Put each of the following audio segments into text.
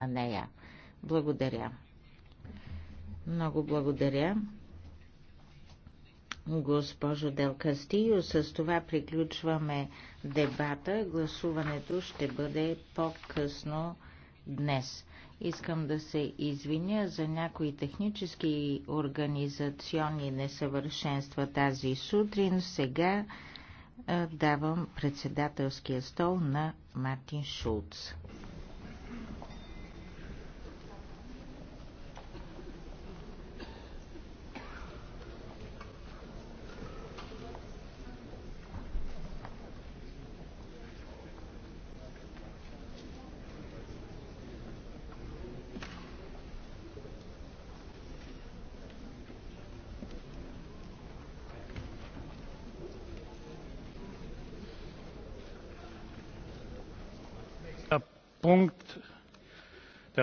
на нея. Благодаря. Много благодаря. Госпожо Дел Кастио, с това приключваме дебата. Гласуването ще бъде по-късно днес. Искам да се извиня за някои технически и организационни несъвършенства тази сутрин. Сега давам председателския стол на Мартин Шулц.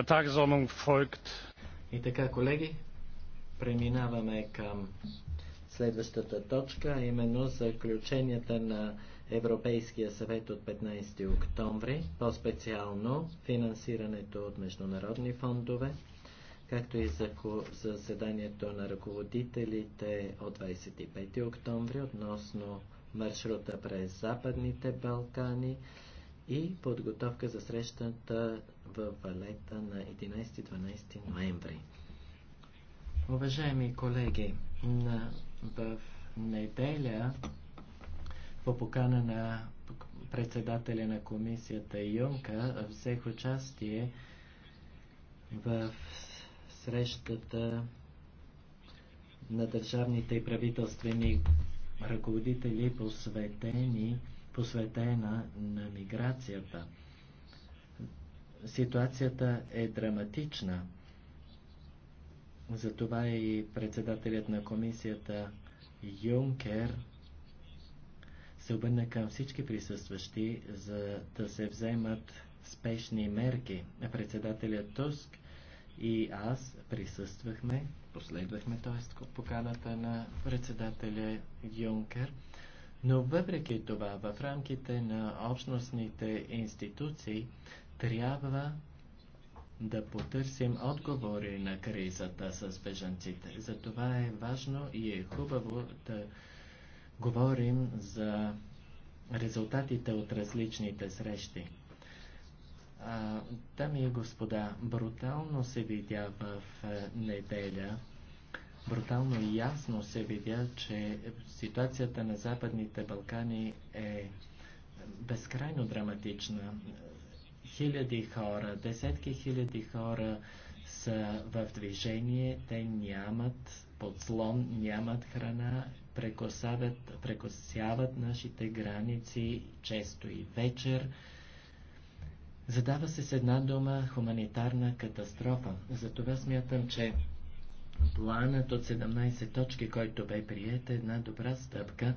der Tagesordnung folgt. И така, колеги, преминаваме към следващата точка, именно заключенията на Европейския съвет от 15 октомври, по-специално финансирането от международни фондове, както и за заседанието на ръководителите от 25 октомври относно маршрута през Западните Балкани, и подготовка за срещата в Валета на 11-12 ноември. Уважаеми колеги, в неделя по покана на председателя на комисията Юнка взех участие в срещата на държавните и правителствени ръководители, посветени посветена на миграцията. Ситуацията е драматична. Затова и председателят на комисията Юнкер се обърна към всички присъстващи, за да се вземат спешни мерки. Председателят Туск и аз присъствахме, последвахме т.е. поканата на председателя Юнкер. Но въпреки това, в рамките на общностните институции трябва да потърсим отговори на кризата с бежанците. Затова е важно и е хубаво да говорим за резултатите от различните срещи. А, дами и господа, брутално се видя в е, неделя брутално и ясно се видя, че ситуацията на Западните Балкани е безкрайно драматична. Хиляди хора, десетки хиляди хора са в движение, те нямат подслон, нямат храна, прекосяват, прекосяват нашите граници често и вечер. Задава се с една дума хуманитарна катастрофа. Затова смятам, че планът от 17 точки, който бе прият, е една добра стъпка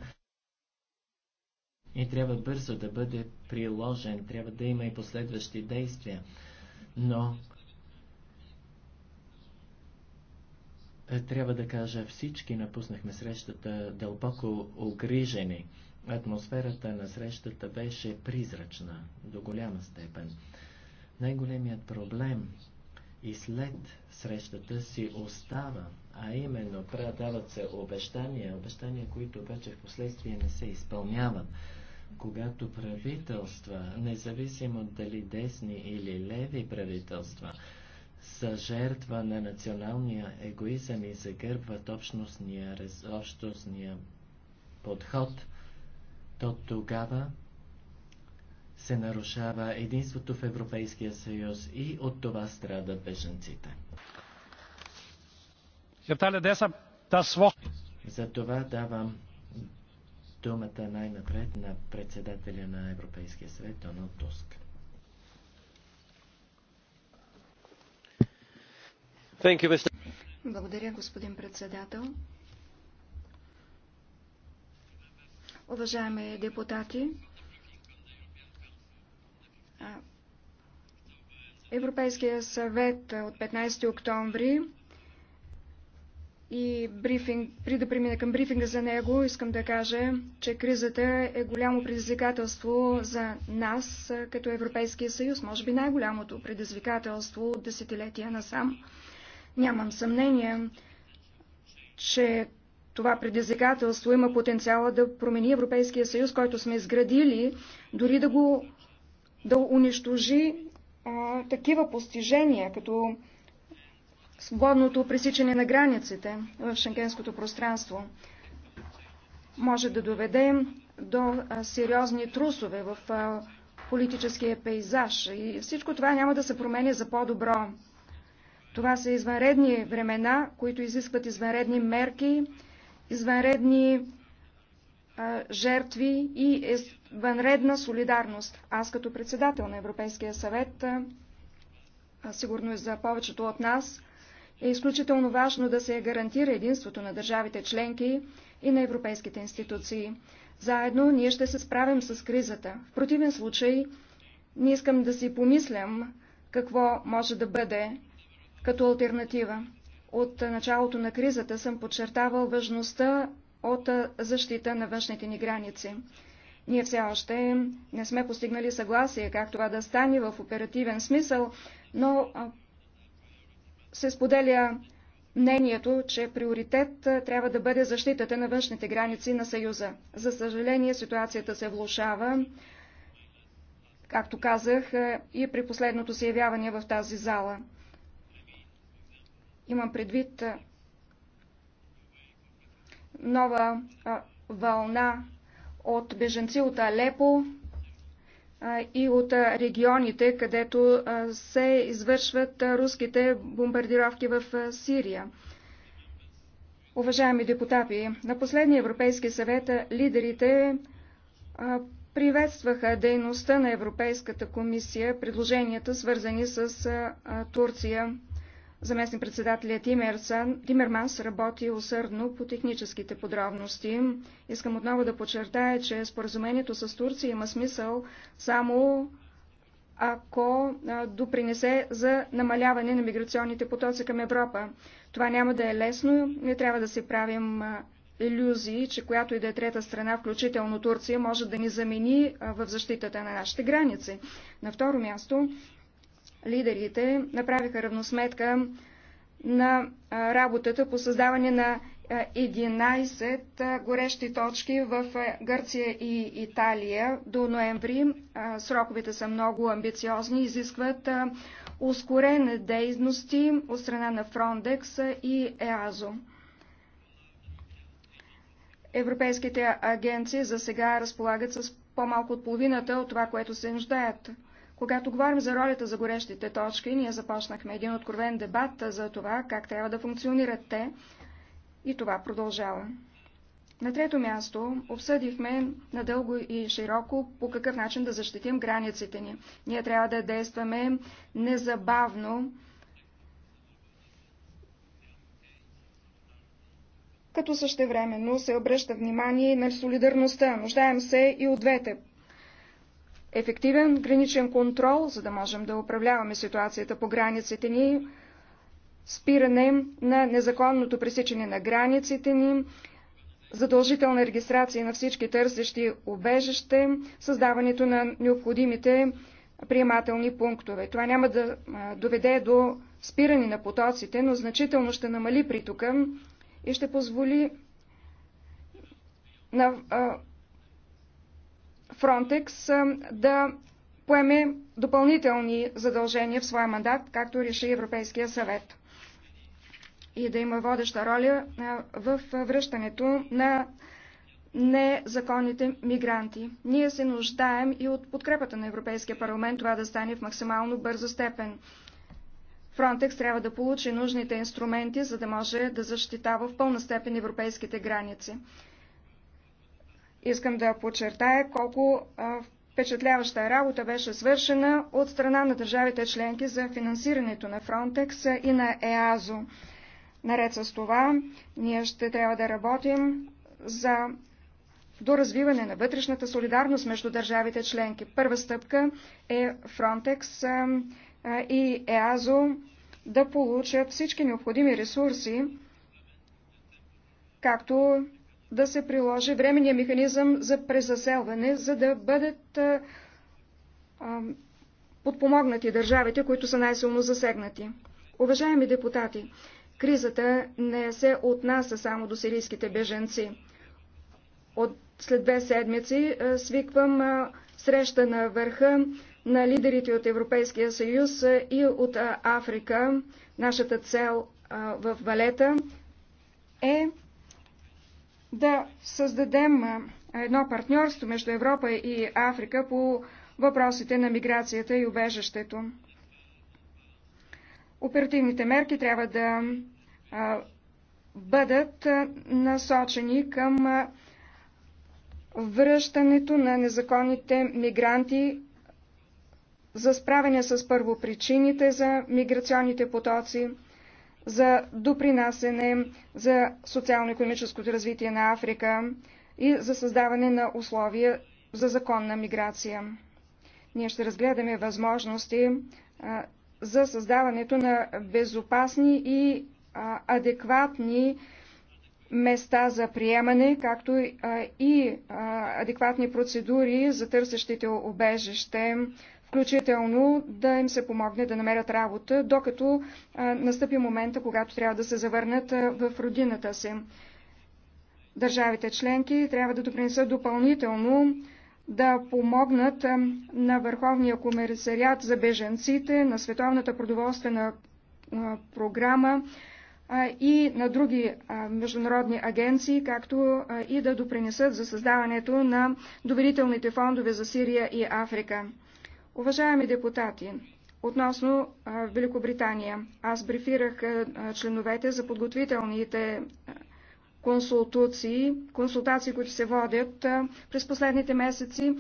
и трябва бързо да бъде приложен, трябва да има и последващи действия. Но е, трябва да кажа, всички напуснахме срещата дълбоко огрижени. Атмосферата на срещата беше призрачна до голяма степен. Най-големият проблем и след срещата си остава, а именно дават се обещания, обещания, които обаче в последствие не се изпълняват. Когато правителства, независимо дали десни или леви правителства, са жертва на националния егоизъм и загърбват общностния, общностния подход, то тогава се нарушава единството в Европейския съюз и от това страдат беженците. За това давам думата най-напред на председателя на Европейския съвет Доналд Туск. Благодаря, господин председател. Уважаеми депутати, Европейския съвет от 15 октомври и брифинг, при да премина към брифинга за него, искам да кажа, че кризата е голямо предизвикателство за нас като Европейския съюз, може би най-голямото предизвикателство от десетилетия насам. Нямам съмнение, че това предизвикателство има потенциала да промени Европейския съюз, който сме изградили, дори да го да унищожи а, такива постижения, като свободното пресичане на границите в шенгенското пространство. Може да доведе до а, сериозни трусове в а, политическия пейзаж и всичко това няма да се променя за по-добро. Това са извънредни времена, които изискват извънредни мерки, извънредни жертви и вънредна солидарност. Аз като председател на Европейския съвет, сигурно и за повечето от нас, е изключително важно да се гарантира единството на държавите членки и на европейските институции. Заедно ние ще се справим с кризата. В противен случай не искам да си помислям какво може да бъде като альтернатива. От началото на кризата съм подчертавал важността от защита на външните ни граници. Ние все още не сме постигнали съгласие как това да стане в оперативен смисъл, но се споделя мнението, че приоритет трябва да бъде защитата на външните граници на Съюза. За съжаление, ситуацията се влушава, както казах, и при последното си явяване в тази зала. Имам предвид нова а, вълна от беженци от Алепо а, и от а, регионите, където а, се извършват а, руските бомбардировки в а, Сирия. Уважаеми депутати, на последния Европейски съвет лидерите а, приветстваха дейността на Европейската комисия, предложенията свързани с а, Турция. Заместник председателя Тимерманс работи усърдно по техническите подробности. Искам отново да подчертая, че споразумението с Турция има смисъл само ако допринесе за намаляване на миграционните потоци към Европа. Това няма да е лесно, не трябва да се правим иллюзии, че която и да е трета страна, включително Турция, може да ни замени в защитата на нашите граници. На второ място, лидерите направиха равносметка на работата по създаване на 11 горещи точки в Гърция и Италия до ноември. Сроковете са много амбициозни, изискват ускорени дейности от страна на Фрондекс и ЕАЗО. Европейските агенции за сега разполагат с по-малко от половината от това, което се нуждаят. Когато говорим за ролята за горещите точки, ние започнахме един откровен дебат за това как трябва да функционират те и това продължава. На трето място обсъдихме надълго и широко по какъв начин да защитим границите ни. Ние трябва да действаме незабавно, като същевременно се обръща внимание на солидарността. Нуждаем се и от двете ефективен граничен контрол, за да можем да управляваме ситуацията по границите ни, спиране на незаконното пресичане на границите ни, задължителна регистрация на всички търсещи убежище, създаването на необходимите приемателни пунктове. Това няма да доведе до спиране на потоците, но значително ще намали притока и ще позволи на Фронтекс да поеме допълнителни задължения в своя мандат, както реши Европейския съвет и да има водеща роля в връщането на незаконните мигранти. Ние се нуждаем и от подкрепата на Европейския парламент това да стане в максимално бърза степен. Фронтекс трябва да получи нужните инструменти, за да може да защитава в пълна степен европейските граници. Искам да подчертая колко впечатляваща работа беше свършена от страна на държавите членки за финансирането на Frontex и на ЕАЗО. Наред с това, ние ще трябва да работим за доразвиване на вътрешната солидарност между държавите членки. Първа стъпка е Frontex и ЕАЗО да получат всички необходими ресурси, както да се приложи временния механизъм за презаселване, за да бъдат а, а, подпомогнати държавите, които са най-силно засегнати. Уважаеми депутати, кризата не се отнася само до сирийските беженци. От след две седмици а, свиквам а, среща на върха на лидерите от Европейския съюз а, и от Африка. Нашата цел в Валета е да създадем едно партньорство между Европа и Африка по въпросите на миграцията и убежището. Оперативните мерки трябва да бъдат насочени към връщането на незаконните мигранти за справяне с първопричините за миграционните потоци, за допринасене за социално-економическото развитие на Африка и за създаване на условия за законна миграция. Ние ще разгледаме възможности за създаването на безопасни и адекватни места за приемане, както и адекватни процедури за търсещите обежище, включително да им се помогне да намерят работа, докато настъпи момента, когато трябва да се завърнат в родината си. Държавите членки трябва да допринесат допълнително да помогнат на Върховния комерсариат за беженците, на Световната продоволствена програма и на други международни агенции, както и да допринесат за създаването на доверителните фондове за Сирия и Африка. Уважаеми депутати, относно Великобритания, аз брифирах членовете за подготвителните консултации, консултации, които се водят през последните месеци.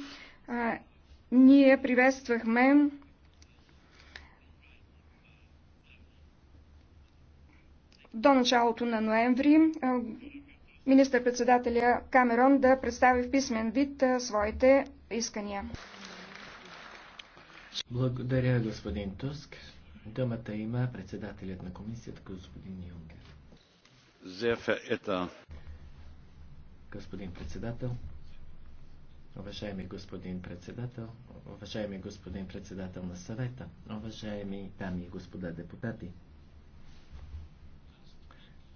Ние приветствахме до началото на ноември министър-председателя Камерон да представи в писмен вид своите искания. Благодаря, господин Туск. Думата има председателят на комисията, господин Юнкер. Господин председател, уважаеми господин председател, уважаеми господин председател на съвета, уважаеми дами и господа депутати,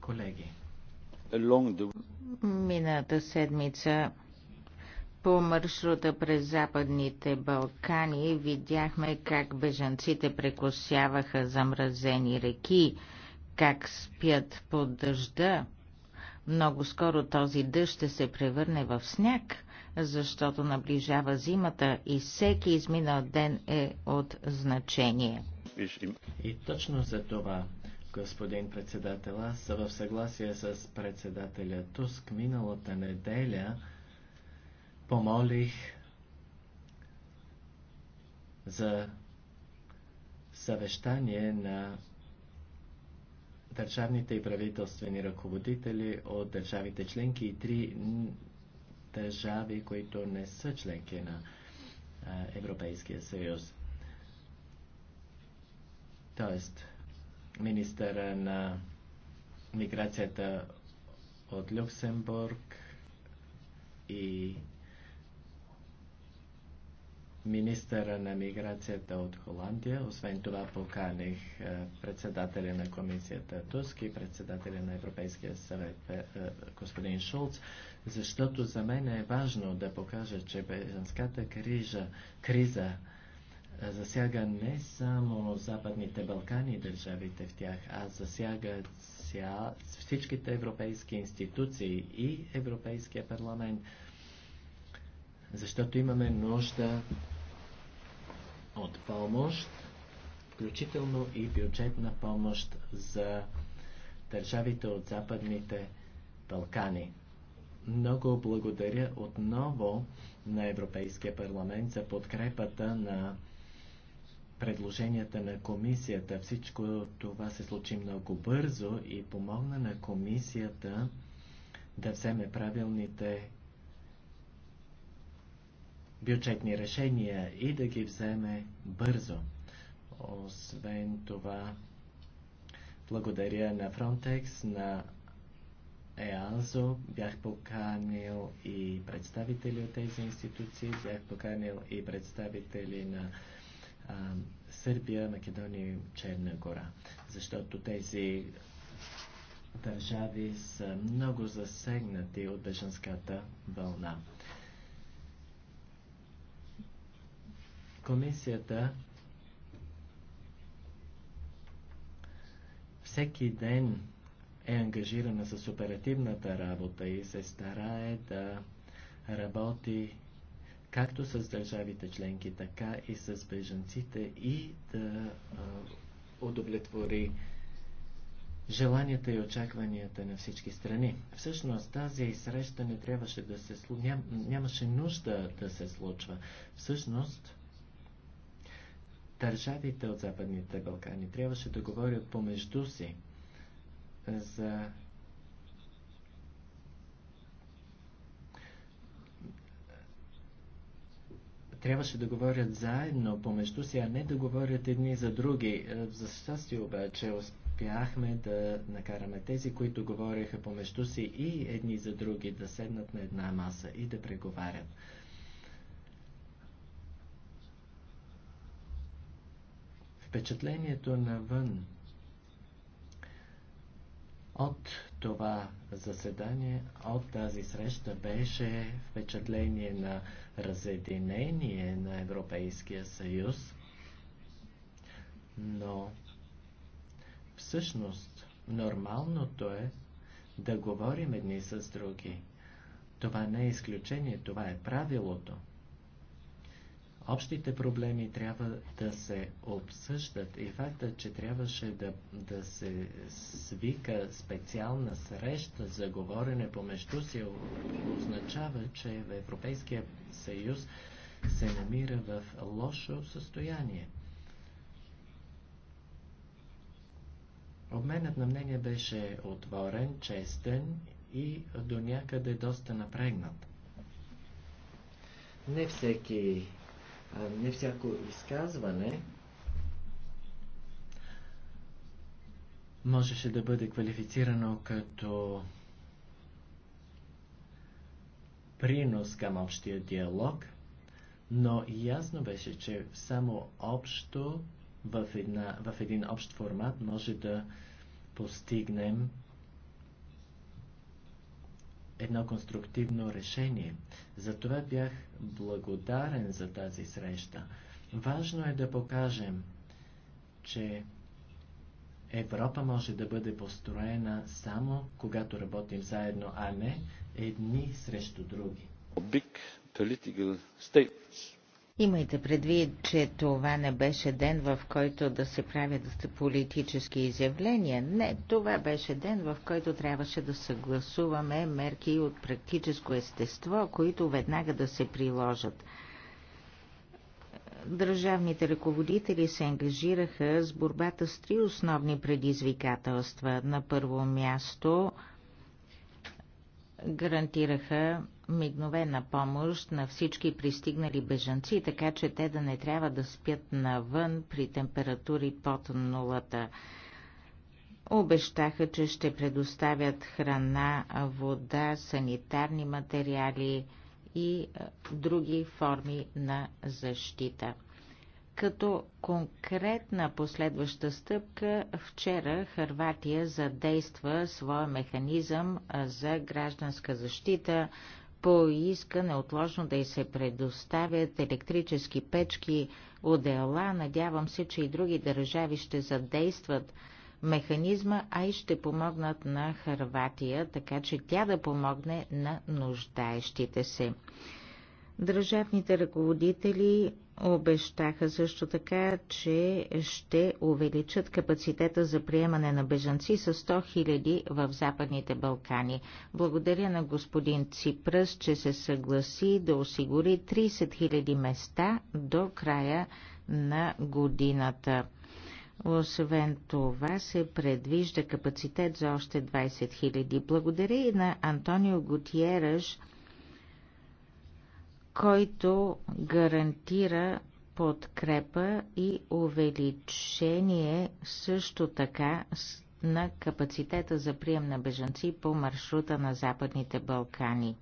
колеги. Миналата седмица по маршрута през Западните Балкани видяхме как бежанците прекосяваха замразени реки, как спят под дъжда. Много скоро този дъжд ще се превърне в сняг, защото наближава зимата и всеки изминал ден е от значение. И точно за това, господин председател, аз в съгласие с председателя Туск миналата неделя помолих за съвещание на държавните и правителствени ръководители от държавите членки и три държави, които не са членки на Европейския съюз. Тоест, министъра на миграцията от Люксембург и министъра на миграцията от Холандия. Освен това поканих е, председателя на комисията Туск и председателя на Европейския съвет е, е, господин Шулц, защото за мен е важно да покажа, че беженската крижа, криза засяга не само Западните Балкани и държавите в тях, а засяга ця, всичките европейски институции и Европейския парламент защото имаме нужда от помощ, включително и бюджетна помощ за държавите от Западните Балкани. Много благодаря отново на Европейския парламент за подкрепата на предложенията на комисията. Всичко това се случи много бързо и помогна на комисията да вземе правилните бюджетни решения и да ги вземе бързо. Освен това, благодаря на Frontex, на ЕАЗО, бях поканил и представители от тези институции, бях поканил и представители на а, Сърбия, Македония и Черна гора, защото тези държави са много засегнати от беженската вълна. Комисията всеки ден е ангажирана с оперативната работа и се старае да работи както с държавите членки, така и с беженците, и да а, удовлетвори желанията и очакванията на всички страни. Всъщност тази среща не трябваше да се ням, нямаше нужда да се случва. Всъщност държавите от Западните Балкани трябваше да говорят помежду си за трябваше да говорят заедно помежду си, а не да говорят едни за други. Е, за щастие обаче успяхме да накараме тези, които говореха помежду си и едни за други, да седнат на една маса и да преговарят. Впечатлението навън от това заседание, от тази среща беше впечатление на разединение на Европейския съюз, но всъщност нормалното е да говорим едни с други. Това не е изключение, това е правилото. Общите проблеми трябва да се обсъждат и факта, че трябваше да, да се свика специална среща за говорене помежду си означава, че Европейския съюз се намира в лошо състояние. Обменът на мнение беше отворен, честен и до някъде доста напрегнат. Не всеки не всяко изказване можеше да бъде квалифицирано като принос към общия диалог, но ясно беше, че само общо в, една, в един общ формат може да постигнем едно конструктивно решение. Затова бях благодарен за тази среща. Важно е да покажем, че Европа може да бъде построена само когато работим заедно, а не едни срещу други. Big political state. Имайте предвид, че това не беше ден, в който да се правят политически изявления. Не, това беше ден, в който трябваше да съгласуваме мерки от практическо естество, които веднага да се приложат. Държавните ръководители се ангажираха с борбата с три основни предизвикателства. На първо място – гарантираха мигновена помощ на всички пристигнали бежанци, така че те да не трябва да спят навън при температури под нулата. Обещаха, че ще предоставят храна, вода, санитарни материали и други форми на защита. Като конкретна последваща стъпка, вчера Харватия задейства своя механизъм за гражданска защита, поиска неотложно да й се предоставят електрически печки, отдела. Надявам се, че и други държави ще задействат механизма, а и ще помогнат на Харватия, така че тя да помогне на нуждаещите се. Държавните ръководители обещаха също така, че ще увеличат капацитета за приемане на бежанци с 100 000 в Западните Балкани. Благодаря на господин Ципръс, че се съгласи да осигури 30 000 места до края на годината. Освен това се предвижда капацитет за още 20 000. Благодаря и на Антонио Гутиераш, който гарантира подкрепа и увеличение също така на капацитета за прием на бежанци по маршрута на Западните Балкани.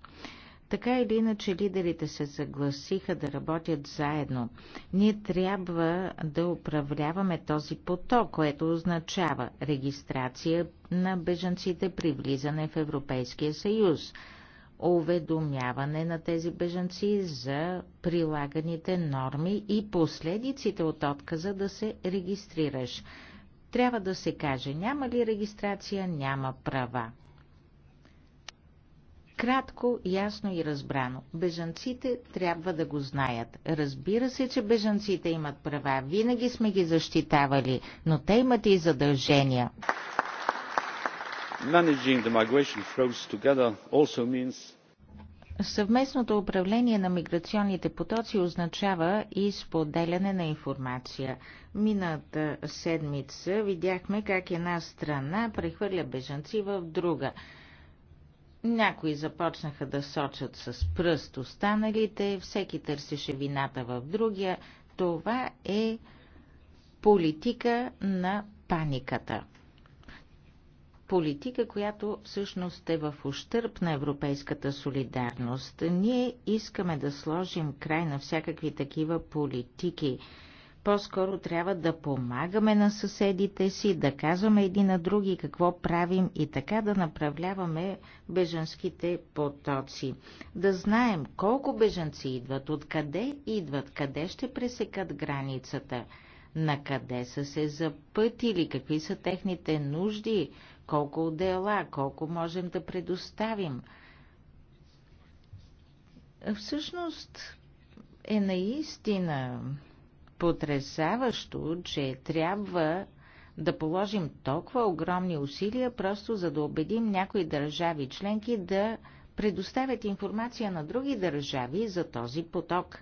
Така или иначе лидерите се съгласиха да работят заедно. Ние трябва да управляваме този поток, което означава регистрация на бежанците при влизане в Европейския съюз – уведомяване на тези бежанци за прилаганите норми и последиците от отказа да се регистрираш. Трябва да се каже, няма ли регистрация, няма права. Кратко, ясно и разбрано. Бежанците трябва да го знаят. Разбира се, че бежанците имат права. Винаги сме ги защитавали, но те имат и задължения managing the migration flows together also means Съвместното управление на миграционните потоци означава и споделяне на информация. Мината седмица видяхме как една страна прехвърля бежанци в друга. Някои започнаха да сочат с пръст останалите, всеки търсеше вината в другия. Това е политика на паниката политика, която всъщност е в ущърп на европейската солидарност. Ние искаме да сложим край на всякакви такива политики. По-скоро трябва да помагаме на съседите си, да казваме един на други какво правим и така да направляваме бежанските потоци. Да знаем колко бежанци идват, откъде идват, къде ще пресекат границата, на къде са се запътили, какви са техните нужди, колко отдела, колко можем да предоставим. Всъщност е наистина потрясаващо, че трябва да положим толкова огромни усилия, просто за да убедим някои държави членки да предоставят информация на други държави за този поток.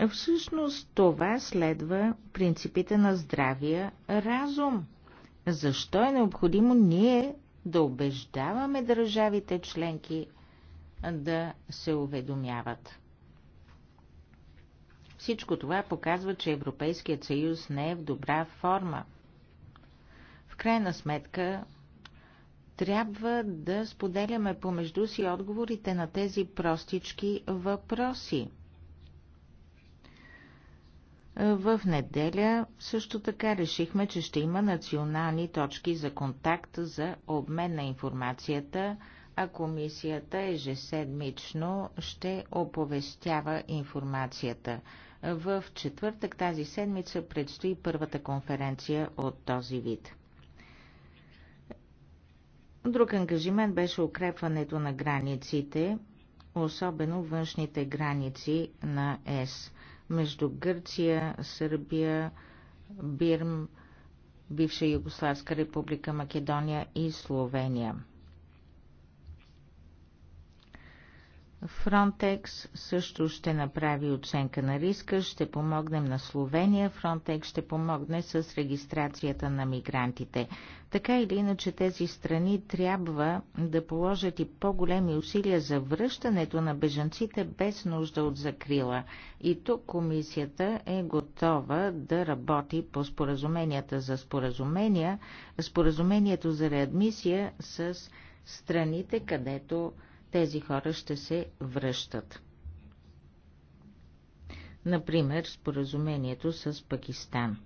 Е, всъщност това следва принципите на здравия разум. Защо е необходимо ние да убеждаваме държавите членки да се уведомяват? Всичко това показва, че Европейският съюз не е в добра форма. В крайна сметка, трябва да споделяме помежду си отговорите на тези простички въпроси. В неделя също така решихме, че ще има национални точки за контакт за обмен на информацията, а комисията ежеседмично ще оповестява информацията. В четвъртък тази седмица предстои първата конференция от този вид. Друг ангажимент беше укрепването на границите, особено външните граници на ЕС между Гърция, Сърбия, Бирм, бивша Югославска република Македония и Словения. Frontex също ще направи оценка на риска, ще помогнем на Словения, Frontex ще помогне с регистрацията на мигрантите. Така или иначе тези страни трябва да положат и по-големи усилия за връщането на бежанците без нужда от закрила. И тук комисията е готова да работи по споразуменията за споразумения, споразумението за реадмисия с страните, където тези хора ще се връщат. Например, споразумението с Пакистан.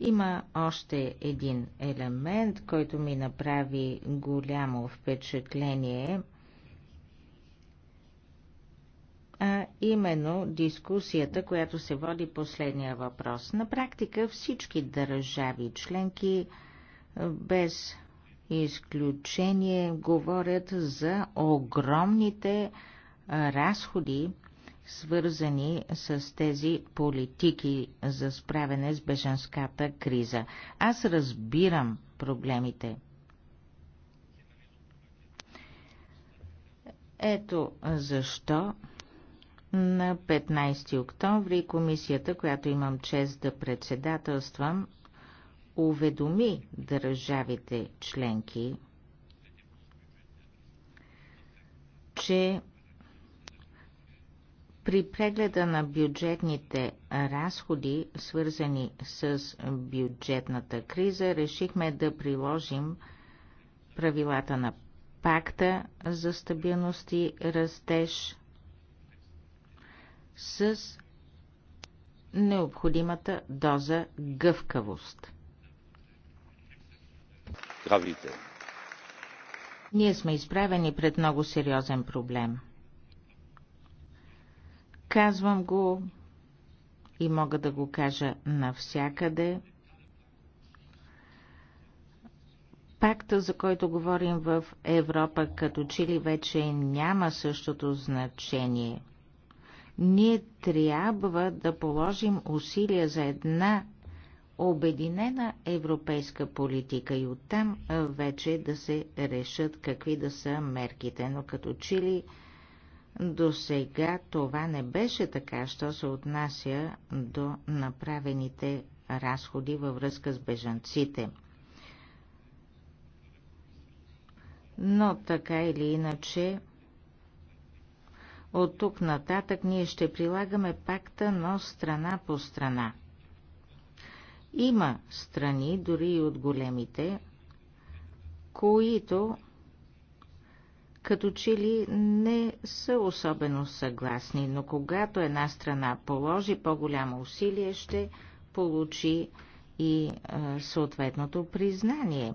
Има още един елемент, който ми направи голямо впечатление, а именно дискусията, която се води последния въпрос. На практика всички държави членки без изключение говорят за огромните разходи, свързани с тези политики за справяне с беженската криза. Аз разбирам проблемите. Ето защо на 15 октомври комисията, която имам чест да председателствам, уведоми държавите членки, че при прегледа на бюджетните разходи, свързани с бюджетната криза, решихме да приложим правилата на пакта за стабилност и растеж с необходимата доза гъвкавост. Гравите. Ние сме изправени пред много сериозен проблем. Казвам го и мога да го кажа навсякъде. Пакта, за който говорим в Европа, като че ли вече няма същото значение. Ние трябва да положим усилия за една обединена европейска политика и оттам вече да се решат какви да са мерките, но като чили до сега това не беше така, що се отнася до направените разходи във връзка с бежанците. Но така или иначе, от тук нататък ние ще прилагаме пакта, но страна по страна – има страни, дори и от големите, които като че ли не са особено съгласни, но когато една страна положи по-голямо усилие, ще получи и а, е, съответното признание.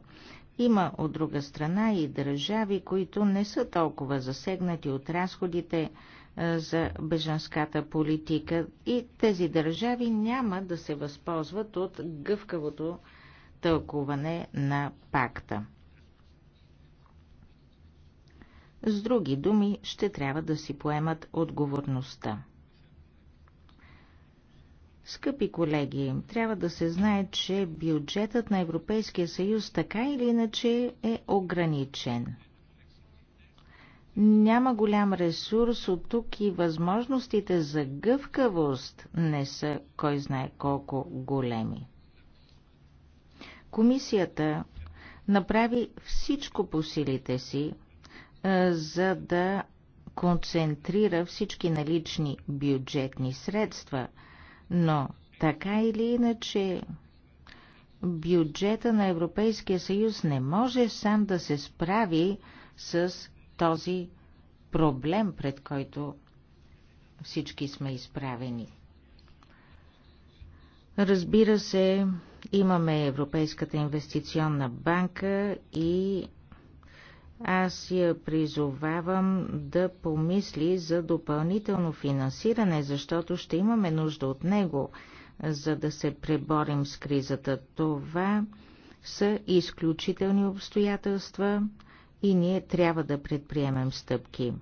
Има от друга страна и държави, които не са толкова засегнати от разходите за бежанската политика и тези държави няма да се възползват от гъвкавото тълкуване на пакта. С други думи, ще трябва да си поемат отговорността. Скъпи колеги, трябва да се знае, че бюджетът на Европейския съюз така или иначе е ограничен – няма голям ресурс от тук и възможностите за гъвкавост не са кой знае колко големи. Комисията направи всичко по силите си, за да концентрира всички налични бюджетни средства, но така или иначе бюджета на Европейския съюз не може сам да се справи с този проблем, пред който всички сме изправени. Разбира се, имаме Европейската инвестиционна банка и аз я призовавам да помисли за допълнително финансиране, защото ще имаме нужда от него, за да се преборим с кризата. Това са изключителни обстоятелства, и ние трябва да предприемем стъпки.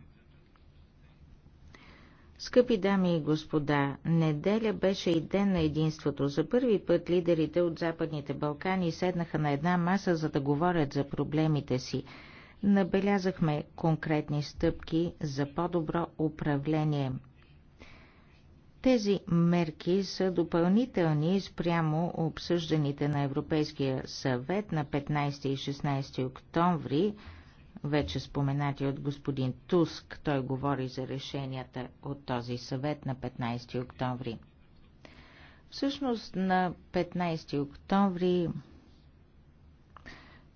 Скъпи дами и господа, неделя беше и ден на единството. За първи път лидерите от Западните Балкани седнаха на една маса, за да говорят за проблемите си. Набелязахме конкретни стъпки за по-добро управление. Тези мерки са допълнителни спрямо обсъжданите на Европейския съвет на 15 и 16 октомври вече споменати от господин Туск. Той говори за решенията от този съвет на 15 октомври. Всъщност на 15 октомври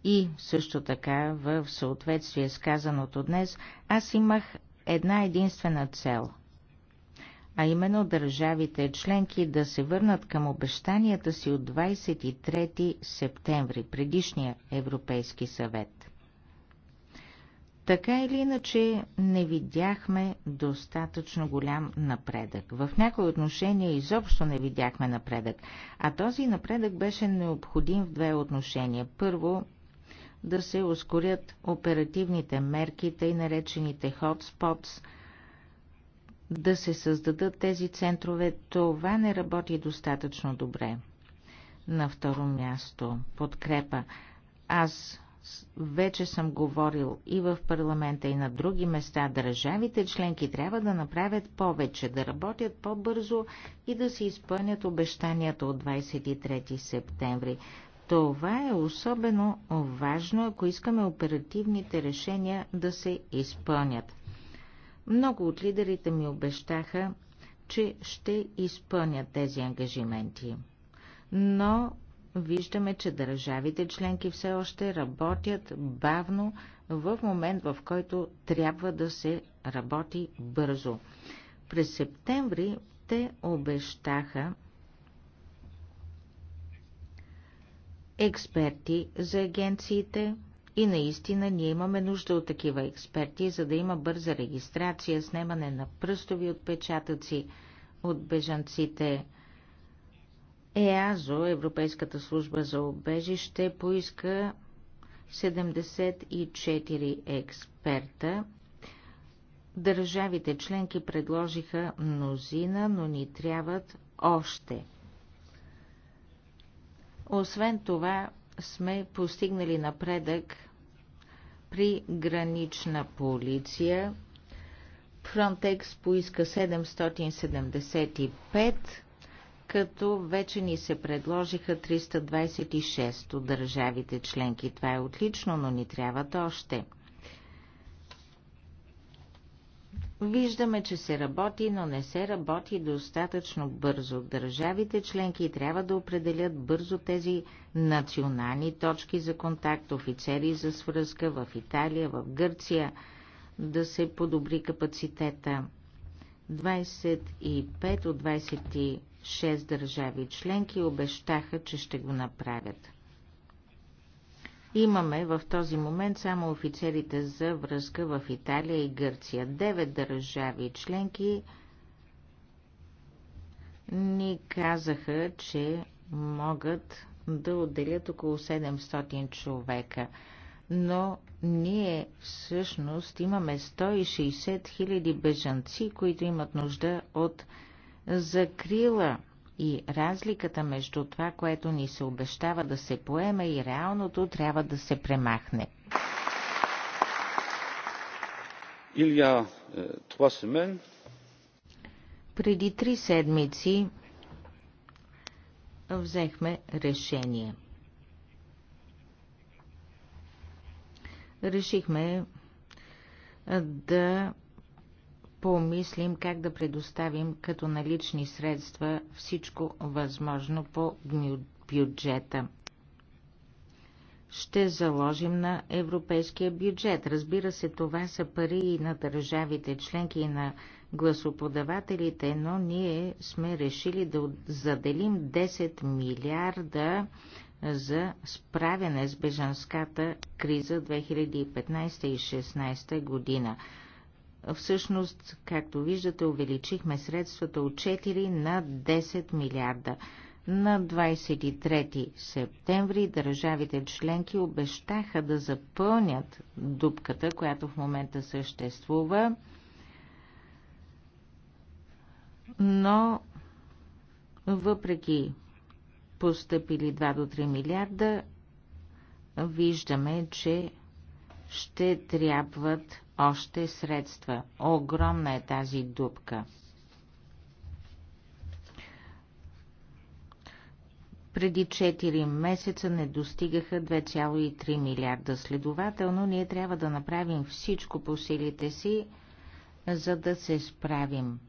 и също така в съответствие с казаното днес, аз имах една единствена цел – а именно държавите членки да се върнат към обещанията си от 23 септември, предишния Европейски съвет. Така или иначе не видяхме достатъчно голям напредък. В някои отношения изобщо не видяхме напредък, а този напредък беше необходим в две отношения. Първо, да се ускорят оперативните мерки, тъй наречените hotspots, да се създадат тези центрове, това не работи достатъчно добре. На второ място, подкрепа. Аз вече съм говорил и в парламента, и на други места, държавите членки трябва да направят повече, да работят по-бързо и да се изпълнят обещанията от 23 септември. Това е особено важно, ако искаме оперативните решения да се изпълнят. Много от лидерите ми обещаха, че ще изпълнят тези ангажименти. Но виждаме, че държавите членки все още работят бавно в момент, в който трябва да се работи бързо. През септември те обещаха експерти за агенциите и наистина ние имаме нужда от такива експерти, за да има бърза регистрация, снимане на пръстови отпечатъци от бежанците, ЕАЗО, Европейската служба за обежище, поиска 74 експерта. Държавите членки предложиха мнозина, но ни трябват още. Освен това, сме постигнали напредък при гранична полиция. Frontex поиска 775 като вече ни се предложиха 326 от държавите членки. Това е отлично, но ни трябват още. Виждаме, че се работи, но не се работи достатъчно бързо. Държавите членки трябва да определят бързо тези национални точки за контакт, офицери за свръзка в Италия, в Гърция, да се подобри капацитета. 25 от 20 Шест държави членки обещаха, че ще го направят. Имаме в този момент само офицерите за връзка в Италия и Гърция. Девет държави членки ни казаха, че могат да отделят около 700 човека. Но ние всъщност имаме 160 000 бежанци, които имат нужда от закрила и разликата между това, което ни се обещава да се поеме и реалното трябва да се премахне. Илья, това се мен. Преди три седмици взехме решение. Решихме да помислим как да предоставим като налични средства всичко възможно по бюджета. Ще заложим на европейския бюджет. Разбира се, това са пари и на държавите членки и на гласоподавателите, но ние сме решили да заделим 10 милиарда за справяне с бежанската криза 2015 и 2016 година. Всъщност, както виждате, увеличихме средствата от 4 на 10 милиарда. На 23 септември държавите членки обещаха да запълнят дупката, която в момента съществува, но въпреки постъпили 2 до 3 милиарда, виждаме, че ще трябват още средства. Огромна е тази дупка. Преди 4 месеца не достигаха 2,3 милиарда. Следователно, ние трябва да направим всичко по силите си, за да се справим.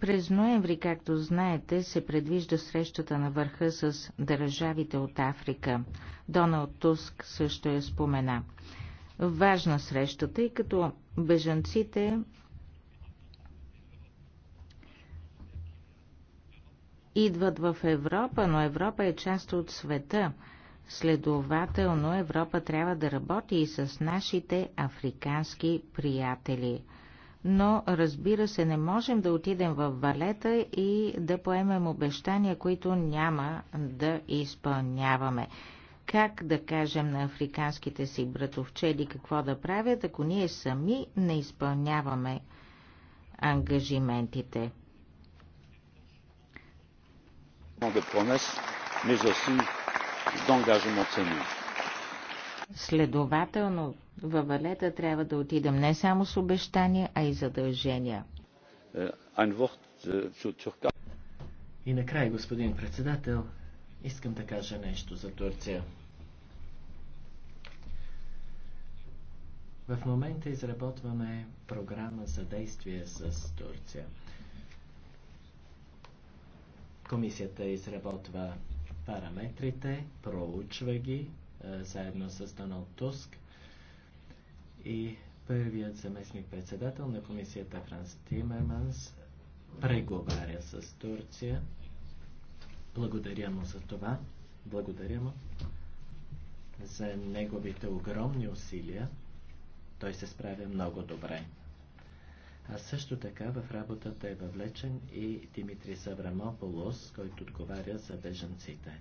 През ноември, както знаете, се предвижда срещата на върха с държавите от Африка. Доналд Туск също я спомена. Важна среща, тъй като бежанците идват в Европа, но Европа е част от света. Следователно Европа трябва да работи и с нашите африкански приятели – но разбира се не можем да отидем в валета и да поемем обещания, които няма да изпълняваме. Как да кажем на африканските си братовчели, какво да правят, ако ние сами не изпълняваме ангажиментите? Следователно, във Валета трябва да отидем не само с обещания, а и задължения. Е, е, и накрая, господин председател, искам да кажа нещо за Турция. В момента изработваме програма за действие с Турция. Комисията изработва параметрите, проучва ги е, заедно с Доналд Туск и първият заместник председател на комисията Франс Тимерманс преговаря с Турция. Благодаря му за това. Благодаря му за неговите огромни усилия. Той се справя много добре. А също така в работата е въвлечен и Димитри Саврамополос, който отговаря за беженците.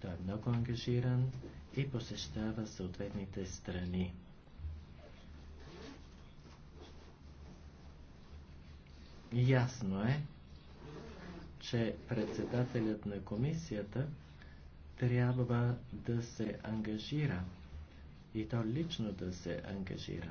Той е много ангажиран и посещава съответните страни. Ясно е, че председателят на комисията трябва да се ангажира и то лично да се ангажира.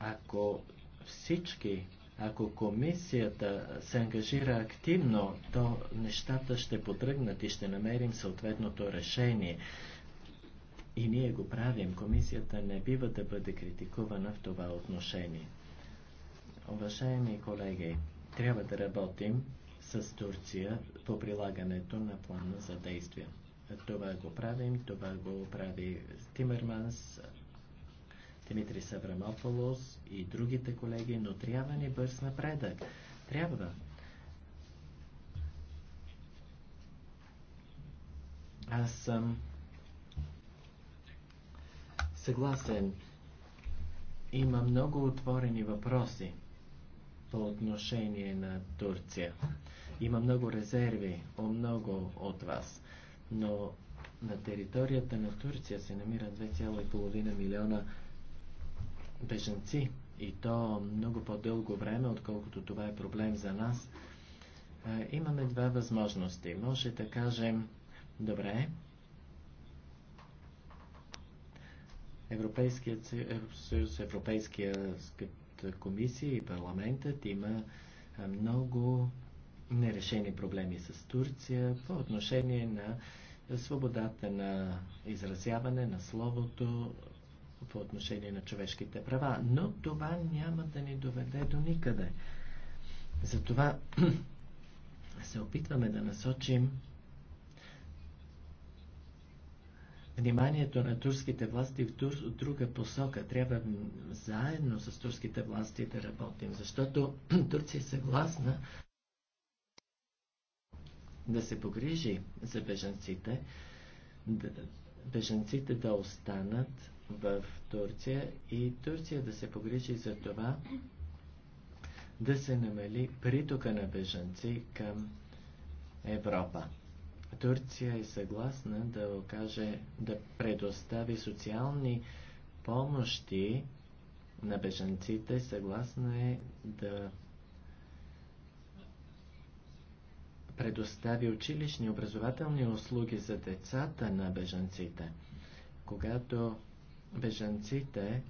Ако всички, ако комисията се ангажира активно, то нещата ще потръгнат и ще намерим съответното решение. И ние го правим. Комисията не бива да бъде критикувана в това отношение. Уважаеми колеги, трябва да работим с Турция по прилагането на плана за действие. Това го правим, това го прави Тимерманс, Димитри Саврамополос и другите колеги, но трябва ни бърз напредък. Трябва. Аз съм съгласен. Има много отворени въпроси по отношение на Турция. Има много резерви у много от вас, но на територията на Турция се намират 2,5 милиона беженци и то много по-дълго време, отколкото това е проблем за нас. Е, имаме два възможности. Може да кажем, добре, Европейският съюз, Европейския комисия и парламентът има много нерешени проблеми с Турция по отношение на свободата на изразяване на словото по отношение на човешките права. Но това няма да ни доведе до никъде. Затова се опитваме да насочим вниманието на турските власти в тур, друга посока. Трябва заедно с турските власти да работим, защото Турция е съгласна да се погрижи за бежанците, да, бежанците да останат в Турция и Турция да се погрижи за това да се намали притока на бежанци към Европа. Турция е съгласна да окаже, да предостави социални помощи на бежанците, съгласна е да предостави училищни образователни услуги за децата на бежанците. Когато бежанците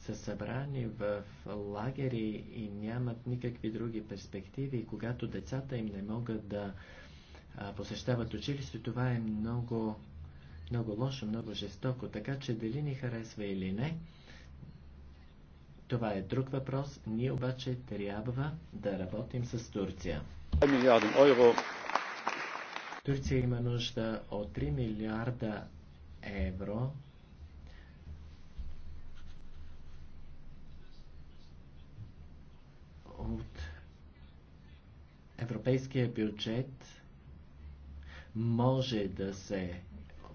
са събрани в лагери и нямат никакви други перспективи, когато децата им не могат да посещават училище, това е много, много лошо, много жестоко. Така че дали ни харесва или не, това е друг въпрос. Ние обаче трябва да работим с Турция. Турция има нужда от 3 милиарда евро от европейския бюджет може да се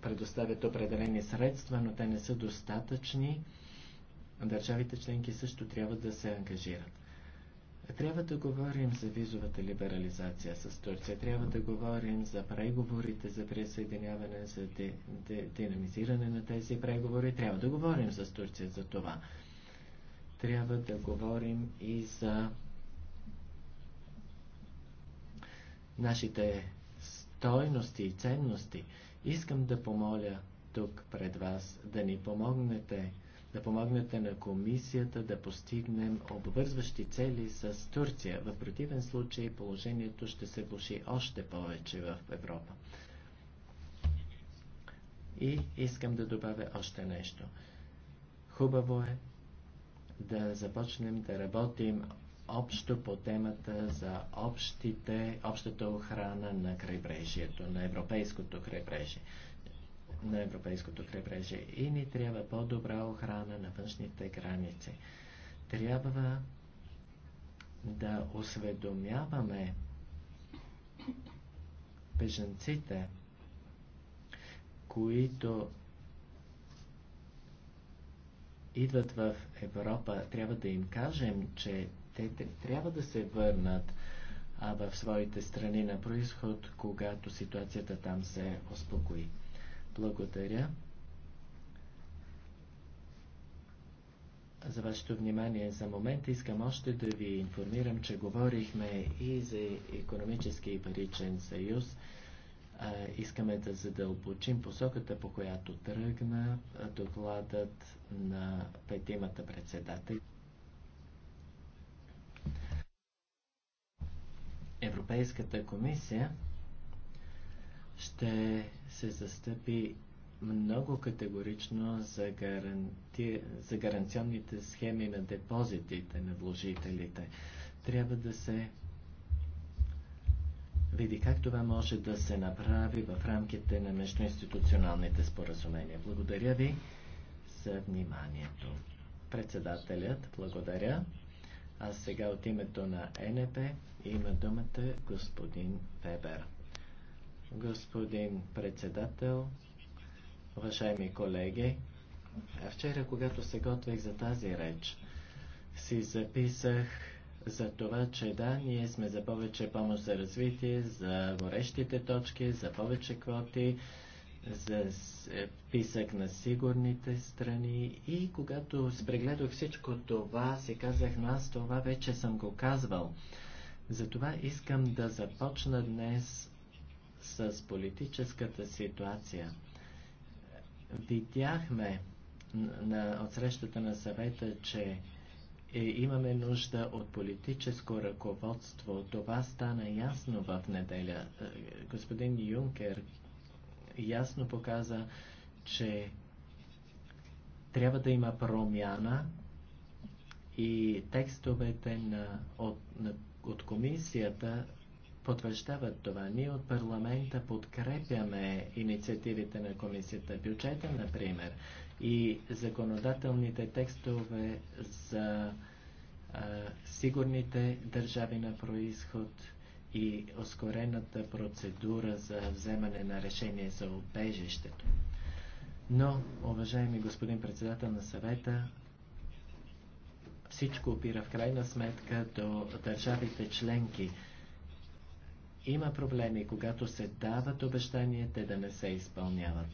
предоставят определени средства, но те не са достатъчни. Държавите членки също трябва да се ангажират. Трябва да говорим за визовата либерализация с Турция, трябва да говорим за преговорите за присъединяване, за де, де, динамизиране на тези преговори, трябва да говорим с Турция за това. Трябва да говорим и за нашите стойности и ценности. Искам да помоля тук пред вас да ни помогнете, да помогнете на комисията да постигнем обвързващи цели с Турция. В противен случай положението ще се влуши още повече в Европа. И искам да добавя още нещо. Хубаво е да започнем да работим общо по темата за общите, общата охрана на крайбрежието, на европейското крайбрежие на европейското крайбрежие и ни трябва по-добра охрана на външните граници. Трябва да осведомяваме беженците, които идват в Европа, трябва да им кажем, че те, те трябва да се върнат а, в своите страни на происход, когато ситуацията там се успокои. Благодаря за вашето внимание. За момента искам още да ви информирам, че говорихме и за економически и паричен съюз искаме да задълбочим посоката, по която тръгна докладът на петимата председател. Европейската комисия ще се застъпи много категорично за, гаранти... за гаранционните схеми на депозитите на вложителите. Трябва да се види как това може да се направи в рамките на междуинституционалните споразумения. Благодаря ви за вниманието. Председателят, благодаря. А сега от името на е НП има думата господин Вебер. Господин председател, уважаеми колеги, вчера, когато се готвих за тази реч, си записах за това, че да, ние сме за повече помощ за развитие, за горещите точки, за повече квоти, за списък на сигурните страни и когато прегледах всичко това, си казах, но аз това вече съм го казвал. Затова искам да започна днес с политическата ситуация. Видяхме на, от срещата на съвета, че е, имаме нужда от политическо ръководство. Това стана ясно в неделя. Е, господин Юнкер ясно показа, че трябва да има промяна и текстовете на, от, на, от комисията потвърждават това. Ние от парламента подкрепяме инициативите на комисията, бюджета, например, и законодателните текстове за а, сигурните държави на происход – и ускорената процедура за вземане на решение за обежището. Но, уважаеми господин председател на съвета, всичко опира в крайна сметка до държавите членки. Има проблеми, когато се дават обещания, те да не се изпълняват.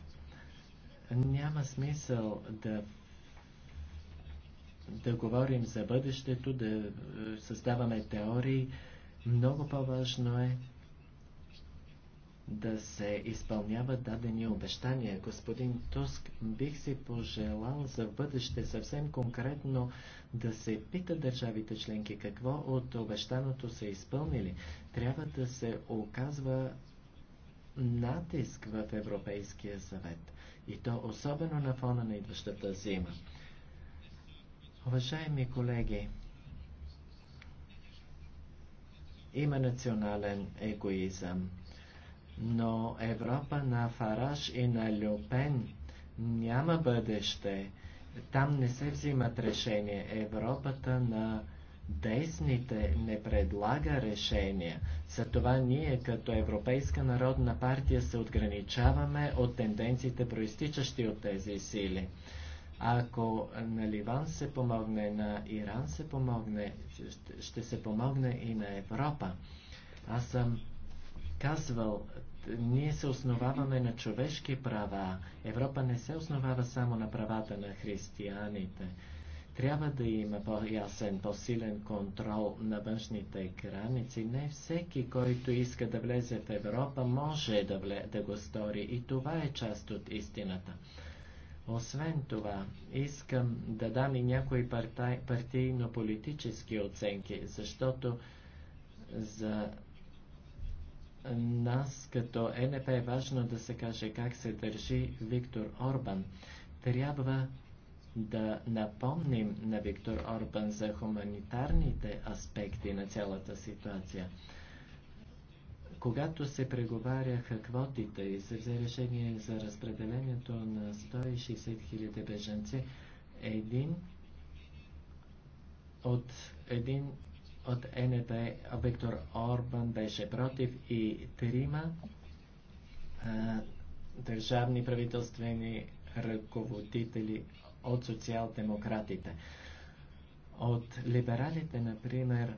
Няма смисъл да да говорим за бъдещето, да е, създаваме теории, много по-важно е да се изпълняват дадени обещания. Господин Туск, бих си пожелал за бъдеще съвсем конкретно да се пита държавите членки какво от обещаното са изпълнили. Трябва да се оказва натиск в Европейския съвет. И то особено на фона на идващата зима. Уважаеми колеги, Има национален егоизъм. Но Европа на Фараш и на Люпен няма бъдеще. Там не се взимат решения. Европата на десните не предлага решения. Затова ние като Европейска народна партия се отграничаваме от тенденциите, проистичащи от тези сили. Ако на Ливан се помогне, на Иран се помогне, ще се помогне и на Европа. Аз съм казвал, ние се основаваме на човешки права. Европа не се основава само на правата на християните. Трябва да има по-ясен, по-силен контрол на външните граници. Не всеки, който иска да влезе в Европа, може да, вле, да го стори. И това е част от истината. Освен това, искам да дам и някои партийно-политически оценки, защото за нас като е НП е важно да се каже как се държи Виктор Орбан. Трябва да напомним на Виктор Орбан за хуманитарните аспекти на цялата ситуация. Когато се преговаряха квотите и се взе решение за разпределението на 160 000 беженци, един от един от НП Виктор Орбан беше против и трима а, държавни правителствени ръководители от социал-демократите. От либералите, например,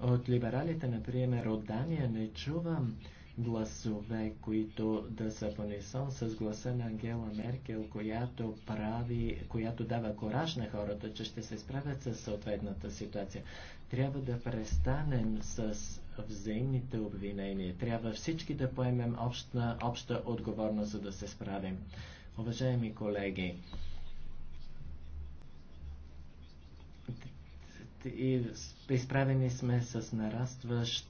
от либералите, например, от Дания не чувам гласове, които да са понесон с гласа на Ангела Меркел, която прави, която дава кораж на хората, че ще се справят с съответната ситуация. Трябва да престанем с взаимните обвинения. Трябва всички да поемем обща, обща отговорност, за да се справим. Уважаеми колеги, и изправени сме с нарастващ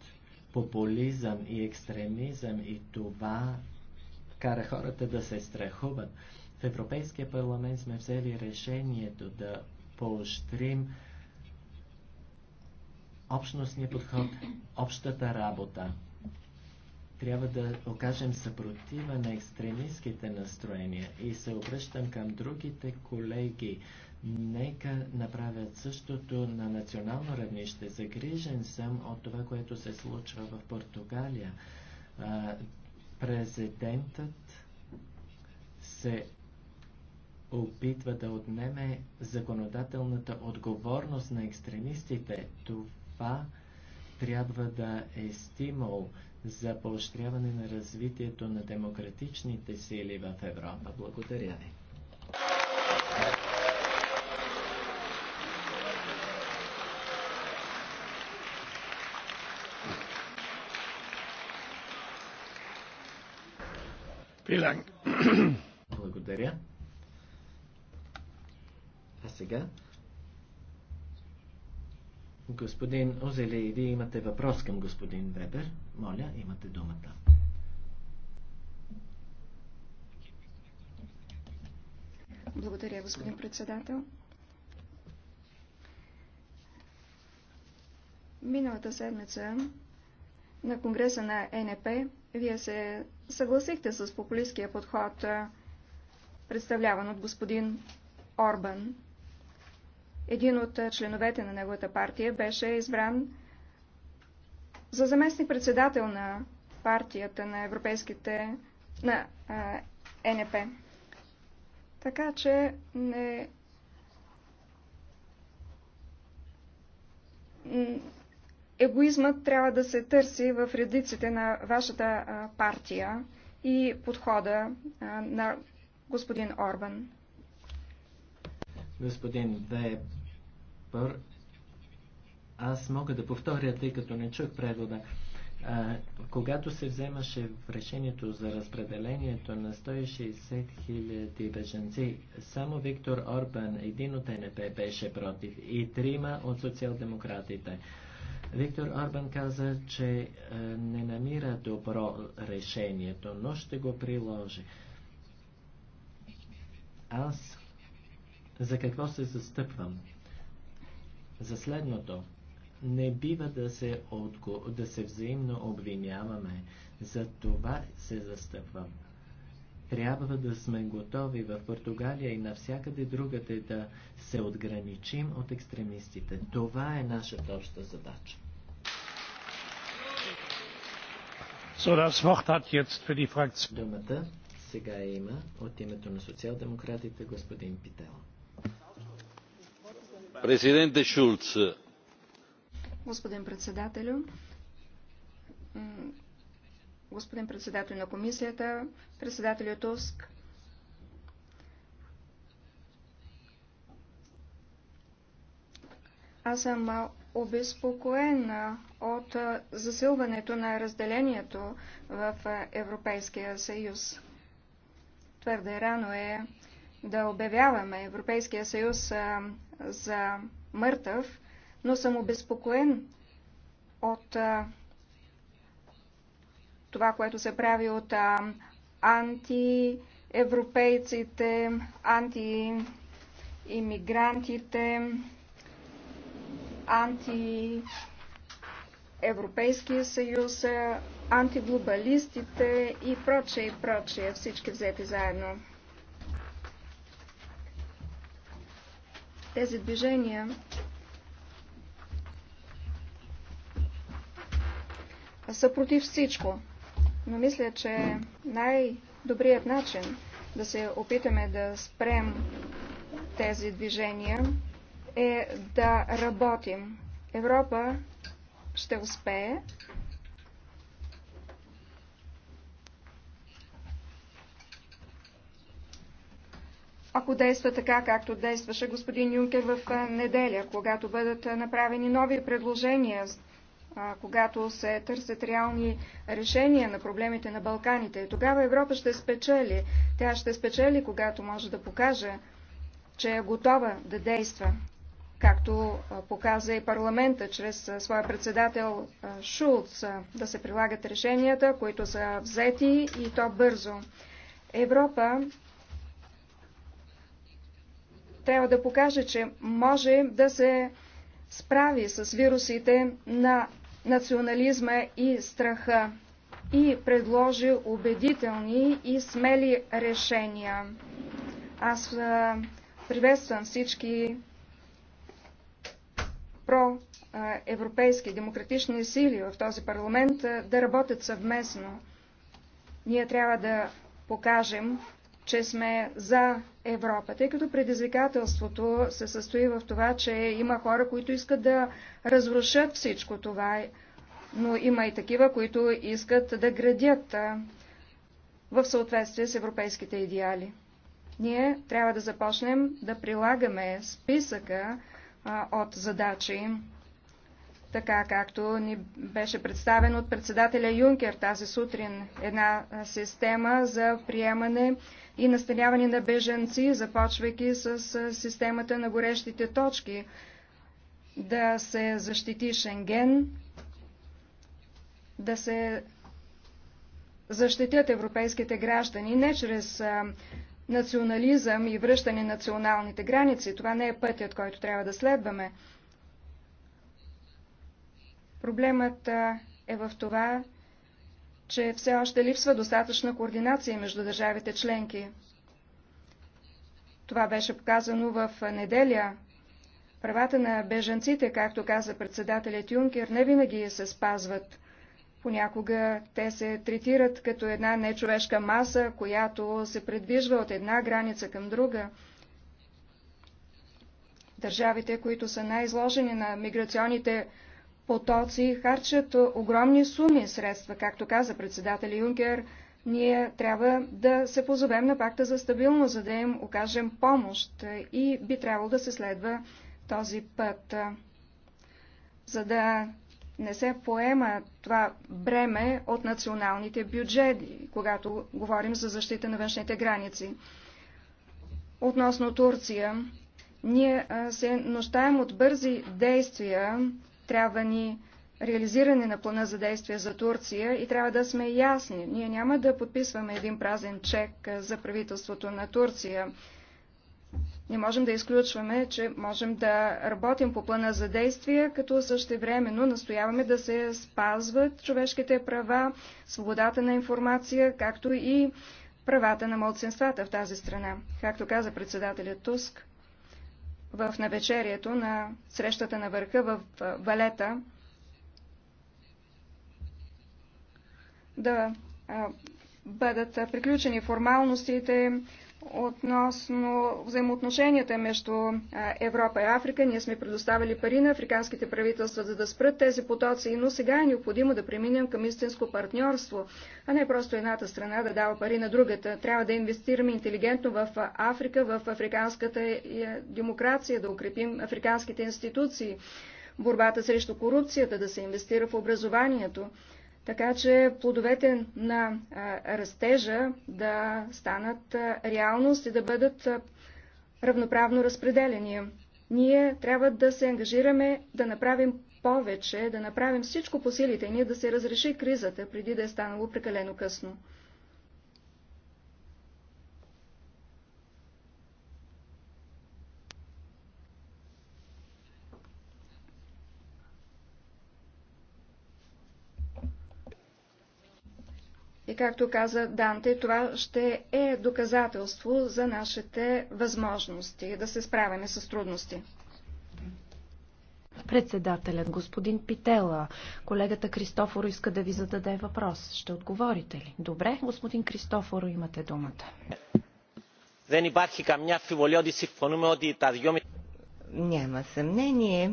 популизъм и екстремизъм и това кара хората да се страхуват. В Европейския парламент сме взели решението да поощрим общностния подход, общата работа. Трябва да окажем съпротива на екстремистските настроения и се обръщам към другите колеги Нека направят същото на национално равнище. Загрижен съм от това, което се случва в Португалия. Президентът се опитва да отнеме законодателната отговорност на екстремистите. Това трябва да е стимул за поощряване на развитието на демократичните сили в Европа. Благодаря ви. Благодаря. А сега? Господин Озели, вие имате въпрос към господин Вебер. Моля, имате думата. Благодаря, господин председател. Миналата седмица на Конгреса на НП вие се съгласихте с популистския подход, е, представляван от господин Орбан. Един от е, членовете на неговата партия беше избран за заместник-председател на партията на европейските на а, е, НП. Така че не егоизмът трябва да се търси в редиците на вашата партия и подхода на господин Орбан. Господин Вебър, аз мога да повторя, тъй като не чух превода. А, когато се вземаше решението за разпределението на 160 хиляди беженци, само Виктор Орбан, един от НП, беше против и трима от социал-демократите. Виктор Орбан каза, че е, не намира добро решението, но ще го приложи. Аз за какво се застъпвам? За следното. Не бива да се, отго... да се взаимно обвиняваме. За това се застъпвам. Трябва да сме готови в Португалия и навсякъде другаде да се отграничим от екстремистите. Това е нашата обща задача. Думата сега има от името на социал-демократите господин Пител. Президенте Шулц. Господин председателю, господин председател на комисията, председателю Туск, аз съм обезпокоена от засилването на разделението в Европейския съюз. Твърде рано е да обявяваме Европейския съюз за мъртъв, но съм обезпокоен от това, което се прави от антиевропейците, антиимигрантите, анти Европейския съюз, антиглобалистите и прочее, и прочее, всички взети заедно. Тези движения са против всичко, но мисля, че най-добрият начин да се опитаме да спрем тези движения е да работим. Европа ще успее. ако действа така, както действаше господин Юнкер в неделя, когато бъдат направени нови предложения, когато се търсят реални решения на проблемите на Балканите. Тогава Европа ще спечели. Тя ще спечели, когато може да покаже, че е готова да действа както показа и парламента чрез своя председател Шулц, да се прилагат решенията, които са взети и то бързо. Европа трябва да покаже, че може да се справи с вирусите на национализма и страха и предложи убедителни и смели решения. Аз приветствам всички проевропейски демократични сили в този парламент да работят съвместно. Ние трябва да покажем, че сме за Европа, тъй като предизвикателството се състои в това, че има хора, които искат да разрушат всичко това, но има и такива, които искат да градят в съответствие с европейските идеали. Ние трябва да започнем да прилагаме списъка от задачи, така както ни беше представен от председателя Юнкер тази сутрин. Една система за приемане и настаняване на беженци, започвайки с системата на горещите точки, да се защити Шенген, да се защитят европейските граждани не чрез национализъм и връщане на националните граници. Това не е пътят, който трябва да следваме. Проблемът е в това, че все още липсва достатъчна координация между държавите членки. Това беше показано в неделя. Правата на беженците, както каза председателят Юнкер, не винаги се спазват. Понякога те се третират като една нечовешка маса, която се предвижва от една граница към друга. Държавите, които са най-изложени на миграционните потоци, харчат огромни суми средства, както каза председател Юнкер. Ние трябва да се позовем на пакта за стабилност, за да им окажем помощ и би трябвало да се следва този път, за да не се поема това бреме от националните бюджети, когато говорим за защита на външните граници. Относно Турция, ние се нощаем от бързи действия, трябва ни реализиране на плана за действие за Турция и трябва да сме ясни. Ние няма да подписваме един празен чек за правителството на Турция. Не можем да изключваме, че можем да работим по плана за действие, като същевременно настояваме да се спазват човешките права, свободата на информация, както и правата на младсенствата в тази страна. Както каза председателят Туск, в навечерието на срещата на върха в Валета, да бъдат приключени формалностите, относно взаимоотношенията между Европа и Африка. Ние сме предоставили пари на африканските правителства, за да спрат тези потоци, но сега е необходимо да преминем към истинско партньорство, а не просто едната страна да дава пари на другата. Трябва да инвестираме интелигентно в Африка, в африканската е, демокрация, да укрепим африканските институции, борбата срещу корупцията, да се инвестира в образованието така че плодовете на растежа да станат реалност и да бъдат равноправно разпределени. Ние трябва да се ангажираме да направим повече, да направим всичко по силите ни, да се разреши кризата, преди да е станало прекалено късно. както каза Данте, това ще е доказателство за нашите възможности да се справяме с трудности. Председателят, господин Питела, колегата Кристофоро иска да ви зададе въпрос. Ще отговорите ли? Добре, господин Кристофоро, имате думата. Няма съмнение,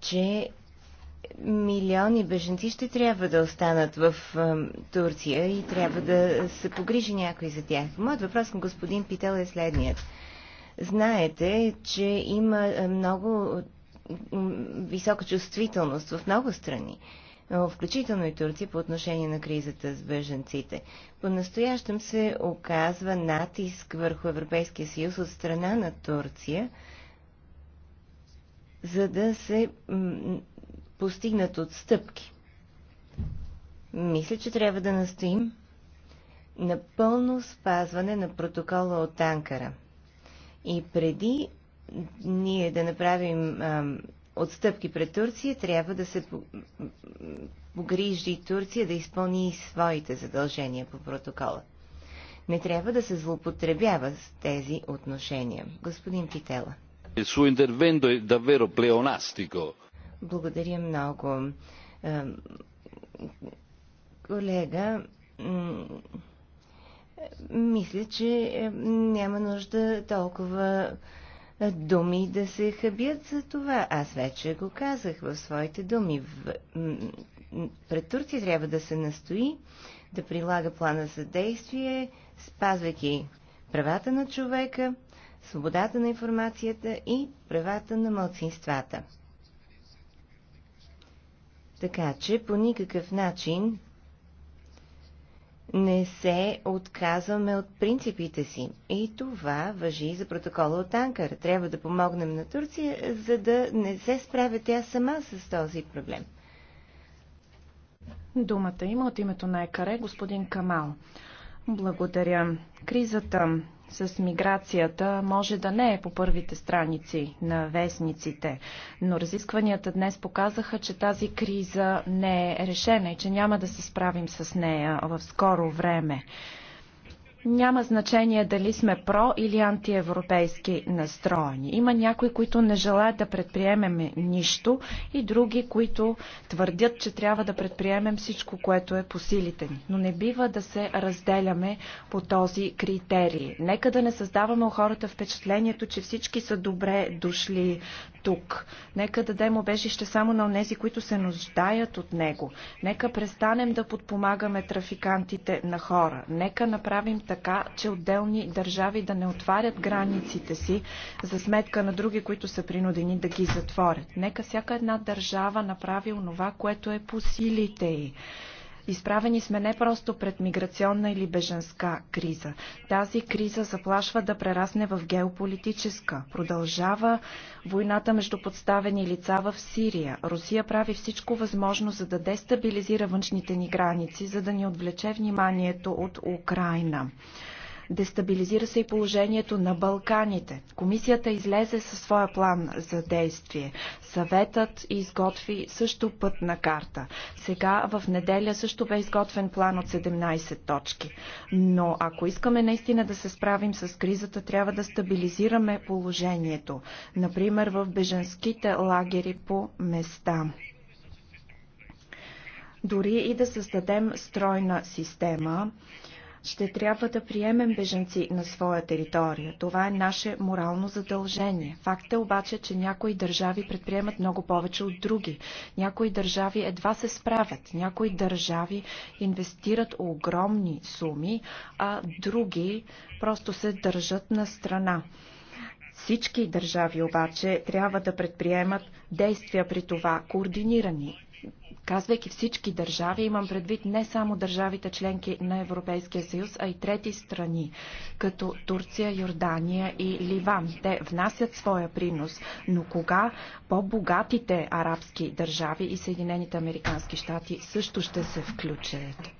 че милиони беженци ще трябва да останат в Турция и трябва да се погрижи някой за тях. Моят въпрос към господин Пител е следният. Знаете, че има много висока чувствителност в много страни, включително и Турция по отношение на кризата с беженците. По-настоящем се оказва натиск върху Европейския съюз от страна на Турция, за да се постигнат отстъпки. Мисля, че трябва да настоим на пълно спазване на протокола от Анкара. И преди ние да направим а, отстъпки пред Турция, трябва да се погрижи Турция да изпълни и своите задължения по протокола. Не трябва да се злоупотребява с тези отношения. Господин Питела. Il suo intervento è davvero pleonastico. Благодаря много. Колега, мисля, че няма нужда толкова е, думи да се хабят за това. Аз вече го казах в своите думи. Пред Турция трябва да се настои да прилага плана за действие, спазвайки правата на човека, свободата на информацията и правата на младсинствата. Така че по никакъв начин не се отказваме от принципите си. И това въжи за протокола от Анкар. Трябва да помогнем на Турция, за да не се справя тя сама с този проблем. Думата има от името на Екаре господин Камал. Благодаря. Кризата с миграцията може да не е по първите страници на вестниците, но разискванията днес показаха, че тази криза не е решена и че няма да се справим с нея в скоро време. Няма значение дали сме про- или антиевропейски настроени. Има някои, които не желаят да предприемем нищо и други, които твърдят, че трябва да предприемем всичко, което е по силите ни. Но не бива да се разделяме по този критерий. Нека да не създаваме у хората впечатлението, че всички са добре дошли тук. Нека дадем обежище само на онези, които се нуждаят от него. Нека престанем да подпомагаме трафикантите на хора. Нека направим така, че отделни държави да не отварят границите си за сметка на други, които са принудени да ги затворят. Нека всяка една държава направи онова, което е по силите й. Изправени сме не просто пред миграционна или беженска криза. Тази криза заплашва да прерасне в геополитическа. Продължава войната между подставени лица в Сирия. Русия прави всичко възможно, за да дестабилизира външните ни граници, за да ни отвлече вниманието от Украина. Дестабилизира се и положението на Балканите. Комисията излезе със своя план за действие. Съветът изготви също пътна карта. Сега в неделя също бе изготвен план от 17 точки. Но ако искаме наистина да се справим с кризата, трябва да стабилизираме положението. Например, в беженските лагери по места. Дори и да създадем стройна система, ще трябва да приемем бежанци на своя територия. Това е наше морално задължение. Факт е обаче, че някои държави предприемат много повече от други. Някои държави едва се справят. Някои държави инвестират огромни суми, а други просто се държат на страна. Всички държави обаче трябва да предприемат действия при това, координирани. Казвайки всички държави, имам предвид не само държавите членки на Европейския съюз, а и трети страни, като Турция, Йордания и Ливан. Те внасят своя принос, но кога по-богатите арабски държави и Съединените Американски щати също ще се включат?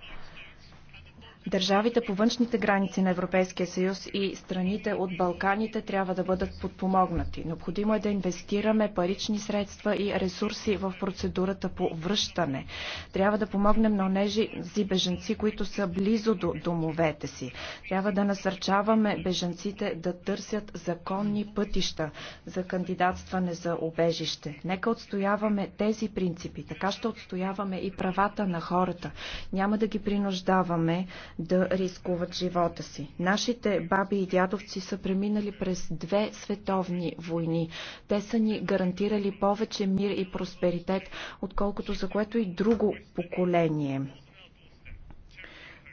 Държавите по външните граници на Европейския съюз и страните от Балканите трябва да бъдат подпомогнати. Необходимо е да инвестираме парични средства и ресурси в процедурата по връщане. Трябва да помогнем на онежи зи беженци, които са близо до домовете си. Трябва да насърчаваме беженците да търсят законни пътища за кандидатстване за обежище. Нека отстояваме тези принципи. Така ще отстояваме и правата на хората. Няма да ги принуждаваме да рискуват живота си. Нашите баби и дядовци са преминали през две световни войни. Те са ни гарантирали повече мир и просперитет, отколкото за което и друго поколение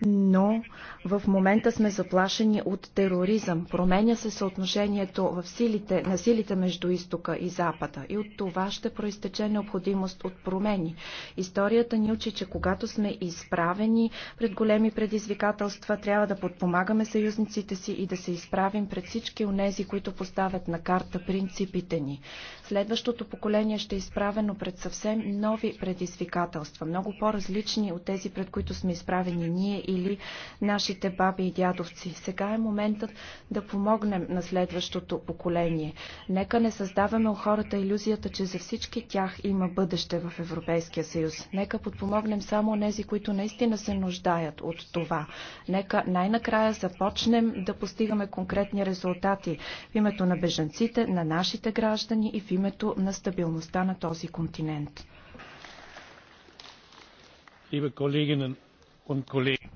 но в момента сме заплашени от тероризъм. Променя се съотношението в силите, на силите между изтока и запада и от това ще проистече необходимост от промени. Историята ни учи, че когато сме изправени пред големи предизвикателства, трябва да подпомагаме съюзниците си и да се изправим пред всички онези, които поставят на карта принципите ни. Следващото поколение ще е изправено пред съвсем нови предизвикателства, много по-различни от тези, пред които сме изправени ние или нашите баби и дядовци. Сега е моментът да помогнем на следващото поколение. Нека не създаваме у хората иллюзията, че за всички тях има бъдеще в Европейския съюз. Нека подпомогнем само нези, които наистина се нуждаят от това. Нека най-накрая започнем да постигаме конкретни резултати в името на бежанците, на нашите граждани и в името на стабилността на този континент.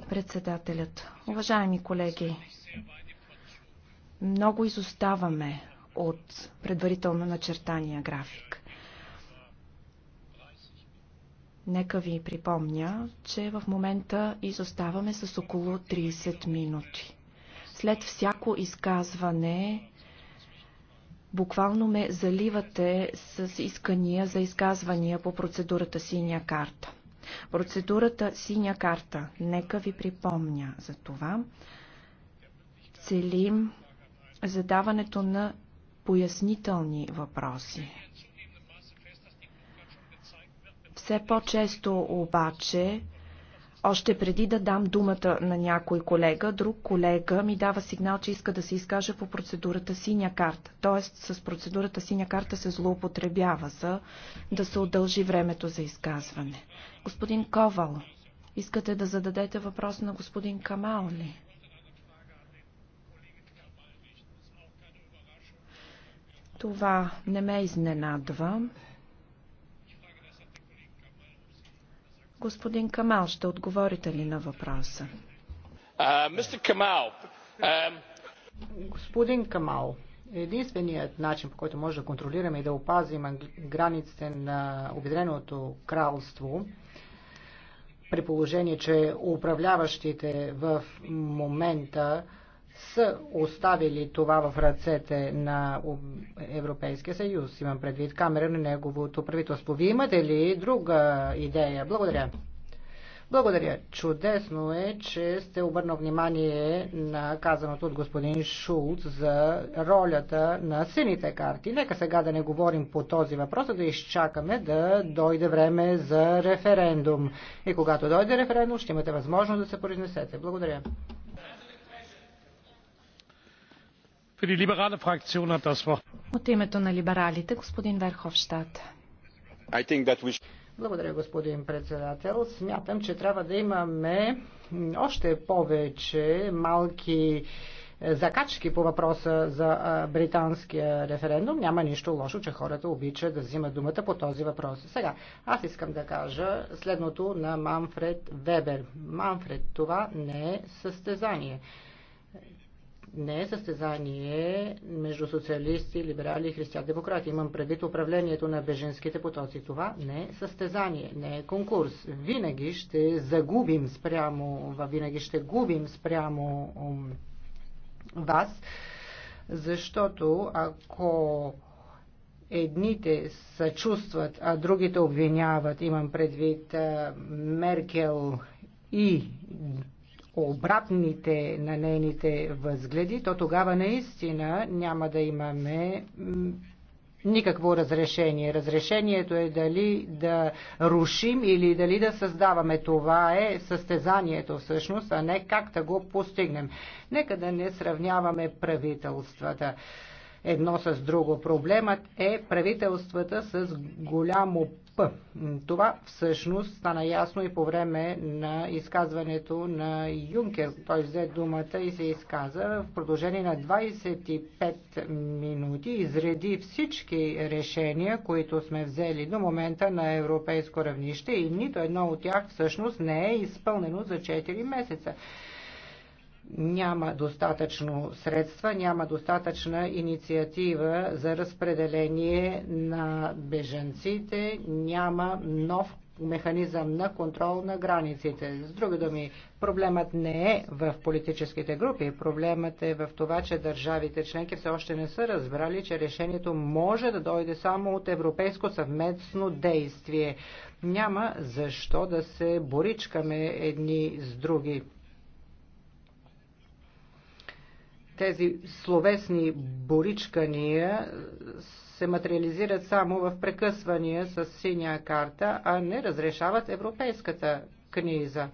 Председателят, уважаеми колеги, много изоставаме от предварително начертания график. Нека ви припомня, че в момента изоставаме с около 30 минути. След всяко изказване Буквално ме заливате с искания за изказвания по процедурата синя карта. Процедурата синя карта, нека ви припомня за това, целим задаването на пояснителни въпроси. Все по-често обаче още преди да дам думата на някой колега, друг колега ми дава сигнал, че иска да се изкаже по процедурата синя карта. Тоест с процедурата синя карта се злоупотребява за да се удължи времето за изказване. Господин Ковал, искате да зададете въпрос на господин Камал ли? Това не ме изненадва. Господин Камал, ще отговорите ли на въпроса? Камал, Господин Камал, единственият начин, по който може да контролираме и да опазим границите на Обединеното кралство, при положение, че управляващите в момента са оставили това в ръцете на Европейския съюз. Имам предвид камера на неговото правителство. Вие имате ли друга идея? Благодаря. Благодаря. Чудесно е, че сте обърнал внимание на казаното от господин Шулц за ролята на сините карти. Нека сега да не говорим по този въпрос, а да изчакаме да дойде време за референдум. И когато дойде референдум, ще имате възможност да се произнесете. Благодаря. От името на либералите, господин Верховщад. Благодаря, господин председател. Смятам, че трябва да имаме още повече малки е, закачки по въпроса за е, британския референдум. Няма нищо лошо, че хората обичат да взимат думата по този въпрос. Сега, аз искам да кажа следното на Манфред Вебер. Манфред, това не е състезание не е състезание между социалисти, либерали и християн-демократи. Имам предвид управлението на беженските потоци. Това не е състезание, не е конкурс. Винаги ще загубим спрямо, винаги ще губим спрямо вас, защото ако едните съчувстват, а другите обвиняват, имам предвид Меркел и обратните на нейните възгледи, то тогава наистина няма да имаме никакво разрешение. Разрешението е дали да рушим или дали да създаваме. Това е състезанието всъщност, а не как да го постигнем. Нека да не сравняваме правителствата едно с друго. Проблемът е правителствата с голямо П. Това всъщност стана ясно и по време на изказването на Юнкер. Той взе думата и се изказа в продължение на 25 минути, изреди всички решения, които сме взели до момента на европейско равнище и нито едно от тях всъщност не е изпълнено за 4 месеца няма достатъчно средства, няма достатъчна инициатива за разпределение на беженците, няма нов механизъм на контрол на границите. С други думи, проблемът не е в политическите групи, проблемът е в това, че държавите членки все още не са разбрали, че решението може да дойде само от европейско съвместно действие. Няма защо да се боричкаме едни с други. тези словесни боричкания се материализират само в прекъсвания с синя карта, а не разрешават европейската книза.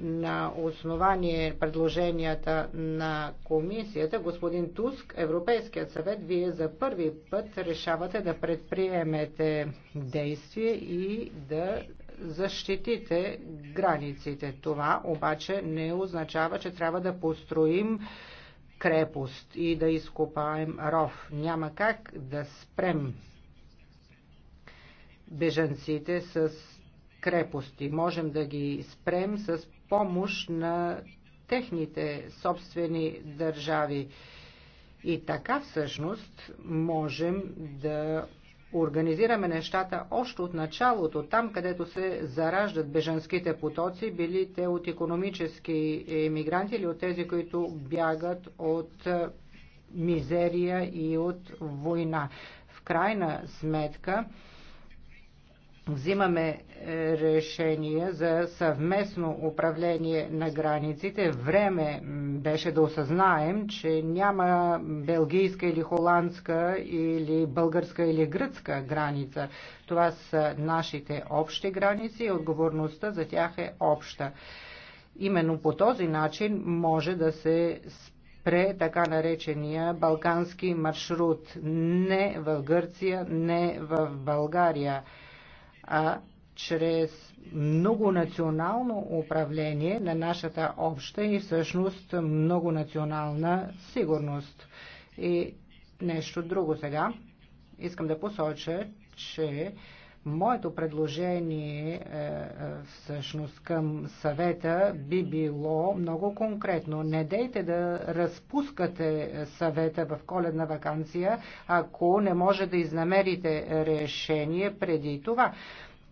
На основание предложенията на комисията, господин Туск, Европейският съвет, вие за първи път решавате да предприемете действие и да защитите границите. Това обаче не означава, че трябва да построим крепост и да изкопаем ров. Няма как да спрем бежанците с крепости. Можем да ги спрем с помощ на техните собствени държави. И така всъщност можем да организираме нещата още от началото, там където се зараждат бежанските потоци, били те от економически емигранти или от тези, които бягат от е, мизерия и от война. В крайна сметка, взимаме е, решение за съвместно управление на границите. Време беше да осъзнаем, че няма белгийска или холандска или българска или гръцка граница. Това са нашите общи граници и отговорността за тях е обща. Именно по този начин може да се спре така наречения балкански маршрут. Не в Гърция, не в България а чрез многонационално управление на нашата обща и всъщност многонационална сигурност. И нещо друго сега. Искам да посоча, че Моето предложение е, е, всъщност към съвета би било много конкретно. Не дейте да разпускате съвета в коледна вакансия, ако не може да изнамерите решение преди това.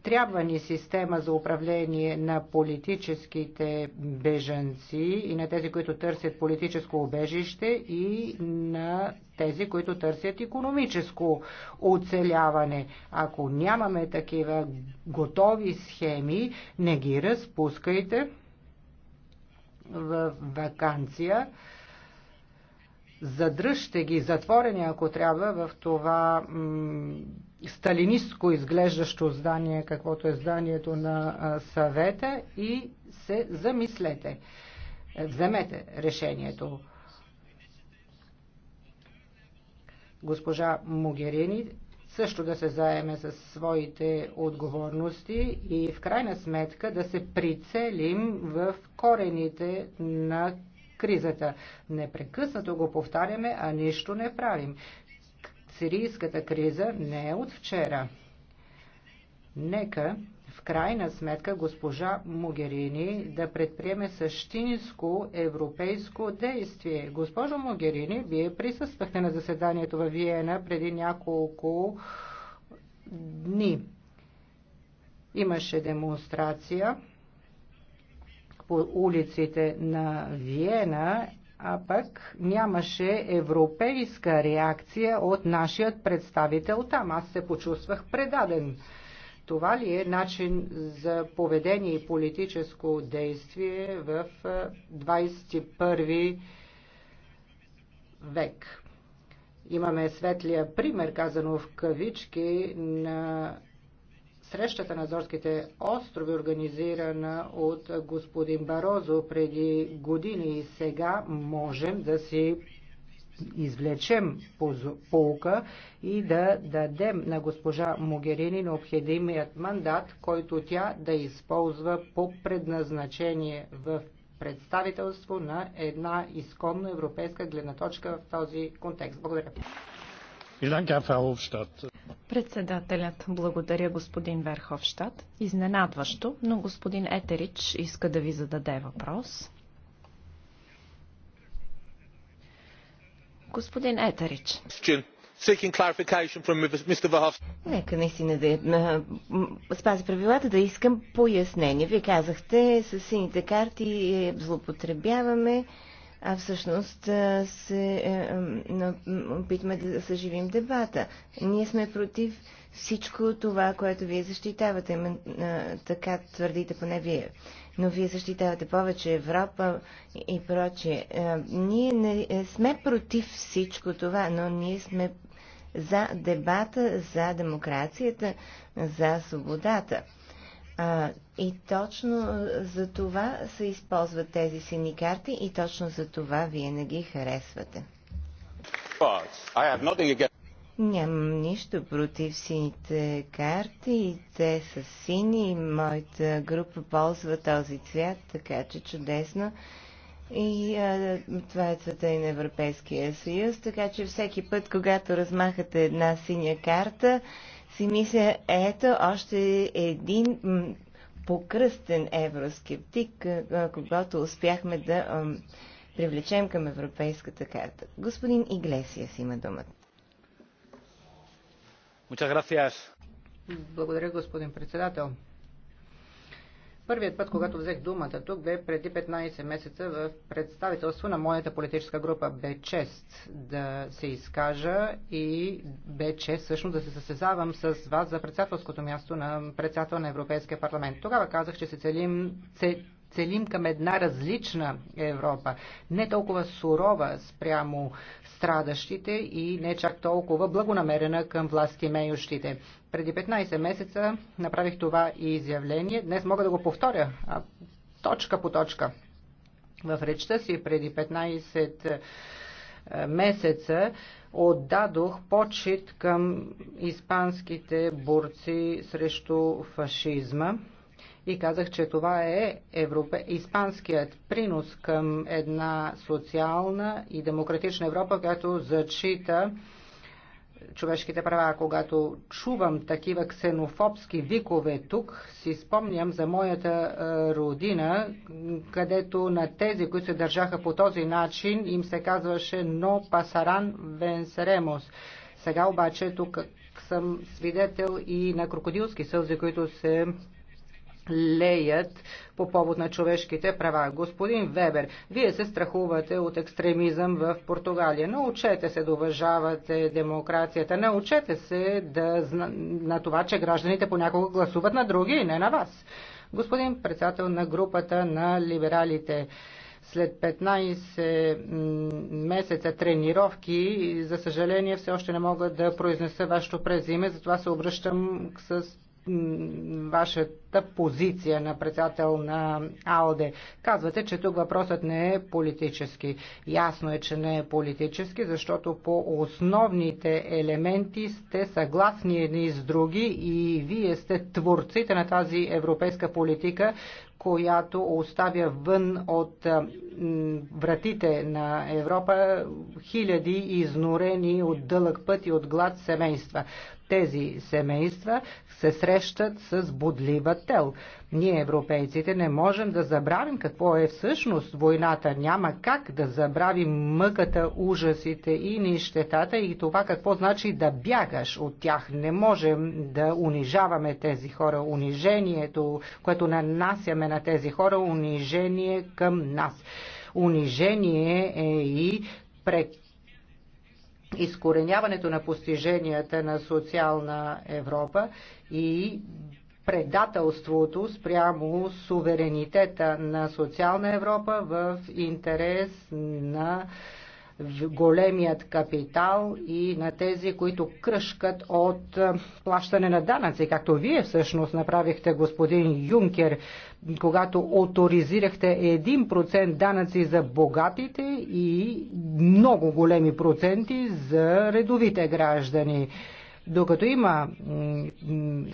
Трябва ни система за управление на политическите бежанци и на тези, които търсят политическо убежище и на тези, които търсят економическо оцеляване. Ако нямаме такива готови схеми, не ги разпускайте в вакансия. Задръжте ги затворени, ако трябва, в това сталинистко изглеждащо здание, каквото е зданието на съвета и се замислете. Е, вземете решението. Госпожа Могерини също да се заеме с своите отговорности и в крайна сметка да се прицелим в корените на кризата. Непрекъснато го повтаряме, а нищо не правим сирийската криза не е от вчера. Нека в крайна сметка госпожа Могерини да предприеме същинско европейско действие. Госпожо Могерини, вие присъствахте на заседанието във Виена преди няколко дни. Имаше демонстрация по улиците на Виена а пък нямаше европейска реакция от нашият представител там. Аз се почувствах предаден. Това ли е начин за поведение и политическо действие в 21 век? Имаме светлия пример, казано в кавички, на срещата на Зорските острови, организирана от господин Барозо преди години и сега можем да си извлечем полка и да дадем на госпожа Могерини необходимият мандат, който тя да използва по предназначение в представителство на една изконно европейска гледна точка в този контекст. Благодаря. Председателят благодаря господин Верховщад. Изненадващо, но господин Етерич иска да ви зададе въпрос. Господин Етерич. Нека наистина да е, спази правилата, да искам пояснение. Вие казахте, с сините карти е, злоупотребяваме а всъщност се е, опитваме да съживим дебата. Ние сме против всичко това, което вие защитавате. Така твърдите поне вие. Но вие защитавате повече Европа и прочие. Ние не е, сме против всичко това, но ние сме за дебата, за демокрацията, за свободата. А, и точно за това се използват тези сини карти и точно за това вие не ги харесвате. Нямам нищо против сините карти и те са сини и моята група ползва този цвят, така че чудесно. И а, това е цвета и на Европейския съюз, така че всеки път, когато размахате една синя карта, си мисля, ето още един покръстен евроскептик, когато успяхме да привлечем към европейската карта. Господин Иглесиас има думата. Благодаря, господин председател. Първият път, когато взех думата тук, бе преди 15 месеца в представителство на моята политическа група. Бе чест да се изкажа и бе чест всъщност да се съсезавам с вас за председателското място на председател на Европейския парламент. Тогава казах, че се целим, целим към една различна Европа. Не толкова сурова спрямо страдащите и не чак толкова благонамерена към власти меющите. Преди 15 месеца направих това и изявление. Днес мога да го повторя а, точка по точка. В речта си преди 15 е, месеца отдадох почет към испанските борци срещу фашизма и казах, че това е европе... испанският принос към една социална и демократична Европа, която зачита човешките права. Когато чувам такива ксенофобски викове тук, си спомням за моята родина, където на тези, които се държаха по този начин, им се казваше «Но пасаран венсеремос». Сега обаче тук съм свидетел и на крокодилски сълзи, които се леят по повод на човешките права. Господин Вебер, вие се страхувате от екстремизъм в Португалия. Научете се да уважавате демокрацията. Научете се да, зна на това, че гражданите понякога гласуват на други и не на вас. Господин председател на групата на либералите след 15 месеца тренировки, за съжаление, все още не мога да произнеса вашето презиме, затова се обръщам с вашата позиция на председател на Алде. Казвате, че тук въпросът не е политически. Ясно е, че не е политически, защото по основните елементи сте съгласни едни с други и вие сте творците на тази европейска политика, която оставя вън от вратите на Европа хиляди изнорени от дълъг път и от глад семейства тези семейства се срещат с бодлива тел. Ние, европейците, не можем да забравим какво е всъщност войната. Няма как да забравим мъката, ужасите и нищетата и това какво значи да бягаш от тях. Не можем да унижаваме тези хора. Унижението, което нанасяме на тези хора, унижение към нас. Унижение е и прек изкореняването на постиженията на социална Европа и предателството спрямо суверенитета на социална Европа в интерес на големият капитал и на тези, които кръшкат от плащане на данъци, както вие всъщност направихте, господин Юнкер когато авторизирахте 1% данъци за богатите и много големи проценти за редовите граждани. Докато има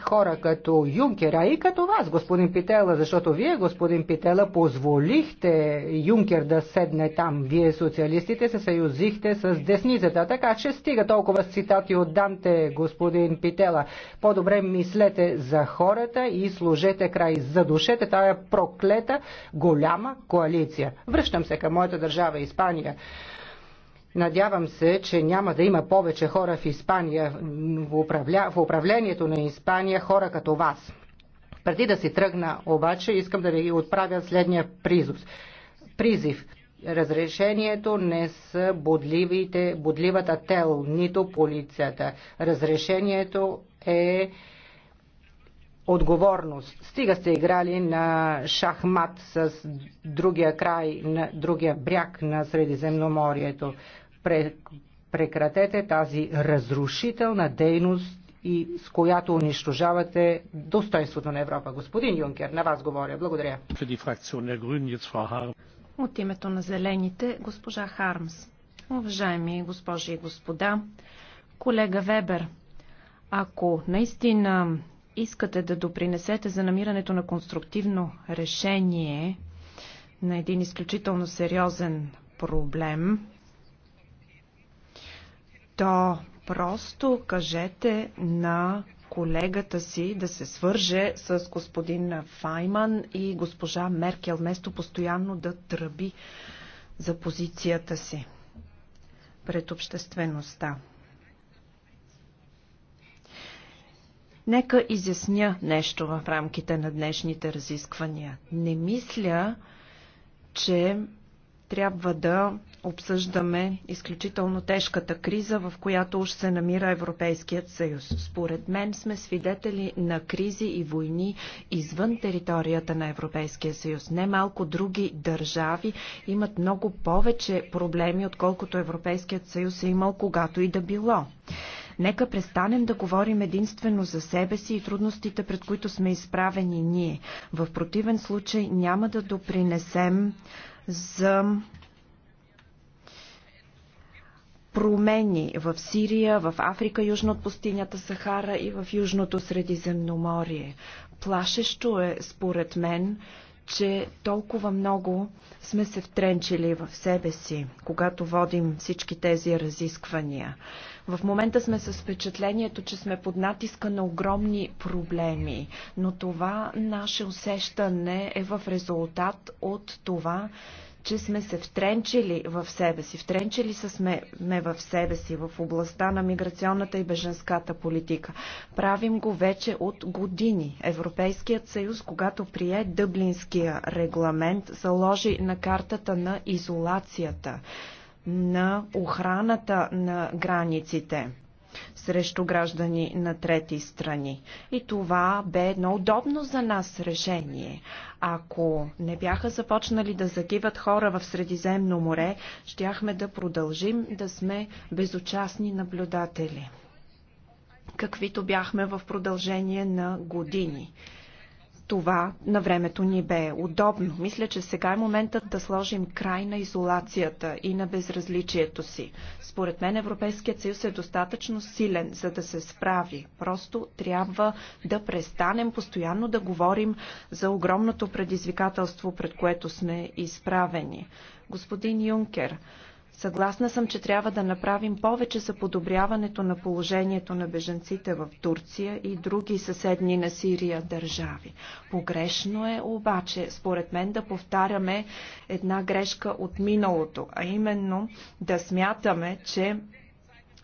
хора като Юнкера и като вас, господин Питела, защото вие, господин Питела, позволихте Юнкер да седне там. Вие, социалистите, се съюзихте с десницата. Така че стига толкова с цитати от Данте, господин Питела. По-добре мислете за хората и служете край. Задушете тая проклета голяма коалиция. Връщам се към моята държава Испания. Надявам се, че няма да има повече хора в Испания, в, управля... в управлението на Испания, хора като вас. Преди да си тръгна обаче, искам да ви отправя следния призов. Призив. Разрешението не са бодливите, бодливата тел, нито полицията. Разрешението е отговорност. Стига сте играли на шахмат с другия край, на другия бряг на Средиземноморието прекратете тази разрушителна дейност и с която унищожавате достоинството на Европа. Господин Юнкер, на вас говоря. Благодаря. От името на Зелените, госпожа Хармс. Уважаеми госпожи и господа, колега Вебер, ако наистина искате да допринесете за намирането на конструктивно решение на един изключително сериозен проблем, то просто кажете на колегата си да се свърже с господин Файман и госпожа Меркел, вместо постоянно да тръби за позицията си пред обществеността. Нека изясня нещо в рамките на днешните разисквания. Не мисля, че трябва да обсъждаме изключително тежката криза, в която уж се намира Европейският съюз. Според мен сме свидетели на кризи и войни извън територията на Европейския съюз. Немалко други държави имат много повече проблеми, отколкото Европейският съюз е имал когато и да било. Нека престанем да говорим единствено за себе си и трудностите, пред които сме изправени ние. В противен случай няма да допринесем за промени в Сирия, в Африка, южно от пустинята Сахара и в южното Средиземноморие. Плашещо е, според мен, че толкова много сме се втренчили в себе си, когато водим всички тези разисквания. В момента сме с впечатлението, че сме под натиска на огромни проблеми, но това наше усещане е в резултат от това, че сме се втренчили в себе си. Втренчили са сме ме в себе си в областта на миграционната и беженската политика. Правим го вече от години. Европейският съюз, когато прие Дъблинския регламент, заложи на картата на изолацията, на охраната на границите срещу граждани на трети страни. И това бе едно удобно за нас решение. Ако не бяха започнали да загиват хора в Средиземно море, щяхме да продължим да сме безучастни наблюдатели, каквито бяхме в продължение на години. Това на времето ни бе удобно. Мисля, че сега е моментът да сложим край на изолацията и на безразличието си. Според мен Европейският съюз е достатъчно силен, за да се справи. Просто трябва да престанем постоянно да говорим за огромното предизвикателство, пред което сме изправени. Господин Юнкер, Съгласна съм, че трябва да направим повече за подобряването на положението на беженците в Турция и други съседни на Сирия държави. Погрешно е обаче, според мен, да повтаряме една грешка от миналото, а именно да смятаме, че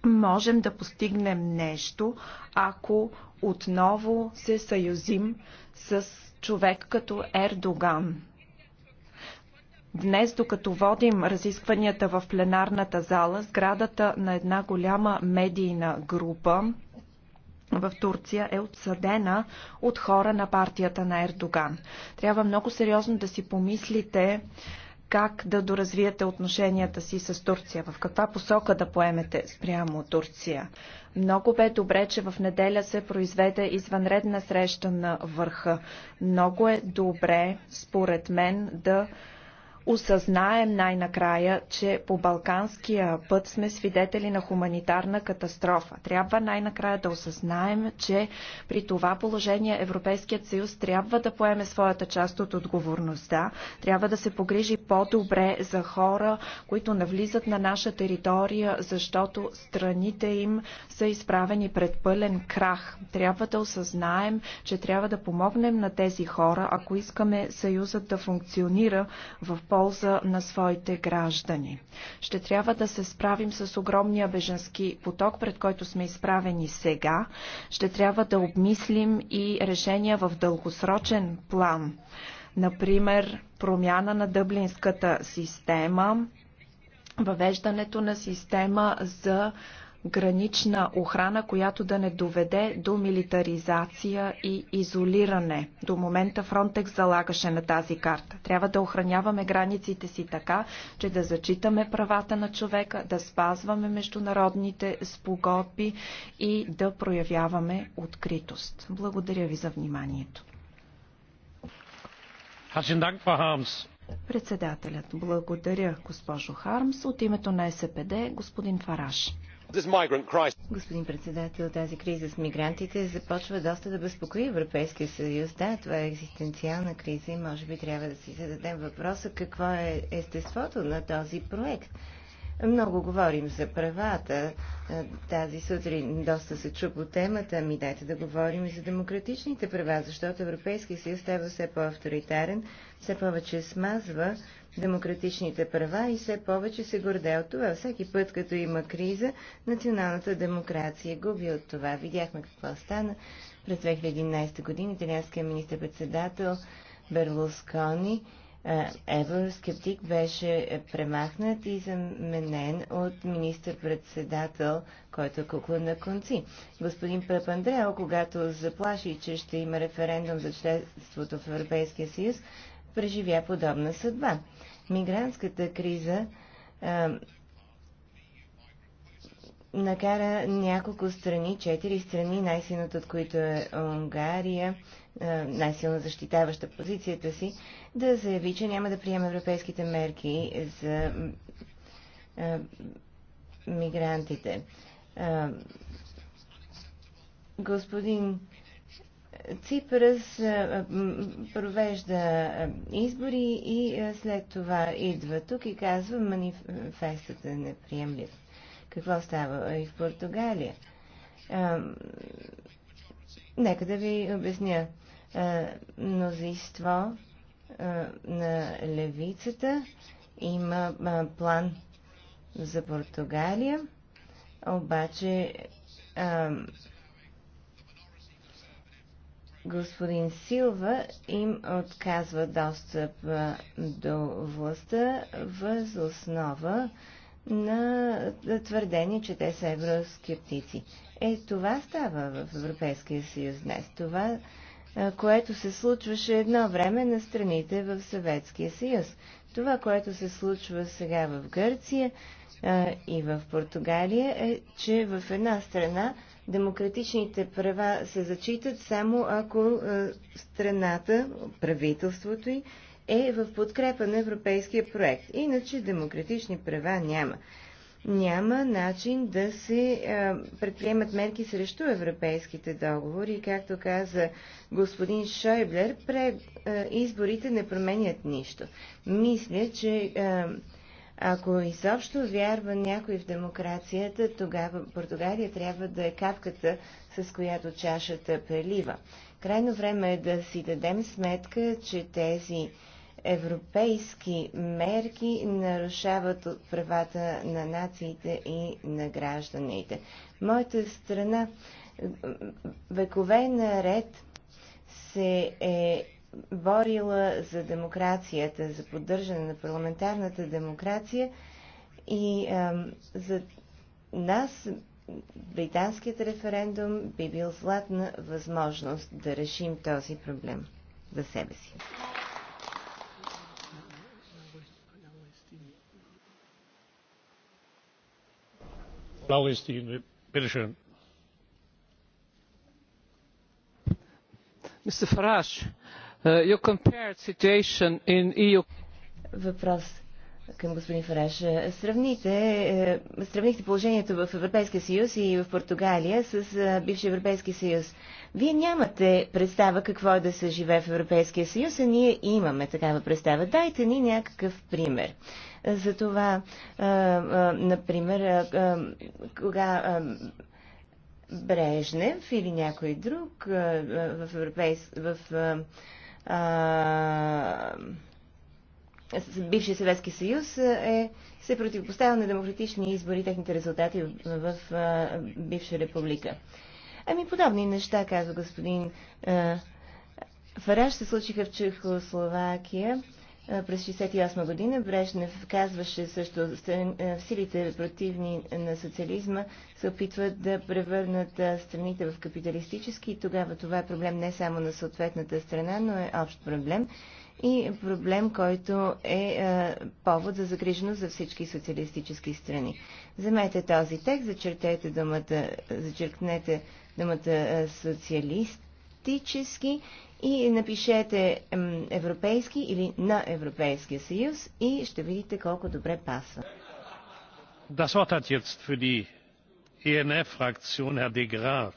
можем да постигнем нещо, ако отново се съюзим с човек като Ердоган. Днес, докато водим разискванията в пленарната зала, сградата на една голяма медийна група в Турция е отсъдена от хора на партията на Ердоган. Трябва много сериозно да си помислите как да доразвиете отношенията си с Турция, в каква посока да поемете спрямо Турция. Много бе добре, че в неделя се произведе извънредна среща на върха. Много е добре, според мен, да осъзнаем най-накрая, че по Балканския път сме свидетели на хуманитарна катастрофа. Трябва най-накрая да осъзнаем, че при това положение Европейският съюз трябва да поеме своята част от отговорността, трябва да се погрижи по-добре за хора, които навлизат на наша територия, защото страните им са изправени пред пълен крах. Трябва да осъзнаем, че трябва да помогнем на тези хора, ако искаме съюзът да функционира в по полза на своите граждани. Ще трябва да се справим с огромния беженски поток, пред който сме изправени сега. Ще трябва да обмислим и решения в дългосрочен план. Например, промяна на дъблинската система, въвеждането на система за гранична охрана, която да не доведе до милитаризация и изолиране. До момента Фронтекс залагаше на тази карта. Трябва да охраняваме границите си така, че да зачитаме правата на човека, да спазваме международните спогодби и да проявяваме откритост. Благодаря ви за вниманието. Председателят, благодаря госпожо Хармс. От името на СПД господин Фараш. Господин председател, тази криза с мигрантите започва доста да безпокои Европейския съюз. Да, това е екзистенциална криза и може би трябва да си зададем въпроса какво е естеството на този проект. Много говорим за правата. Е, тази сутрин доста се чу по темата. Ми дайте да говорим и за демократичните права, защото Европейския съюз става е все по-авторитарен, все повече смазва демократичните права и все повече се горде от това. Всеки път, като има криза, националната демокрация губи от това. Видяхме какво стана през 2011 година. Италианският министр-председател Берлускони евроскептик беше премахнат и заменен от министър-председател, който е кукла на конци. Господин Пепандрео, когато заплаши, че ще има референдум за членството в Европейския съюз, преживя подобна съдба. Мигрантската криза а, накара няколко страни, четири страни, най-силната от които е Унгария, най-силно защитаваща позицията си, да заяви, че няма да приема европейските мерки за а, мигрантите. А, господин Ципрас провежда избори и след това идва тук и казва манифестът е неприемлив. Какво става и в Португалия? Нека да ви обясня. Мнозинство на левицата има план за Португалия, обаче господин Силва им отказва достъп до властта въз основа на твърдение, че те са евроскептици. Е, това става в Европейския съюз днес. Това, което се случваше едно време на страните в Съветския съюз. Това, което се случва сега в Гърция и в Португалия е, че в една страна Демократичните права се зачитат само ако е, страната, правителството й, е в подкрепа на европейския проект. Иначе демократични права няма. Няма начин да се е, предприемат мерки срещу европейските договори. Както каза господин Шойблер, е, изборите не променят нищо. Мисля, че ако изобщо вярва някой в демокрацията, тогава Португалия трябва да е капката, с която чашата прелива. Крайно време е да си дадем сметка, че тези европейски мерки нарушават правата на нациите и на гражданите. Моята страна векове наред се е борила за демокрацията, за поддържане на парламентарната демокрация и а, за нас британският референдум би бил златна възможност да решим този проблем за себе си. Mr. Farage, Uh, e Въпрос към господин Фараш. Сравните, е, сравнихте положението в Европейския съюз и в Португалия с е, бившия Европейски съюз. Вие нямате представа какво е да се живее в Европейския съюз, а ние имаме такава представа. Дайте ни някакъв пример. За това, е, например, кога Брежнев или някой друг в, Европейския в бившия Съветски съюз е, се противопоставил на демократични избори и техните резултати в, в, в а, бивша република. Ами подобни неща, казва господин а, Фараж, се случиха в Чехословакия. През 1968 година Брежнев казваше също, силите противни на социализма се опитват да превърнат страните в капиталистически и тогава това е проблем не само на съответната страна, но е общ проблем и проблем, който е повод за загриженост за всички социалистически страни. Вземете този текст, зачертете думата, зачеркнете думата социалистически и напишете Европейски или на Европейския съюз и ще видите колко добре пасва. Das Wort hat jetzt für die ENF-Fraktion Herr de Graaf.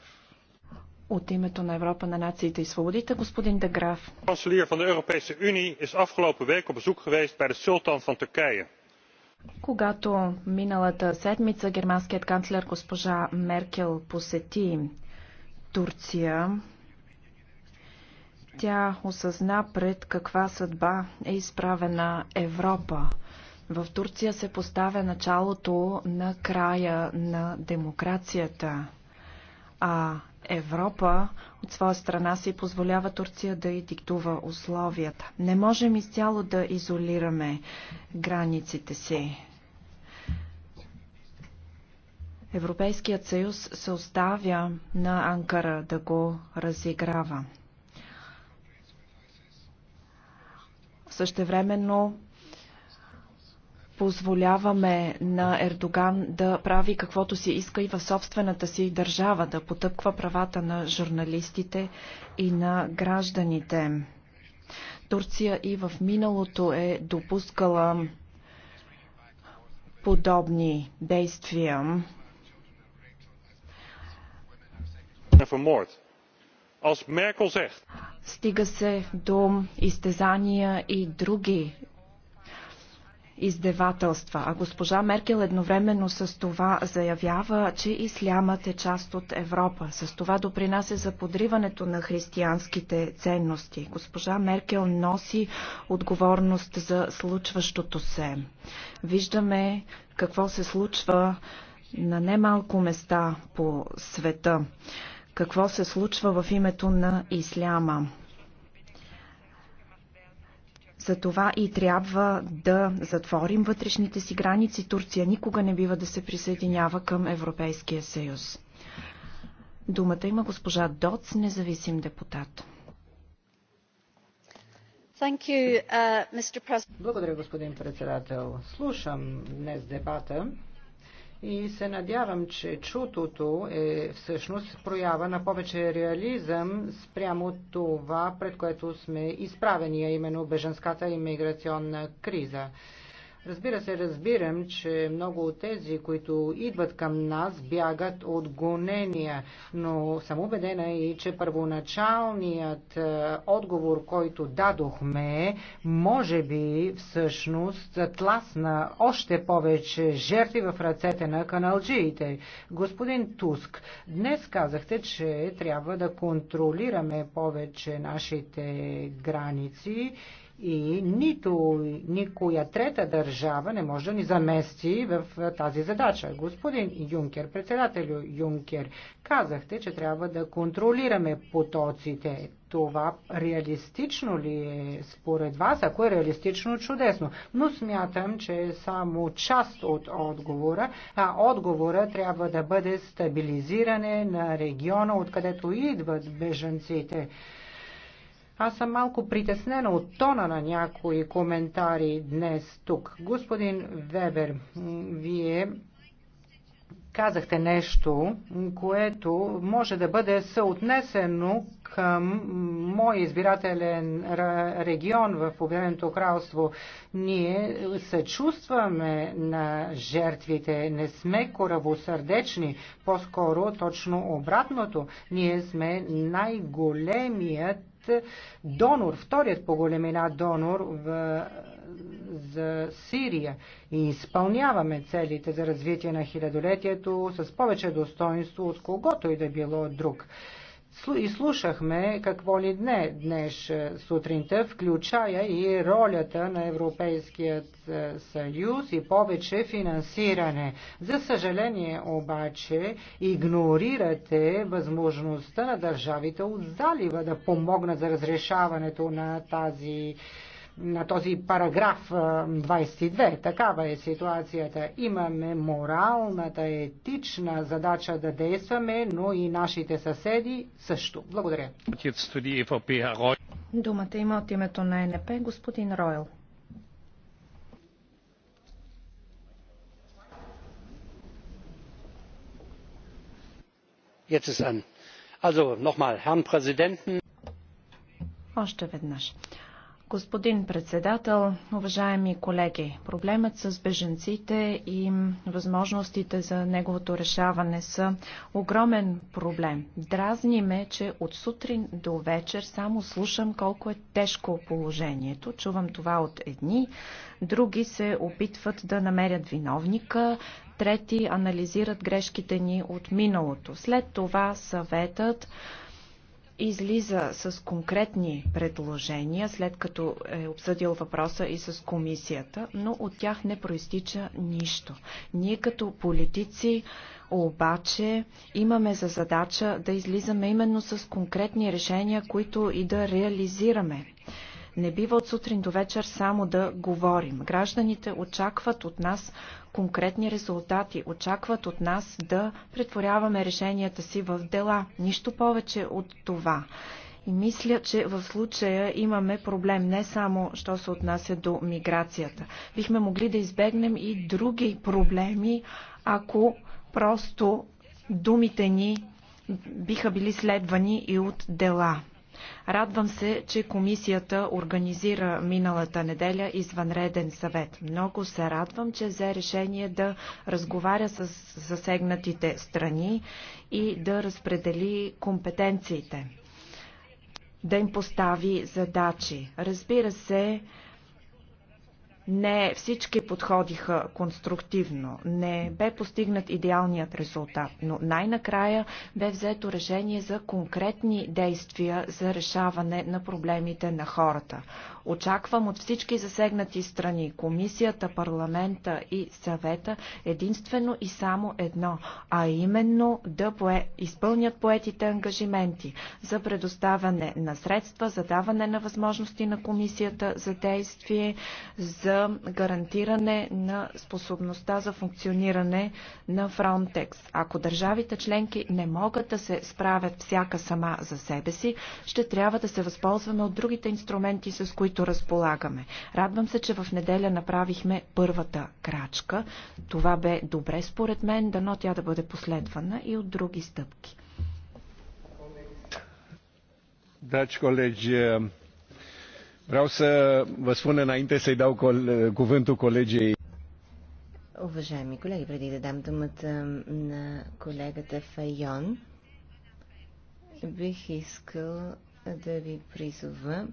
От името на Европа на нациите и свободите, господин Де Граф. Канцелиер van de Europese Unie is afgelopen week op bezoek geweest bij de sultan van Turkije. Когато миналата седмица германският канцлер госпожа Меркел посети Турция, тя осъзна пред каква съдба е изправена Европа. В Турция се поставя началото на края на демокрацията, а Европа от своя страна си позволява Турция да й диктува условията. Не можем изцяло да изолираме границите си. Европейският съюз се оставя на Анкара да го разиграва. Същевременно позволяваме на Ердоган да прави каквото си иска и в собствената си държава, да потъпква правата на журналистите и на гражданите. Турция и в миналото е допускала подобни действия. Стига се до изтезания и други издевателства. А госпожа Меркел едновременно с това заявява, че ислямът е част от Европа. С това допринася за подриването на християнските ценности. Госпожа Меркел носи отговорност за случващото се. Виждаме какво се случва на немалко места по света какво се случва в името на исляма. Затова и трябва да затворим вътрешните си граници. Турция никога не бива да се присъединява към Европейския съюз. Думата има госпожа Доц, независим депутат. You, uh, Благодаря, господин председател. Слушам днес дебата и се надявам, че чутото е всъщност проява на повече реализъм спрямо това, пред което сме изправени, а именно беженската иммиграционна криза. Разбира се, разбирам, че много от тези, които идват към нас, бягат от гонения, но съм убедена и, че първоначалният е, отговор, който дадохме, може би всъщност тласна още повече жертви в ръцете на каналджиите. Господин Туск, днес казахте, че трябва да контролираме повече нашите граници и нито никоя трета държава не може да ни замести в тази задача. Господин Юнкер, председателю Юнкер, казахте, че трябва да контролираме потоците. Това реалистично ли е според вас? Ако е реалистично, чудесно. Но смятам, че е само част от отговора, а отговора трябва да бъде стабилизиране на региона, откъдето идват бежанците. Аз съм малко притеснена от тона на някои коментари днес тук. Господин Вебер, вие казахте нещо, което може да бъде съотнесено към мой избирателен регион в Обединеното кралство. Ние съчувстваме на жертвите, не сме коравосърдечни, по-скоро точно обратното. Ние сме най-големият донор, вторият по големина донор в, за Сирия и изпълняваме целите за развитие на хилядолетието с повече достоинство от когото и да било друг и слушахме какво ли дне днес е, сутринта, включая и ролята на Европейският е, съюз и повече финансиране. За съжаление обаче игнорирате възможността на държавите от залива да помогнат за разрешаването на тази на този параграф 22. Такава е ситуацията. Имаме моралната, етична задача да действаме, но и нашите съседи също. Благодаря. Думата има от името на НП господин Ройл. Also nochmal, Herrn Präsidenten. Още веднъж. Господин председател, уважаеми колеги, проблемът с беженците и възможностите за неговото решаване са огромен проблем. Дразни ме, че от сутрин до вечер само слушам колко е тежко положението. Чувам това от едни, други се опитват да намерят виновника, трети анализират грешките ни от миналото. След това съветът излиза с конкретни предложения, след като е обсъдил въпроса и с комисията, но от тях не проистича нищо. Ние като политици обаче имаме за задача да излизаме именно с конкретни решения, които и да реализираме. Не бива от сутрин до вечер само да говорим. Гражданите очакват от нас конкретни резултати, очакват от нас да претворяваме решенията си в дела. Нищо повече от това. И мисля, че в случая имаме проблем не само, що се отнася до миграцията. Бихме могли да избегнем и други проблеми, ако просто думите ни биха били следвани и от дела. Радвам се, че комисията организира миналата неделя извънреден съвет. Много се радвам, че взе решение да разговаря с засегнатите страни и да разпредели компетенциите, да им постави задачи. Разбира се, не всички подходиха конструктивно, не бе постигнат идеалният резултат, но най-накрая бе взето решение за конкретни действия за решаване на проблемите на хората. Очаквам от всички засегнати страни, комисията, парламента и съвета единствено и само едно, а именно да пое, изпълнят поетите ангажименти за предоставяне на средства, за даване на възможности на комисията за действие, за гарантиране на способността за функциониране на Frontex. Ако държавите членки не могат да се справят всяка сама за себе си, ще трябва да се възползваме от другите инструменти, с които които разполагаме. Радвам се, че в неделя направихме първата крачка. Това бе добре според мен, дано тя да бъде последвана и от други стъпки. Dragi colegi, vreau să vă spun înainte să-i dau cuvântul colegei. Уважаеми колеги, преди да дам думата на колегата Файон, бих искал да ви призова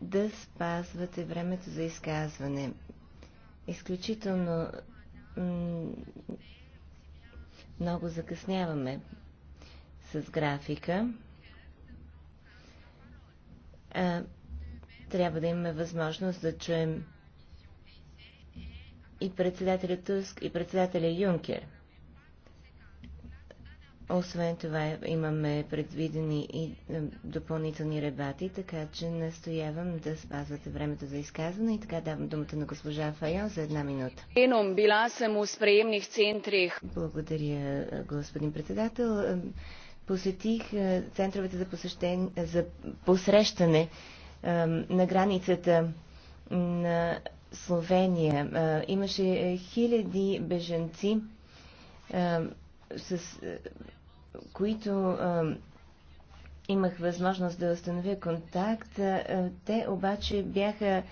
да спазвате времето за изказване. Изключително много закъсняваме с графика. А, трябва да имаме възможност да чуем и председателя Туск, и председателя Юнкер. Освен това имаме предвидени и е, допълнителни ребати, така че настоявам да спазвате времето за изказване и така давам думата на госпожа Файон за една минута. била съм у центрих. Благодаря, е, господин председател. Е, посетих центровете за, посещен... за посрещане на границата на Словения. Имаше хиляди беженци с които имах възможност да установя контакт, те обаче бяха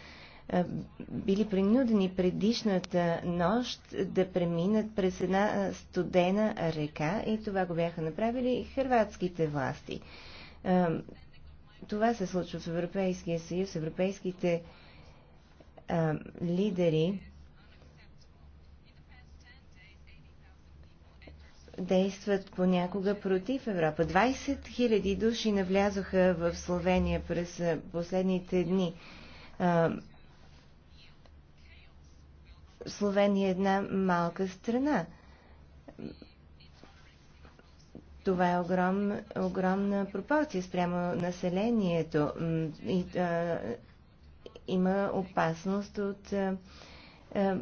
били принудени предишната нощ да преминат през една студена река и това го бяха направили хрватските власти. Това се случва в Европейския съюз. Европейските лидери действат понякога против Европа. 20 000 души навлязоха в Словения през последните дни. Словения е една малка страна. Това е огром, огромна пропорция спрямо населението. И, а, има опасност от а, а,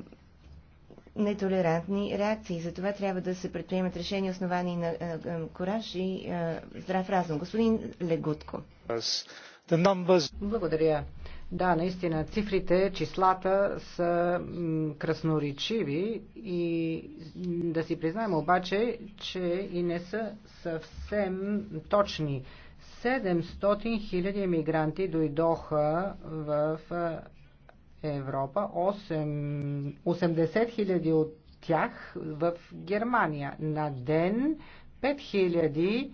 нетолерантни реакции. Затова трябва да се предприемат решения, основани на е, е, кораж и е, здрав разум. Господин Легутко. Благодаря. Да, наистина, цифрите, числата са красноречиви и да си признаем обаче, че и не са съвсем точни. 700 000 емигранти дойдоха в Европа, 8, 80 000 от тях в Германия. На ден 5 000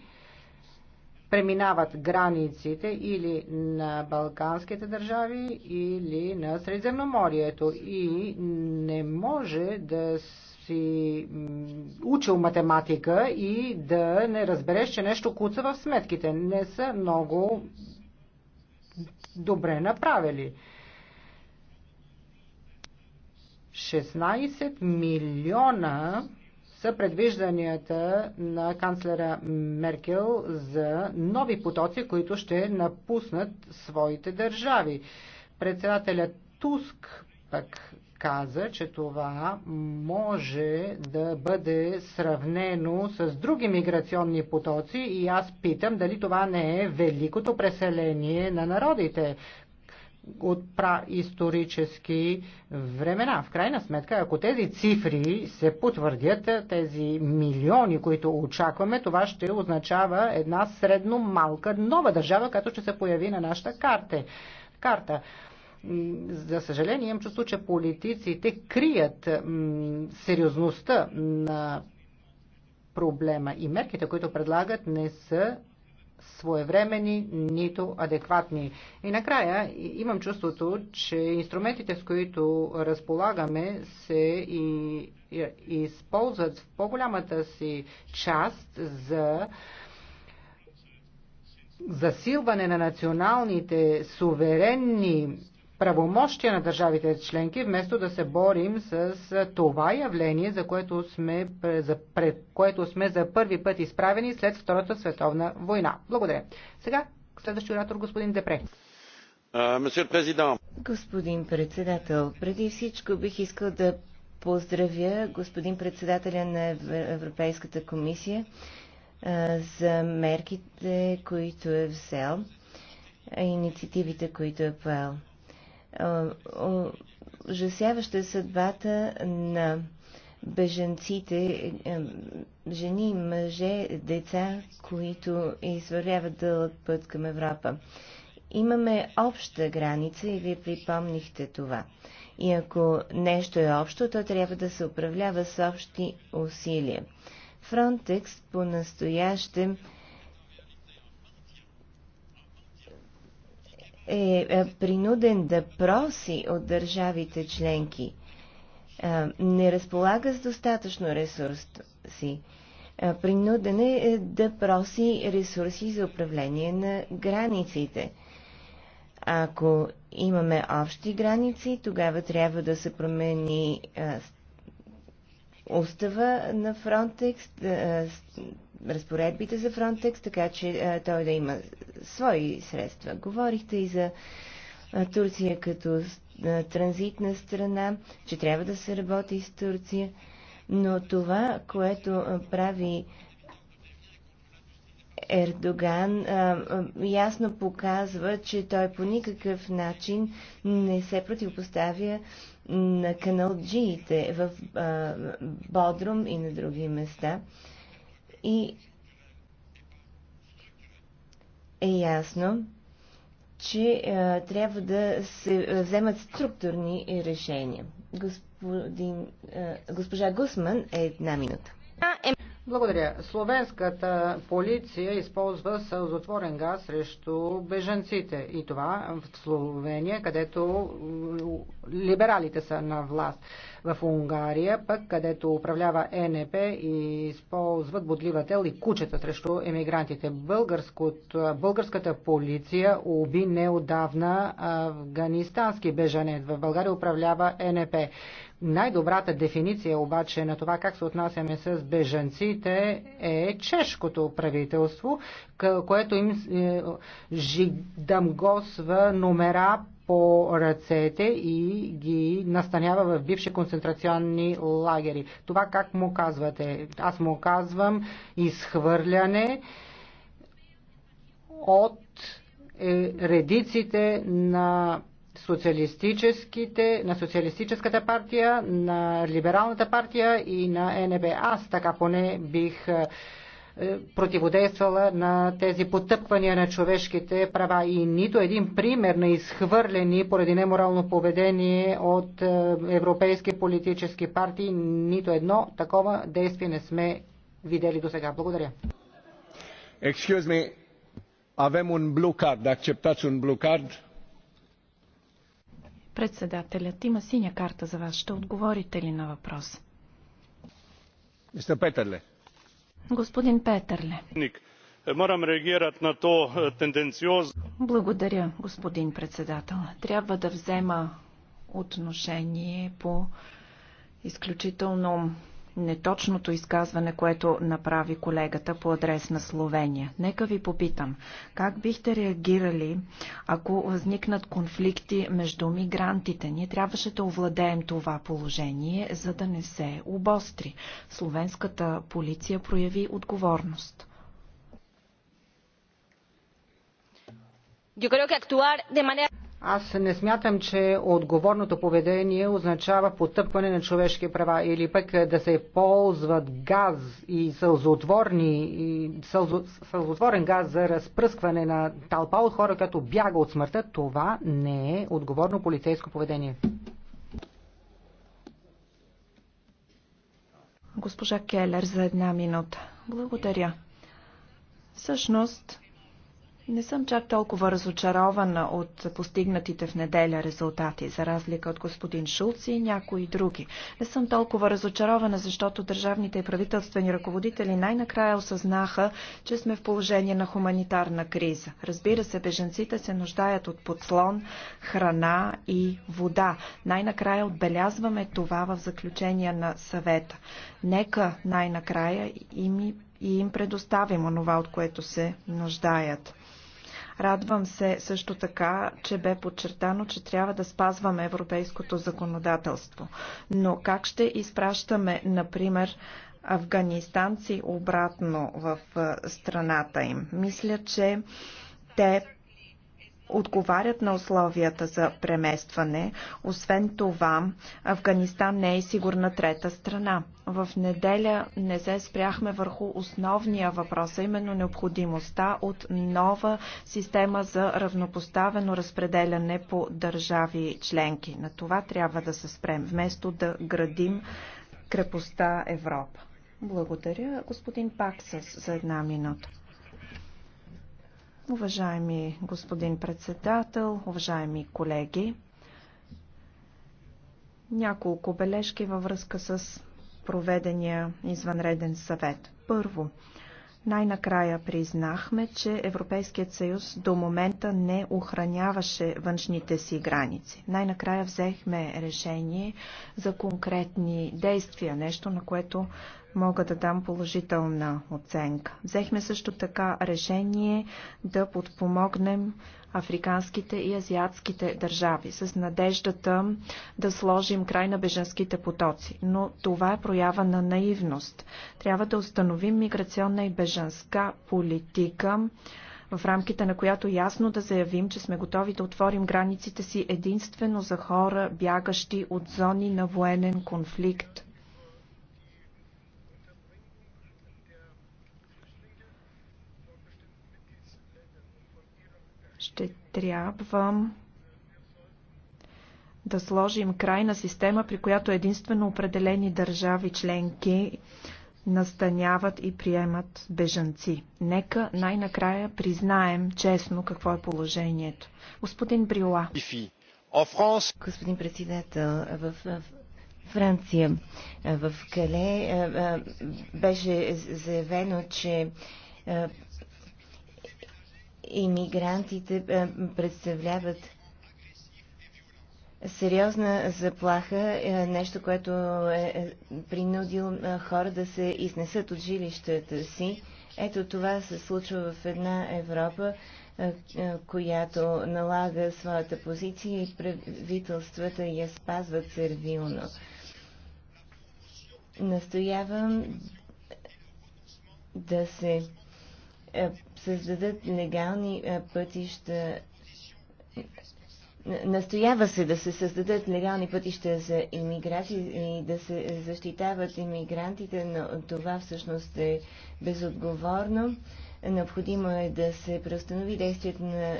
преминават границите или на Балканските държави, или на Средиземноморието и не може да си учил математика и да не разбереш, че нещо куца в сметките. Не са много добре направили. 16 милиона са предвижданията на канцлера Меркел за нови потоци, които ще напуснат своите държави. Председателят Туск пък каза, че това може да бъде сравнено с други миграционни потоци и аз питам дали това не е великото преселение на народите от праисторически времена. В крайна сметка, ако тези цифри се потвърдят, тези милиони, които очакваме, това ще означава една средно малка нова държава, като ще се появи на нашата карта. карта. За съжаление, имам чувство, че политиците крият сериозността на проблема и мерките, които предлагат, не са своевремени, нито адекватни. И накрая имам чувството, че инструментите, с които разполагаме, се и, използват в по-голямата си част за засилване на националните суверенни правомощия на държавите членки, вместо да се борим с това явление, за което сме, за, пред което сме за първи път изправени след Втората световна война. Благодаря. Сега следващия оратор господин Депре. Господин председател, преди всичко бих искал да поздравя господин председателя на Европейската комисия за мерките, които е взел, инициативите, които е поел. Е, ужасяваща е съдбата на беженците, е, жени, мъже, деца, които извървяват дълъг път към Европа. Имаме обща граница и вие припомнихте това. И ако нещо е общо, то трябва да се управлява с общи усилия. Фронтекс по-настоящем Е, е принуден да проси от държавите членки, е, не разполага с достатъчно ресурс си. Е, принуден е да проси ресурси за управление на границите. Ако имаме общи граници, тогава трябва да се промени устава на Фронтекс, разпоредбите за Фронтекс, така че е, той да има свои средства. Говорихте и за е, Турция като е, транзитна страна, че трябва да се работи с Турция, но това, което прави Ердоган ясно показва, че той по никакъв начин не се противопоставя на каналджиите в а, Бодрум и на други места. И е ясно, че а, трябва да се вземат структурни решения. Господин, а, госпожа Гусман е една минута. Благодаря. Словенската полиция използва сълзотворен газ срещу бежанците. И това в Словения, където либералите са на власт. В Унгария, пък където управлява е НП и използват бодливател и кучета срещу емигрантите. Българската полиция уби неодавна афганистански бежанец. В България управлява е НП. Най-добрата дефиниция обаче на това как се отнасяме с бежанците е чешкото правителство, което им е, жидамгосва номера по ръцете и ги настанява в бивши концентрационни лагери. Това как му казвате? Аз му казвам изхвърляне от е, редиците на социалистическите, на социалистическата партия, на либералната партия и на НБ. Аз така поне бих е, е, противодействала на тези потъпвания на човешките права и нито един пример на изхвърлени поради неморално поведение от е, европейски политически партии, нито едно такова действие не сме видели до сега. Благодаря. Excuse me, avem un blue card. Acceptați un blue card? Председателят има синя карта за вас. Ще отговорите ли на въпрос? Мистер Петърле. Господин Петърле. Морам реагират на то е, тенденциоз. Благодаря, господин председател. Трябва да взема отношение по изключително неточното изказване, което направи колегата по адрес на Словения. Нека ви попитам, как бихте реагирали, ако възникнат конфликти между мигрантите? Ние трябваше да овладеем това положение, за да не се обостри. Словенската полиция прояви отговорност. Yo creo que actuar de manera... Аз не смятам, че отговорното поведение означава потъпване на човешки права или пък да се ползват газ и сълзотворни, и сълзо, сълзотворен газ за разпръскване на тълпа от хора, като бяга от смъртта. Това не е отговорно полицейско поведение. Госпожа Келер за една минута. Благодаря. Всъщност, не съм чак толкова разочарована от постигнатите в неделя резултати, за разлика от господин Шулц и някои други. Не съм толкова разочарована, защото държавните и правителствени ръководители най-накрая осъзнаха, че сме в положение на хуманитарна криза. Разбира се, беженците се нуждаят от подслон, храна и вода. Най-накрая отбелязваме това в заключение на съвета. Нека най-накрая и им предоставим онова, от което се нуждаят. Радвам се също така, че бе подчертано, че трябва да спазваме европейското законодателство. Но как ще изпращаме, например, афганистанци обратно в страната им? Мисля, че те отговарят на условията за преместване. Освен това, Афганистан не е сигурна трета страна. В неделя не се спряхме върху основния въпрос, а именно необходимостта от нова система за равнопоставено разпределяне по държави членки. На това трябва да се спрем, вместо да градим крепостта Европа. Благодаря, господин Паксас, за една минута. Уважаеми господин председател, уважаеми колеги, няколко бележки във връзка с проведения извънреден съвет. Първо, най-накрая признахме, че Европейският съюз до момента не охраняваше външните си граници. Най-накрая взехме решение за конкретни действия, нещо на което мога да дам положителна оценка. Взехме също така решение да подпомогнем африканските и азиатските държави с надеждата да сложим край на беженските потоци. Но това е проява на наивност. Трябва да установим миграционна и беженска политика, в рамките на която ясно да заявим, че сме готови да отворим границите си единствено за хора, бягащи от зони на военен конфликт. Ще трябва да сложим край на система, при която единствено определени държави членки настаняват и приемат бежанци. Нека най-накрая признаем честно какво е положението. Господин Брила. Господин председател, в, Франция, в Кале беше заявено, че иммигрантите е, представляват сериозна заплаха, е, нещо, което е, е принудил хора да се изнесат от жилищата си. Ето това се случва в една Европа, която налага своята позиция и правителствата я спазват сервилно. Настоявам да се създадат легални пътища. Настоява се да се създадат легални пътища за иммиграция и да се защитават иммигрантите, но това всъщност е безотговорно. Необходимо е да се преустанови действието на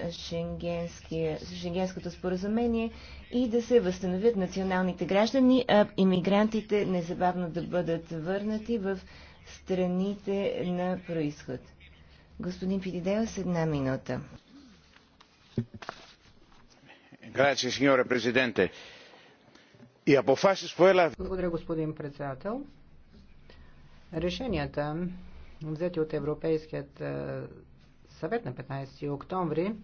Шенгенското споразумение и да се възстановят националните граждани, а иммигрантите незабавно да бъдат върнати в страните на происход. Господин Фидидео, с една минута. Благодаря, господин председател. Решенията, взети от Европейският е, съвет на 15 октомври,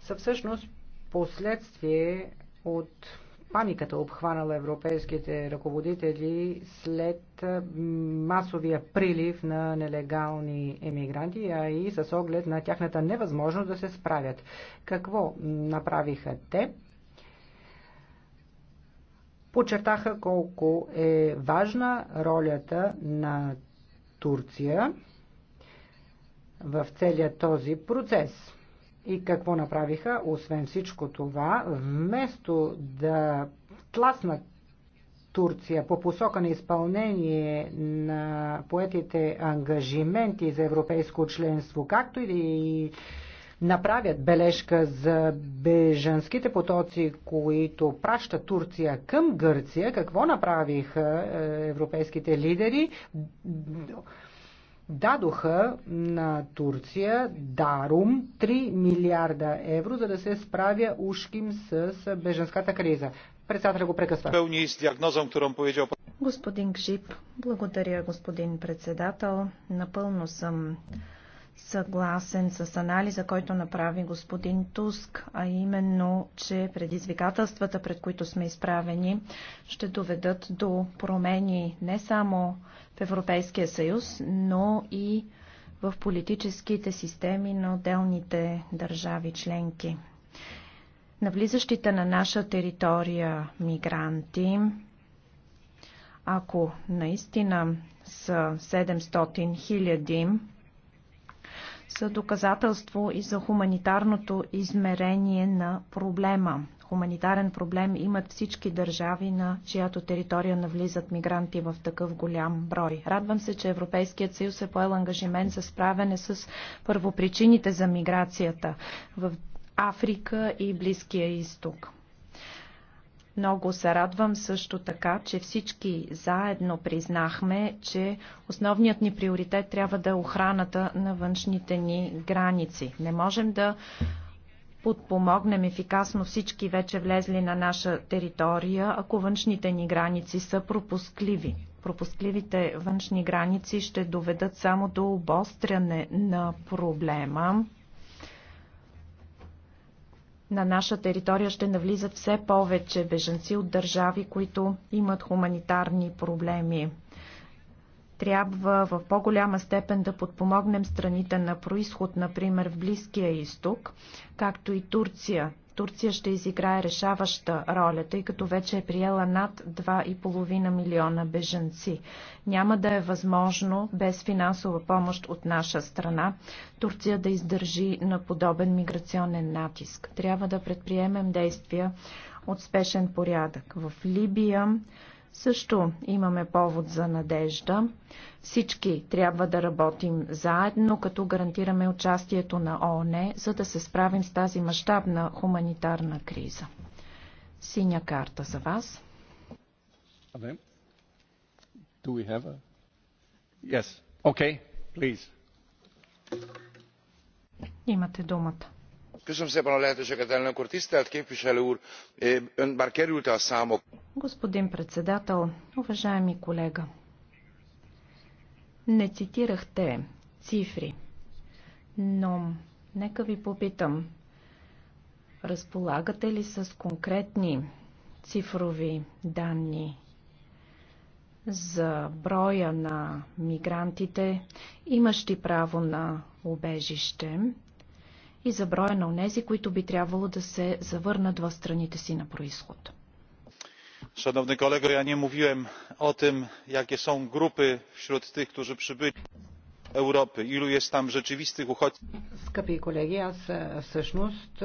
са всъщност последствие от паниката обхванала европейските ръководители след масовия прилив на нелегални емигранти, а и с оглед на тяхната невъзможност да се справят. Какво направиха те? Подчертаха колко е важна ролята на Турция в целият този процес – и какво направиха? Освен всичко това, вместо да тласнат Турция по посока на изпълнение на поетите ангажименти за европейско членство, както и направят бележка за бежанските потоци, които праща Турция към Гърция, какво направиха е, европейските лидери? дадоха на Турция дарум 3 милиарда евро, за да се справя ушким с беженската криза. Председателя го прекъсва. Господин Кжип, благодаря господин председател. Напълно съм съгласен с анализа, който направи господин Туск, а именно, че предизвикателствата, пред които сме изправени, ще доведат до промени не само в Европейския съюз, но и в политическите системи на отделните държави членки. Навлизащите на наша територия мигранти, ако наистина са 700 хиляди, са доказателство и за хуманитарното измерение на проблема хуманитарен проблем имат всички държави, на чиято територия навлизат мигранти в такъв голям брой. Радвам се, че Европейският съюз е поел ангажимент за справяне с първопричините за миграцията в Африка и Близкия изток. Много се радвам също така, че всички заедно признахме, че основният ни приоритет трябва да е охраната на външните ни граници. Не можем да подпомогнем ефикасно всички вече влезли на наша територия, ако външните ни граници са пропускливи. Пропускливите външни граници ще доведат само до обостряне на проблема. На наша територия ще навлизат все повече беженци от държави, които имат хуманитарни проблеми трябва в по-голяма степен да подпомогнем страните на происход, например в Близкия изток, както и Турция. Турция ще изиграе решаваща роля, тъй като вече е приела над 2,5 милиона бежанци. Няма да е възможно без финансова помощ от наша страна Турция да издържи на подобен миграционен натиск. Трябва да предприемем действия от спешен порядък. В Либия също имаме повод за надежда. Всички трябва да работим заедно, като гарантираме участието на ООН, за да се справим с тази мащабна хуманитарна криза. Синя карта за вас. Do we have a... Yes. Okay, please. Имате думата. Eh, Господин председател, уважаеми колега, не цитирахте цифри, но нека ви попитам, разполагате ли с конкретни цифрови данни за броя на мигрантите, имащи право на убежище? и за броя на унези, които би трябвало да се завърнат в страните си на происход. Шановни kolego, я не мовивам о tym, яке са групи wśród тих, които прибили Европа. Илю е там tam rzeczywistych uchodźców. Скъпи колеги, аз всъщност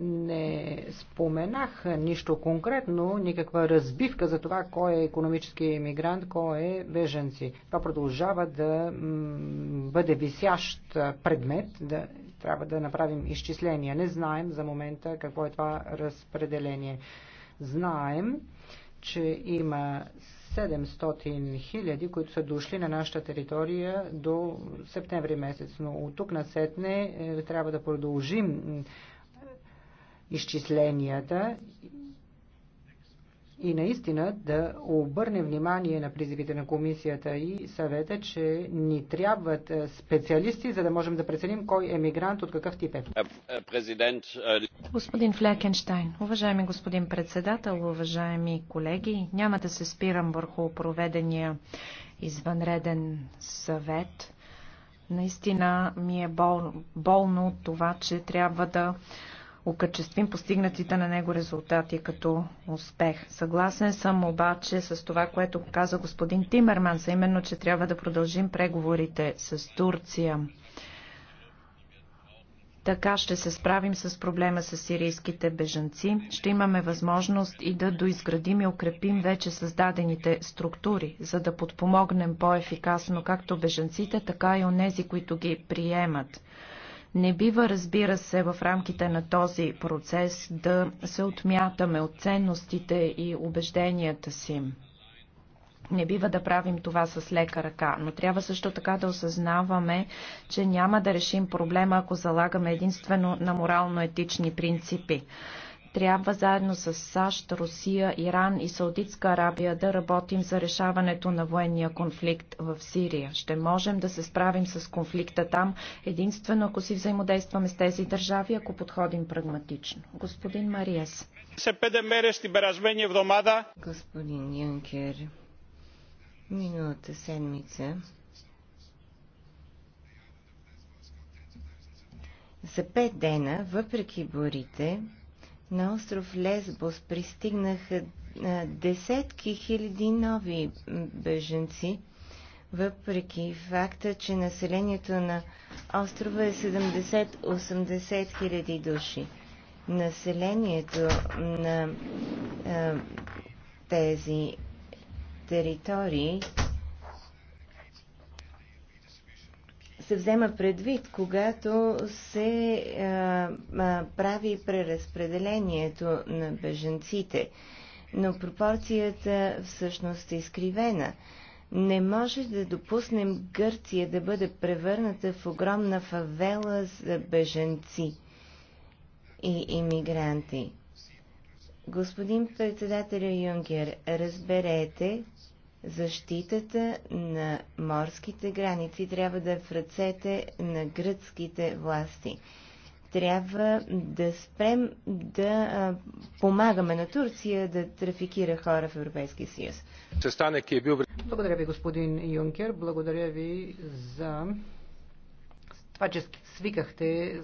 не споменах нищо конкретно, никаква разбивка за това кой е економически емигрант, кой е беженци. Това продължава да бъде висящ предмет да, трябва да направим изчисления. Не знаем за момента какво е това разпределение. Знаем, че има 700 хиляди, които са дошли на нашата територия до септември месец. Но от тук на сетне е, трябва да продължим изчисленията и наистина да обърне внимание на призивите на комисията и съвета, че ни трябват е, специалисти, за да можем да преценим кой е мигрант, от какъв тип е. Е, е. Господин Флекенштайн, уважаеми господин председател, уважаеми колеги, няма да се спирам върху проведения извънреден съвет. Наистина ми е бол, болно от това, че трябва да окачествим постигнатите на него резултати като успех. Съгласен съм обаче с това, което каза господин Тимерман, са именно, че трябва да продължим преговорите с Турция. Така ще се справим с проблема с сирийските бежанци. Ще имаме възможност и да доизградим и укрепим вече създадените структури, за да подпомогнем по-ефикасно както бежанците, така и онези, които ги приемат. Не бива, разбира се, в рамките на този процес да се отмятаме от ценностите и убежденията си. Не бива да правим това с лека ръка, но трябва също така да осъзнаваме, че няма да решим проблема, ако залагаме единствено на морално-етични принципи трябва заедно с САЩ, Русия, Иран и Саудитска Арабия да работим за решаването на военния конфликт в Сирия. Ще можем да се справим с конфликта там единствено ако си взаимодействаме с тези държави, ако подходим прагматично. Господин Мариес. Господин Юнкер, миналата седмица за пет дена, въпреки борите, на остров Лесбос пристигнаха десетки хиляди нови беженци, въпреки факта, че населението на острова е 70-80 хиляди души. Населението на а, тези територии се взема предвид, когато се а, а, прави преразпределението на беженците. Но пропорцията всъщност е изкривена. Не може да допуснем Гърция да бъде превърната в огромна фавела за беженци и иммигранти. Господин председателя Юнгер, разберете, защитата на морските граници трябва да е в ръцете на гръцките власти. Трябва да спрем да помагаме на Турция да трафикира хора в Европейския съюз. Е Благодаря ви, господин Юнкер. Благодаря ви за това, че свикахте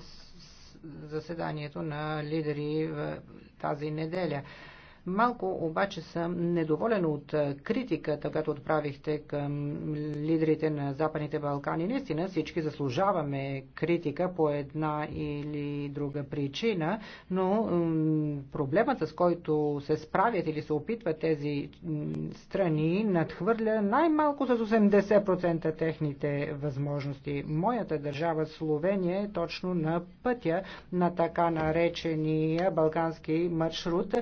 заседанието на лидери в тази неделя. Малко обаче съм недоволен от критиката, която отправихте към лидерите на Западните Балкани. Наистина всички заслужаваме критика по една или друга причина, но проблемът, с който се справят или се опитват тези страни, надхвърля най-малко с 80% техните възможности. Моята държава Словения е точно на пътя на така наречения балкански маршрут,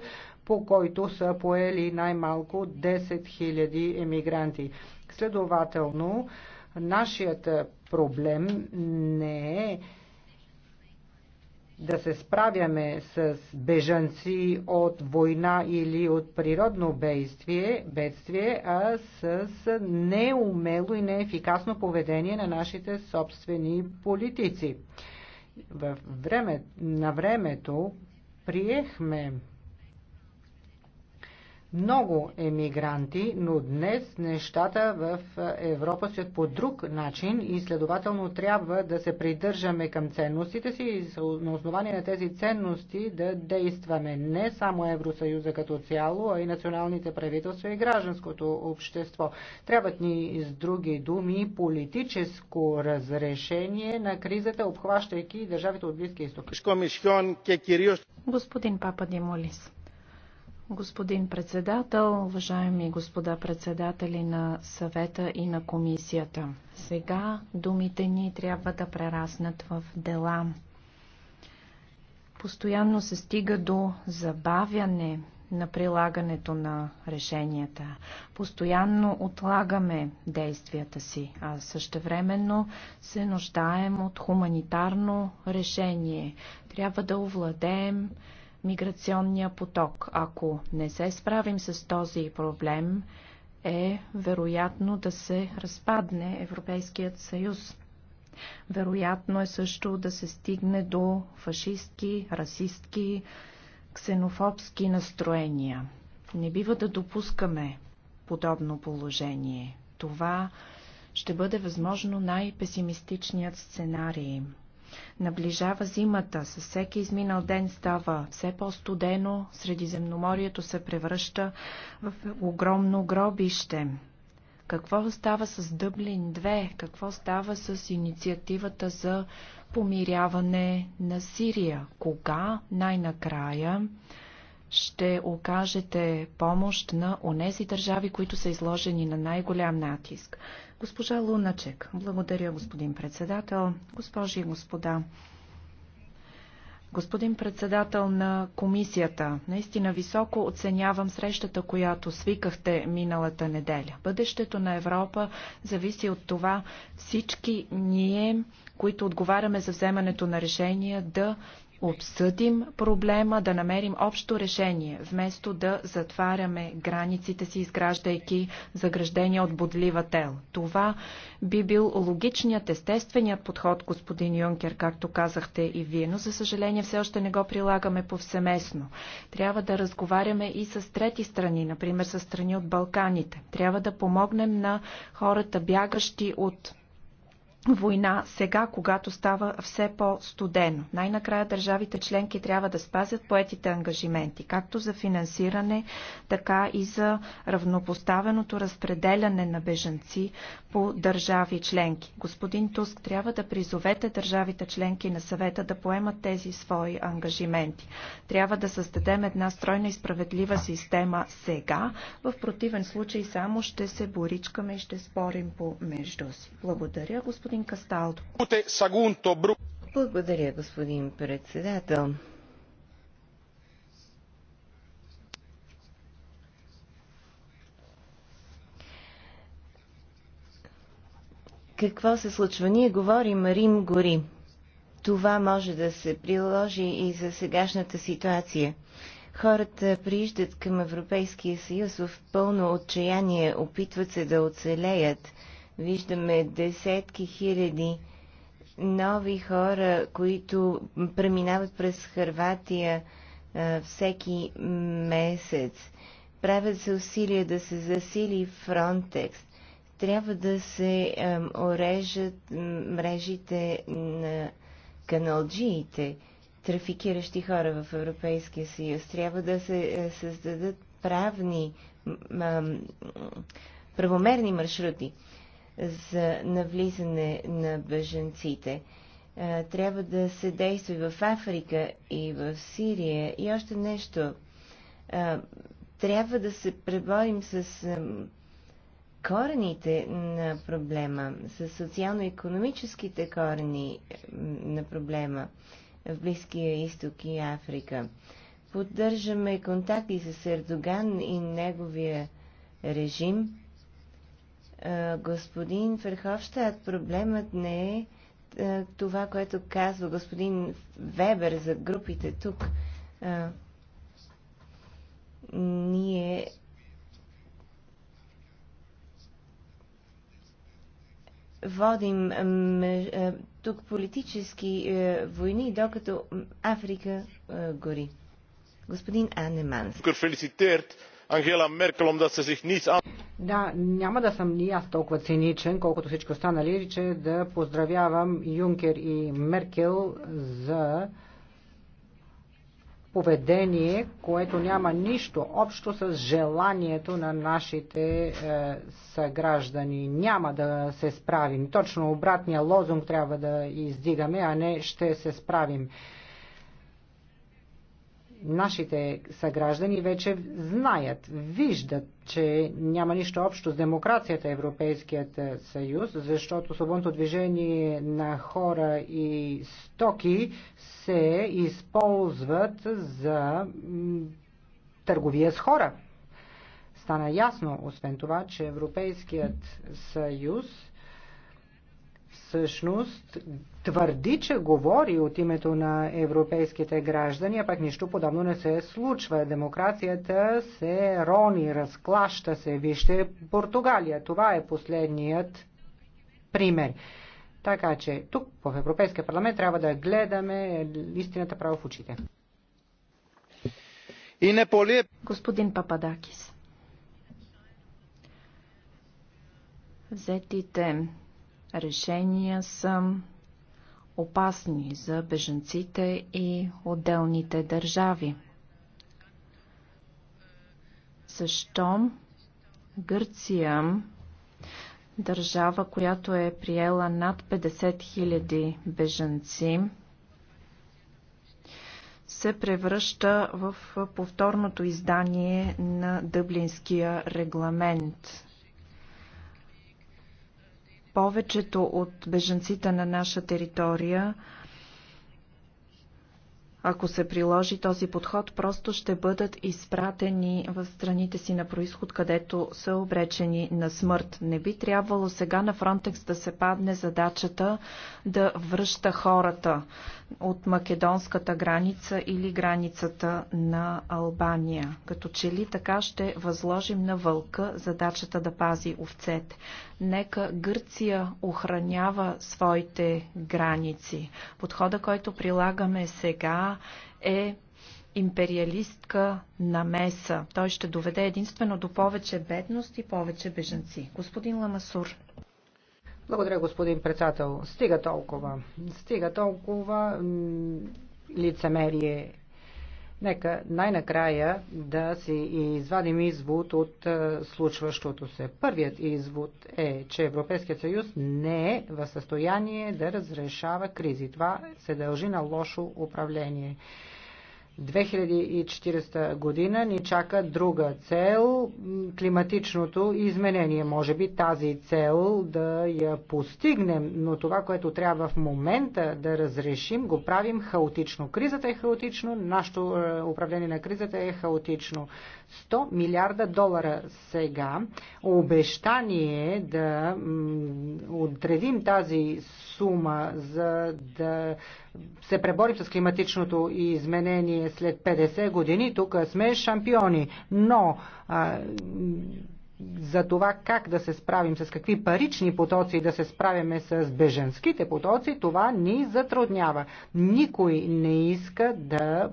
по който са поели най-малко 10 000 емигранти. Следователно, нашият проблем не е да се справяме с бежанци от война или от природно бедствие, бедствие а с неумело и неефикасно поведение на нашите собствени политици. В време, на времето приехме много емигранти, но днес нещата в Европа стоят по друг начин и следователно трябва да се придържаме към ценностите си и на основание на тези ценности да действаме не само Евросъюза като цяло, а и националните правителства и гражданското общество. Трябват ни с други думи политическо разрешение на кризата, обхващайки държавите от Близкия изток. Господин Папа Димолис. Господин председател, уважаеми господа председатели на съвета и на комисията, сега думите ни трябва да прераснат в дела. Постоянно се стига до забавяне на прилагането на решенията. Постоянно отлагаме действията си, а същевременно се нуждаем от хуманитарно решение. Трябва да овладеем миграционния поток. Ако не се справим с този проблем, е вероятно да се разпадне Европейският съюз. Вероятно е също да се стигне до фашистки, расистки, ксенофобски настроения. Не бива да допускаме подобно положение. Това ще бъде възможно най-песимистичният сценарий. Наближава зимата, със всеки изминал ден става все по-студено, Средиземноморието се превръща в огромно гробище. Какво става с Дъблин 2? Какво става с инициативата за помиряване на Сирия? Кога най-накрая ще окажете помощ на онези държави, които са изложени на най-голям натиск? Госпожа Луначек. Благодаря, господин председател. Госпожи и господа, Господин председател на комисията, наистина високо оценявам срещата, която свикахте миналата неделя. Бъдещето на Европа зависи от това всички ние, които отговаряме за вземането на решения, да обсъдим проблема, да намерим общо решение, вместо да затваряме границите си, изграждайки заграждения от бодлива тел. Това би бил логичният, естественият подход, господин Юнкер, както казахте и вие, но за съжаление все още не го прилагаме повсеместно. Трябва да разговаряме и с трети страни, например с страни от Балканите. Трябва да помогнем на хората, бягащи от война сега, когато става все по-студено. Най-накрая държавите членки трябва да спазят поетите ангажименти, както за финансиране, така и за равнопоставеното разпределяне на бежанци по държави членки. Господин Туск, трябва да призовете държавите членки на съвета да поемат тези свои ангажименти. Трябва да създадем една стройна и справедлива система сега. В противен случай само ще се боричкаме и ще спорим помежду си. Благодаря, господин господин Касталдо. Благодаря, господин председател. Какво се случва? Ние говорим Рим гори. Това може да се приложи и за сегашната ситуация. Хората прииждат към Европейския съюз в пълно отчаяние, опитват се да оцелеят – Виждаме десетки хиляди нови хора, които преминават през Харватия всеки месец. Правят се усилия да се засили фронтекс, Трябва да се орежат мрежите на каналджиите, трафикиращи хора в Европейския съюз. Трябва да се е, създадат правни, правомерни маршрути за навлизане на беженците. Трябва да се действа и в Африка и в Сирия. И още нещо. Трябва да се преборим с корените на проблема, с социално-економическите корени на проблема в Близкия изток и Африка. Поддържаме контакти с Ердоган и неговия режим господин Ферховщад, проблемът не е това, което казва господин Вебер за групите тук. Ние водим тук политически войни, докато Африка гори. Господин Анеман. Ангела Меркел, да ze zich niets да, няма да съм и аз толкова циничен, колкото всички останали, че да поздравявам Юнкер и Меркел за поведение, което няма нищо общо с желанието на нашите е, съграждани. Няма да се справим. Точно обратния лозунг трябва да издигаме, а не ще се справим нашите съграждани вече знаят, виждат, че няма нищо общо с демокрацията Европейският съюз, защото свободното движение на хора и стоки се използват за търговия с хора. Стана ясно, освен това, че Европейският съюз всъщност твърди, че говори от името на европейските граждани, а пък нищо подобно не се случва. Демокрацията се рони, разклаща се. Вижте Португалия. Това е последният пример. Така че тук в Европейския парламент трябва да гледаме истината право в очите. И не поли... Господин Пападакис, взетите решения са опасни за бежанците и отделните държави. Защо Гърция, държава, която е приела над 50 000 бежанци, се превръща в повторното издание на Дъблинския регламент повечето от бежанците на наша територия, ако се приложи този подход, просто ще бъдат изпратени в страните си на происход, където са обречени на смърт. Не би трябвало сега на Фронтекс да се падне задачата да връща хората от македонската граница или границата на Албания. Като че ли така ще възложим на вълка задачата да пази овцете. Нека Гърция охранява своите граници. Подхода, който прилагаме сега е империалистка намеса. Той ще доведе единствено до повече бедност и повече бежанци. Господин Ламасур. Благодаря, господин председател. Стига толкова. Стига толкова лицемерие. Нека най-накрая да си извадим извод от е, случващото се. Първият извод е, че Европейският съюз не е в състояние да разрешава кризи. Това се дължи на лошо управление. 2040 година ни чака друга цел климатичното изменение. Може би тази цел да я постигнем, но това, което трябва в момента да разрешим, го правим хаотично. Кризата е хаотично, нашето е, управление на кризата е хаотично. 100 милиарда долара сега. Обещание е да отредим тази сума, за да се преборим с климатичното изменение след 50 години. Тук сме шампиони, но а, за това как да се справим, с какви парични потоци да се справяме с беженските потоци, това ни затруднява. Никой не иска да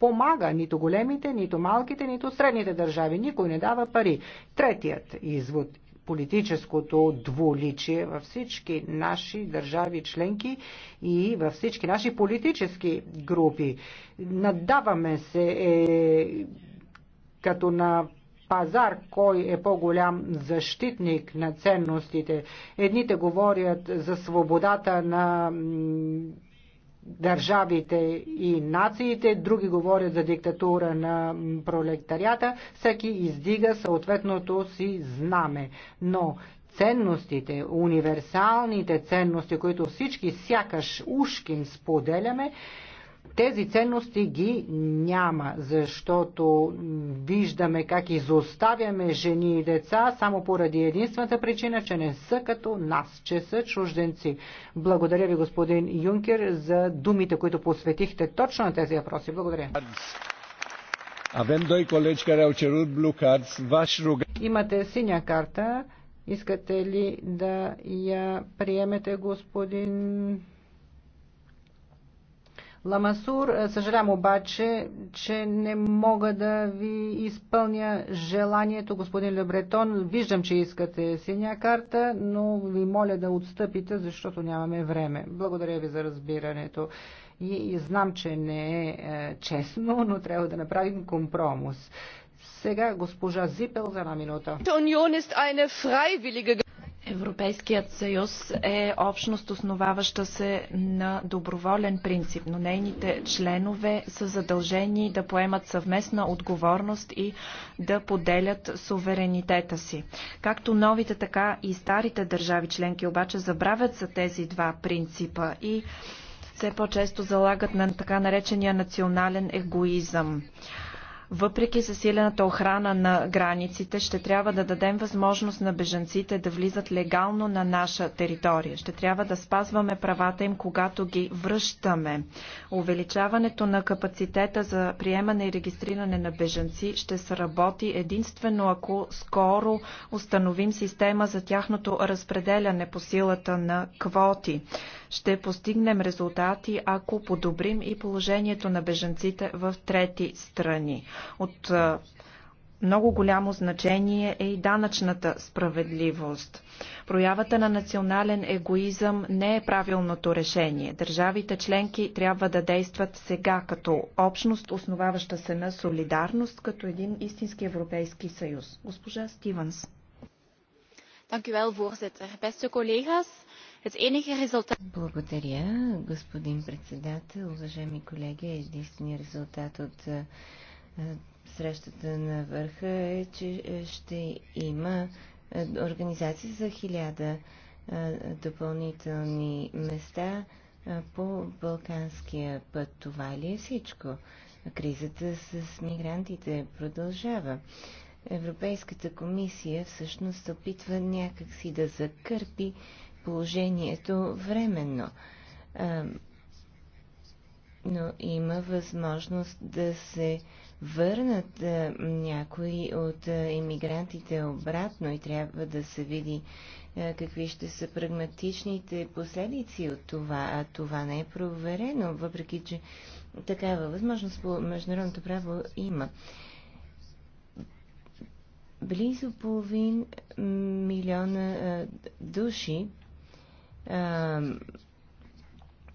помага нито големите, нито малките, нито средните държави. Никой не дава пари. Третият извод политическото дволичие във всички наши държави членки и във всички наши политически групи. Надаваме се е, като на пазар, кой е по-голям защитник на ценностите. Едните говорят за свободата на държавите и нациите, други говорят за диктатура на пролетарията, всеки издига съответното си знаме. Но ценностите, универсалните ценности, които всички сякаш ушким споделяме, тези ценности ги няма, защото виждаме как изоставяме жени и деца само поради единствената причина, че не са като нас, че са чужденци. Благодаря ви, господин Юнкер, за думите, които посветихте точно на тези въпроси. Благодаря. Avem doi colegi care au cerut blue cards. V-aș ruga... Имате синя карта. Искате ли да я приемете, господин Ламасур. Е, съжалявам обаче, че не мога да ви изпълня желанието, господин Лебретон. Виждам, че искате синя карта, но ви моля да отстъпите, защото нямаме време. Благодаря ви за разбирането. И, и знам, че не е, е честно, но трябва да направим компромис. Сега госпожа Зипел за една минута. Европейският съюз е общност, основаваща се на доброволен принцип, но нейните членове са задължени да поемат съвместна отговорност и да поделят суверенитета си. Както новите, така и старите държави членки обаче забравят за тези два принципа и все по-често залагат на така наречения национален егоизъм. Въпреки засилената охрана на границите, ще трябва да дадем възможност на бежанците да влизат легално на наша територия. Ще трябва да спазваме правата им, когато ги връщаме. Увеличаването на капацитета за приемане и регистриране на бежанци ще сработи единствено ако скоро установим система за тяхното разпределяне по силата на квоти. Ще постигнем резултати, ако подобрим и положението на беженците в трети страни. От много голямо значение е и данъчната справедливост. Проявата на национален егоизъм не е правилното решение. Държавите членки трябва да действат сега като общност, основаваща се на солидарност, като един истински Европейски съюз. Госпожа Стивенс. Dank u wel, voorzitter. Beste collega's, благодаря, господин председател. Уважаеми колеги, единственият резултат от срещата на върха е, че е, ще има организация за хиляда допълнителни места по Балканския път. Това ли е всичко? Кризата с мигрантите продължава. Европейската комисия всъщност опитва някакси да закърпи положението временно. Но има възможност да се върнат някои от иммигрантите обратно и трябва да се види какви ще са прагматичните последици от това, а това не е проверено, въпреки че такава възможност по международното право има. Близо половин милиона души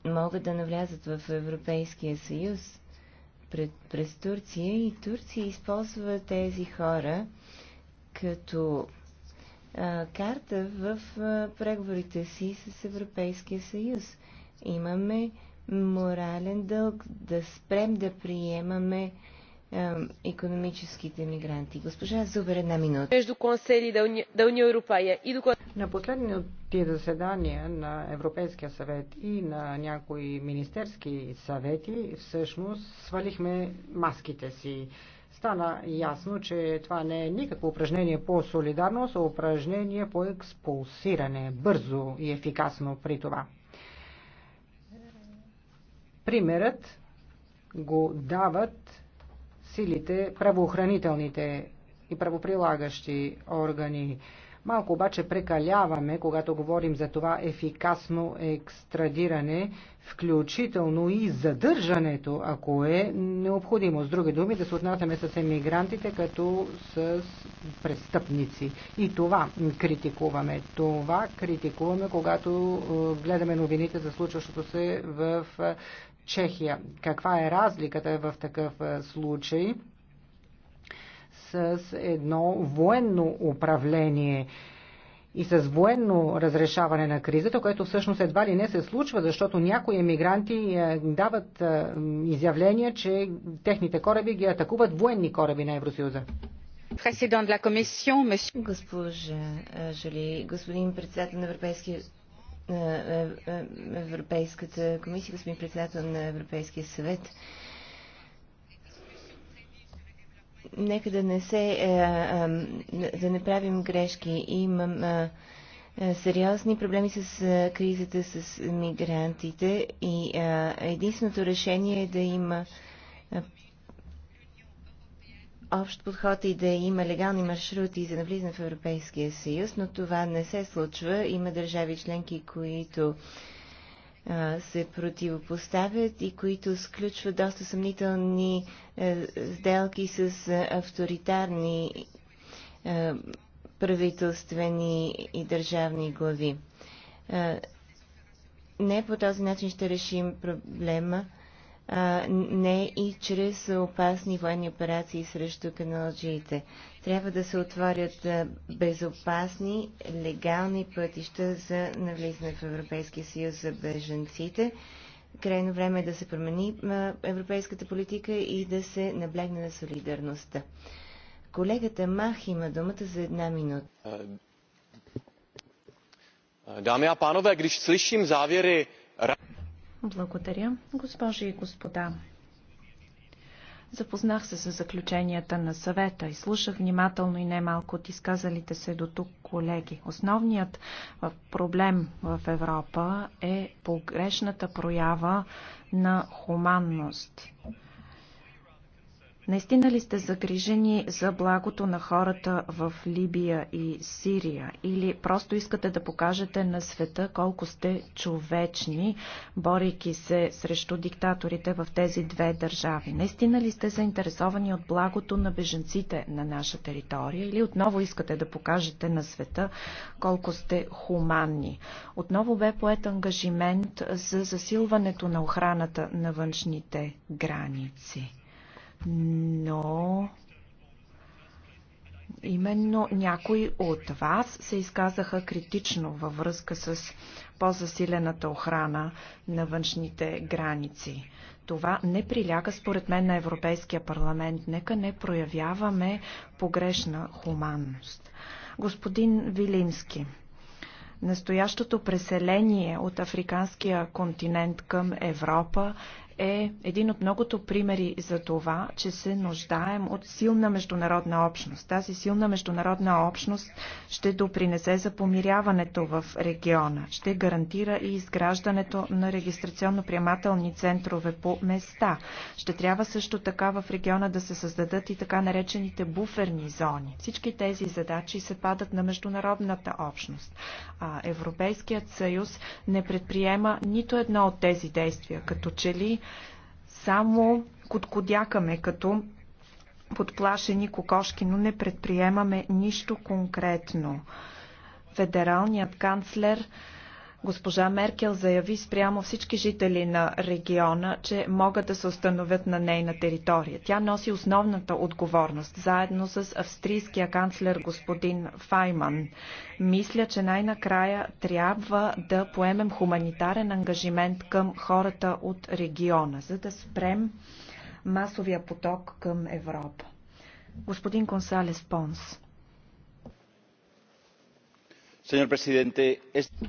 могат да навлязат в Европейския съюз пред, през Турция и Турция използва тези хора като а, карта в а, преговорите си с Европейския съюз. Имаме морален дълг да спрем да приемаме а, економическите мигранти. Госпожа Зубер, една минута. Между консели да Уния Европея и На последните заседания на Европейския съвет и на някои министерски съвети всъщност свалихме маските си. Стана ясно, че това не е никакво упражнение по солидарност, а упражнение по експулсиране, бързо и ефикасно при това. Примерът го дават силите, правоохранителните и правоприлагащи органи. Малко обаче прекаляваме, когато говорим за това ефикасно екстрадиране, включително и задържането, ако е необходимо. С други думи, да се отнасяме с емигрантите като с престъпници. И това критикуваме. Това критикуваме, когато е, гледаме новините за случващото се в е, Чехия. Каква е разликата в такъв случай с едно военно управление? и с военно разрешаване на кризата, което всъщност едва ли не се случва, защото някои емигранти дават изявления, че техните кораби ги атакуват военни кораби на Евросъюза. Госпожа Жали, господин председател на Европейския е, е, е, Европейската комисия, господин председател на Европейския съвет. Нека да не се, да не правим грешки. Имам сериозни проблеми с кризата с мигрантите и единственото решение е да има общ подход и да има легални маршрути за навлизане в Европейския съюз, но това не се случва. Има държави членки, които се противопоставят и които сключват доста съмнителни сделки с авторитарни правителствени и държавни глави. Не по този начин ще решим проблема а, не и чрез опасни военни операции срещу каналджиите. Трябва да се отворят безопасни, легални пътища за навлизане в Европейския съюз за беженците. Крайно време е да се промени европейската политика и да се наблегне на солидарността. Колегата Мах има думата за една минута. Дами и панове, когато slyším завери... Благодаря. Госпожи и господа, запознах се с заключенията на съвета и слушах внимателно и немалко от изказалите се до тук колеги. Основният проблем в Европа е погрешната проява на хуманност – Наистина ли сте загрижени за благото на хората в Либия и Сирия? Или просто искате да покажете на света колко сте човечни, борейки се срещу диктаторите в тези две държави? Наистина ли сте заинтересовани от благото на беженците на наша територия? Или отново искате да покажете на света колко сте хуманни? Отново бе поет ангажимент за засилването на охраната на външните граници но именно някои от вас се изказаха критично във връзка с по-засилената охрана на външните граници. Това не приляга според мен на Европейския парламент. Нека не проявяваме погрешна хуманност. Господин Вилински, настоящото преселение от африканския континент към Европа е един от многото примери за това, че се нуждаем от силна международна общност. Тази силна международна общност ще допринесе за помиряването в региона, ще гарантира и изграждането на регистрационно-приемателни центрове по места. Ще трябва също така в региона да се създадат и така наречените буферни зони. Всички тези задачи се падат на международната общност. А Европейският съюз не предприема нито едно от тези действия, като че ли само коткодякаме като подплашени кокошки, но не предприемаме нищо конкретно. Федералният канцлер Госпожа Меркел заяви спрямо всички жители на региона, че могат да се установят на нейна територия. Тя носи основната отговорност, заедно с австрийския канцлер господин Файман. Мисля, че най-накрая трябва да поемем хуманитарен ангажимент към хората от региона, за да спрем масовия поток към Европа. Господин Консалес Понс.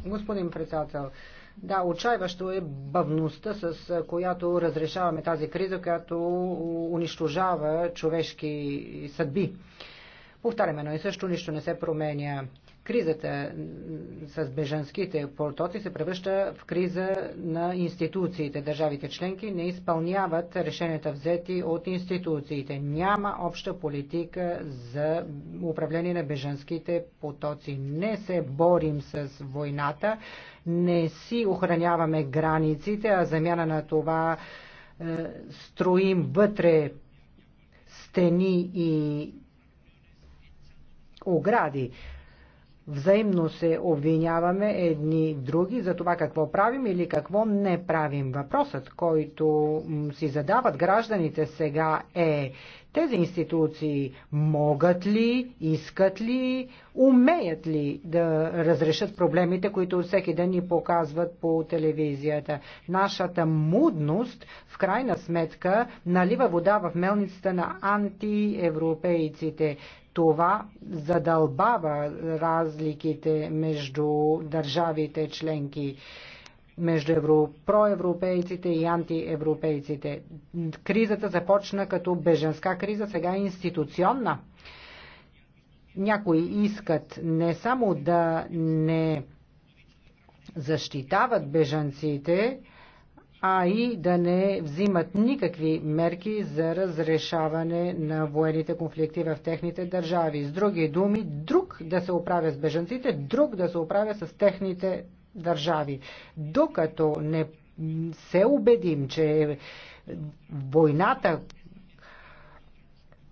Господин председател, да, отчаиващо е бавността, с която разрешаваме тази криза, която унищожава човешки съдби. Повтаряме, но и също нищо не се променя. Кризата с бежанските портоци се превръща в криза на институциите. Държавите членки не изпълняват решенията взети от институциите. Няма обща политика за управление на бежанските потоци. Не се борим с войната, не си охраняваме границите, а замяна на това е, строим вътре стени и огради взаимно се обвиняваме едни други за това какво правим или какво не правим. Въпросът, който си задават гражданите сега е тези институции могат ли, искат ли, умеят ли да разрешат проблемите, които всеки ден ни показват по телевизията. Нашата мудност, в крайна сметка, налива вода в мелницата на антиевропейците. Това задълбава разликите между държавите членки между евро, проевропейците и антиевропейците. Кризата започна като беженска криза, сега е институционна. Някои искат не само да не защитават бежанците, а и да не взимат никакви мерки за разрешаване на военните конфликти в техните държави. С други думи, друг да се оправя с бежанците, друг да се оправя с техните държави. Докато не се убедим, че войната,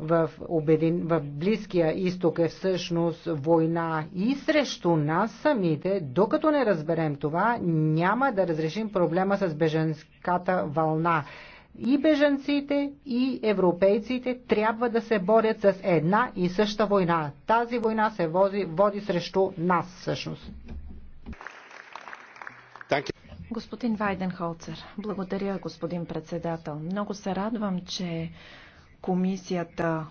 в, обеден, в Близкия изток е всъщност война и срещу нас самите, докато не разберем това, няма да разрешим проблема с беженската вълна. И беженците, и европейците трябва да се борят с една и съща война. Тази война се води, води срещу нас всъщност. Господин Вайденхолцер, благодаря, господин председател. Много се радвам, че комисията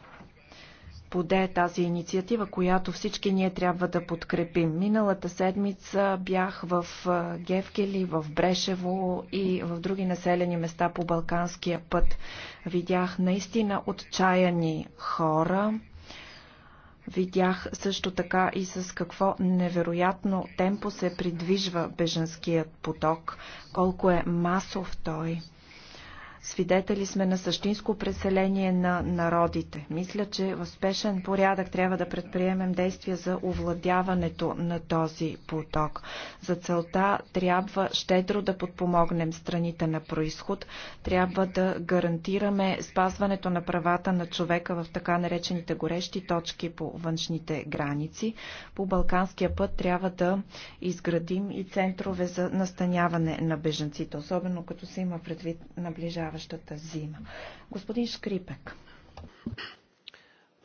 поде тази инициатива, която всички ние трябва да подкрепим. Миналата седмица бях в Гевкели, в Брешево и в други населени места по Балканския път. Видях наистина отчаяни хора. Видях също така и с какво невероятно темпо се придвижва беженският поток, колко е масов той. Свидетели сме на същинско преселение на народите. Мисля, че в спешен порядък трябва да предприемем действия за овладяването на този поток. За целта трябва щедро да подпомогнем страните на происход, трябва да гарантираме спазването на правата на човека в така наречените горещи точки по външните граници. По Балканския път трябва да изградим и центрове за настаняване на бежанците, особено като се има предвид наближаване наближаващата зима. Господин Шкрипек.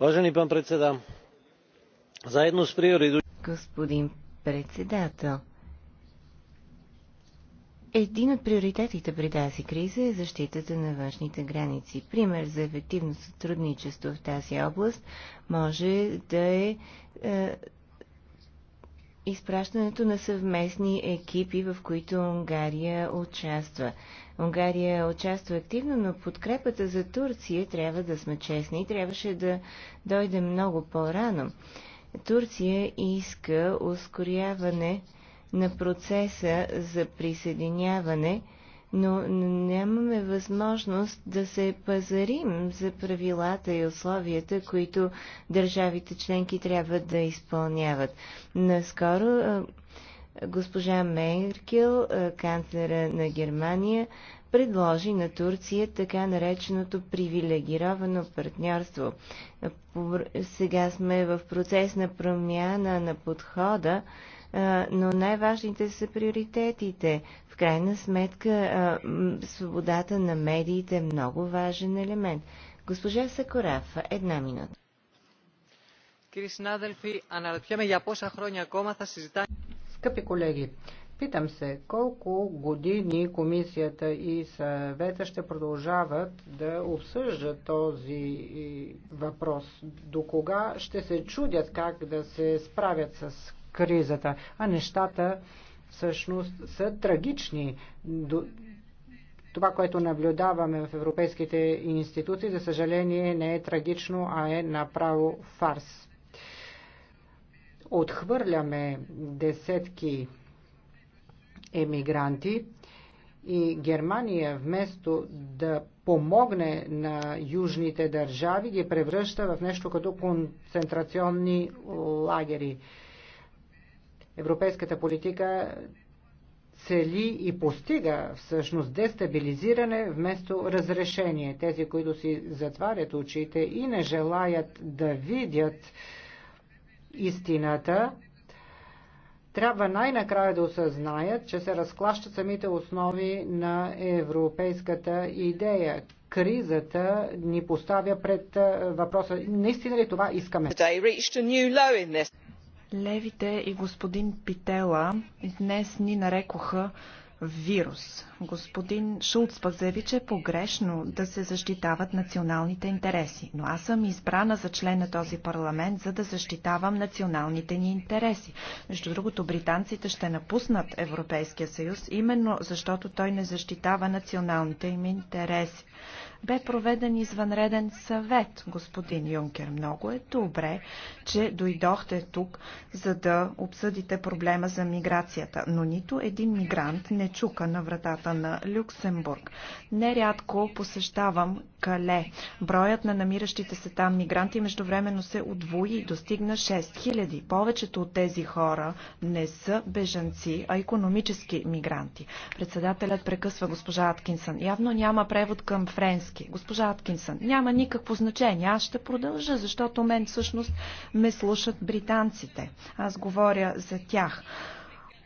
Важени пан председа, заедно с приоритет... Господин председател, един от приоритетите при тази криза е защитата на външните граници. Пример за ефективно сътрудничество в тази област може да е, е изпращането на съвместни екипи, в които Унгария участва. Унгария участва активно, но подкрепата за Турция, трябва да сме честни, трябваше да дойде много по-рано. Турция иска ускоряване на процеса за присъединяване, но нямаме възможност да се пазарим за правилата и условията, които държавите членки трябва да изпълняват. Наскоро госпожа Меркел, е, канцлера на Германия, предложи на Турция така нареченото привилегировано партньорство. Сега сме в процес на промяна на подхода, е, но най-важните са приоритетите. В крайна сметка, е, свободата на медиите е много важен елемент. Госпожа Сакораф, една минута. Скъпи колеги, питам се колко години комисията и съвета ще продължават да обсъждат този е, въпрос. До кога ще се чудят как да се справят с кризата, а нещата всъщност са трагични. Това, което наблюдаваме в европейските институции, за съжаление не е трагично, а е направо фарс отхвърляме десетки емигранти и Германия вместо да помогне на южните държави ги превръща в нещо като концентрационни лагери. Европейската политика цели и постига всъщност дестабилизиране вместо разрешение. Тези, които си затварят очите и не желаят да видят истината, трябва най-накрая да осъзнаят, че се разклащат самите основи на европейската идея. Кризата ни поставя пред въпроса, наистина ли това искаме? Левите и господин Питела днес ни нарекоха вирус. Господин Шулц пък заяви, че е погрешно да се защитават националните интереси. Но аз съм избрана за член на този парламент, за да защитавам националните ни интереси. Между другото, британците ще напуснат Европейския съюз, именно защото той не защитава националните им интереси бе проведен извънреден съвет, господин Юнкер. Много е добре, че дойдохте тук, за да обсъдите проблема за миграцията, но нито един мигрант не чука на вратата на Люксембург. Нерядко посещавам Кале. Броят на намиращите се там мигранти междувременно се удвои и достигна 6000. Повечето от тези хора не са бежанци, а економически мигранти. Председателят прекъсва госпожа Аткинсън. Явно няма превод към френски Левандовски, госпожа Аткинсън, няма никакво значение. Аз ще продължа, защото мен всъщност ме слушат британците. Аз говоря за тях.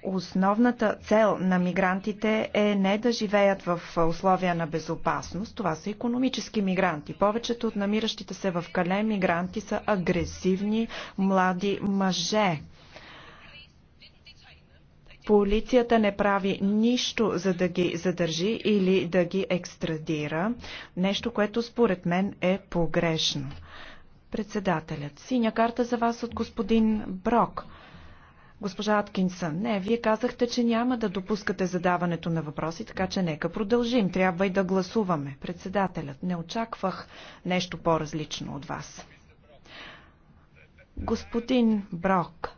Основната цел на мигрантите е не да живеят в условия на безопасност. Това са економически мигранти. Повечето от намиращите се в Кале мигранти са агресивни млади мъже. Полицията не прави нищо, за да ги задържи или да ги екстрадира. Нещо, което според мен е погрешно. Председателят. Синя карта за вас от господин Брок. Госпожа Аткинсън, не, вие казахте, че няма да допускате задаването на въпроси, така че нека продължим. Трябва и да гласуваме. Председателят, не очаквах нещо по-различно от вас. Господин Брок,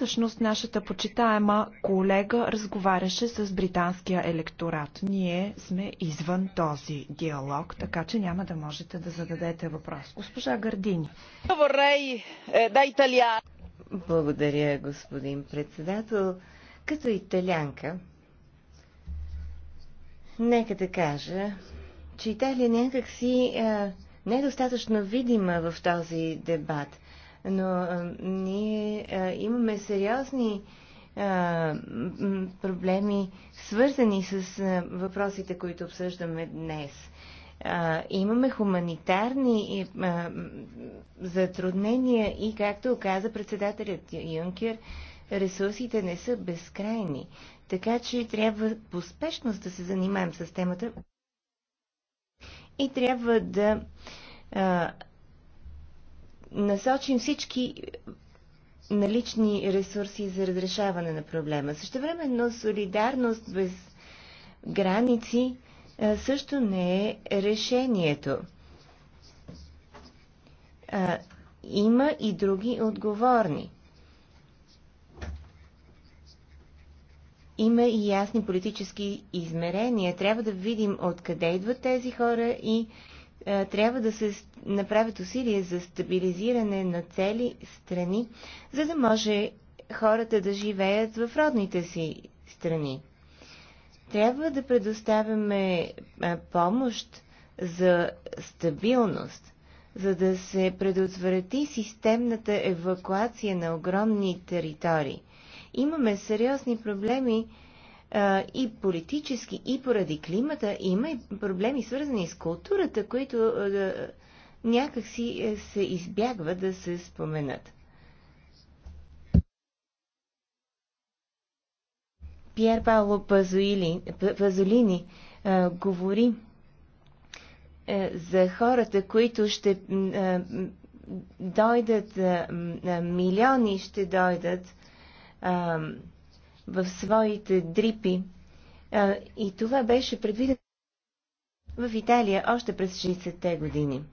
Всъщност нашата почитаема колега разговаряше с британския електорат. Ние сме извън този диалог, така че няма да можете да зададете въпрос. Госпожа Гардини. Благодаря, господин председател. Като италянка, нека да кажа, че Италия някакси а, не е достатъчно видима в този дебат – но а, ние а, имаме сериозни а, проблеми, свързани с а, въпросите, които обсъждаме днес. А, имаме хуманитарни а, затруднения и, както каза председателят Юнкер, ресурсите не са безкрайни. Така че трябва поспешно да се занимаем с темата и трябва да а, насочим всички налични ресурси за разрешаване на проблема. Същевременно солидарност без граници също не е решението. Има и други отговорни. Има и ясни политически измерения. Трябва да видим откъде идват тези хора и е, трябва да се направят усилия за стабилизиране на цели страни, за да може хората да живеят в родните си страни. Трябва да предоставяме е, помощ за стабилност, за да се предотврати системната евакуация на огромни територии. Имаме сериозни проблеми и политически, и поради климата, има и проблеми свързани с културата, които някакси е, се избягва да се споменат. Пьер Пауло Пазолини, Пазолини а, говори а, е, за хората, които ще а, дойдат, а, милиони ще дойдат а, в своите дрипи. И това беше предвидено в Италия още през 60-те години.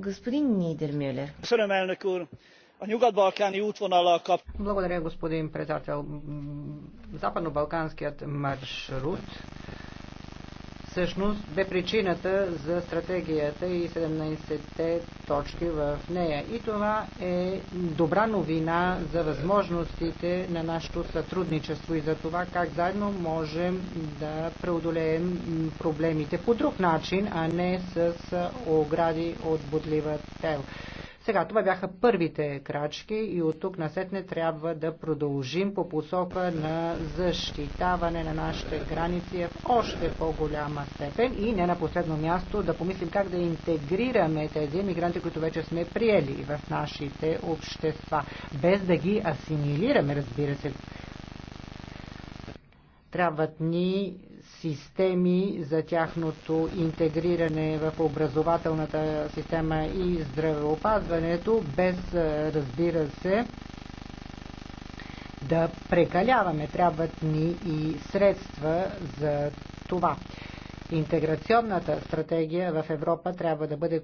Господин Нидермюлер. Благодаря, господин председател. Западно-балканският маршрут всъщност бе причината за стратегията и 17-те точки в нея. И това е добра новина за възможностите на нашето сътрудничество и за това как заедно можем да преодолеем проблемите по друг начин, а не с огради от бодлива тел. Сега, това бяха първите крачки и от тук насетне трябва да продължим по посока на защитаване на нашите граници в още по-голяма степен и не на последно място да помислим как да интегрираме тези мигранти, които вече сме приели в нашите общества, без да ги асимилираме, разбира се. Трябват ни системи за тяхното интегриране в образователната система и здравеопазването, без, разбира се, да прекаляваме. Трябват ни и средства за това. Интеграционната стратегия в Европа трябва да бъде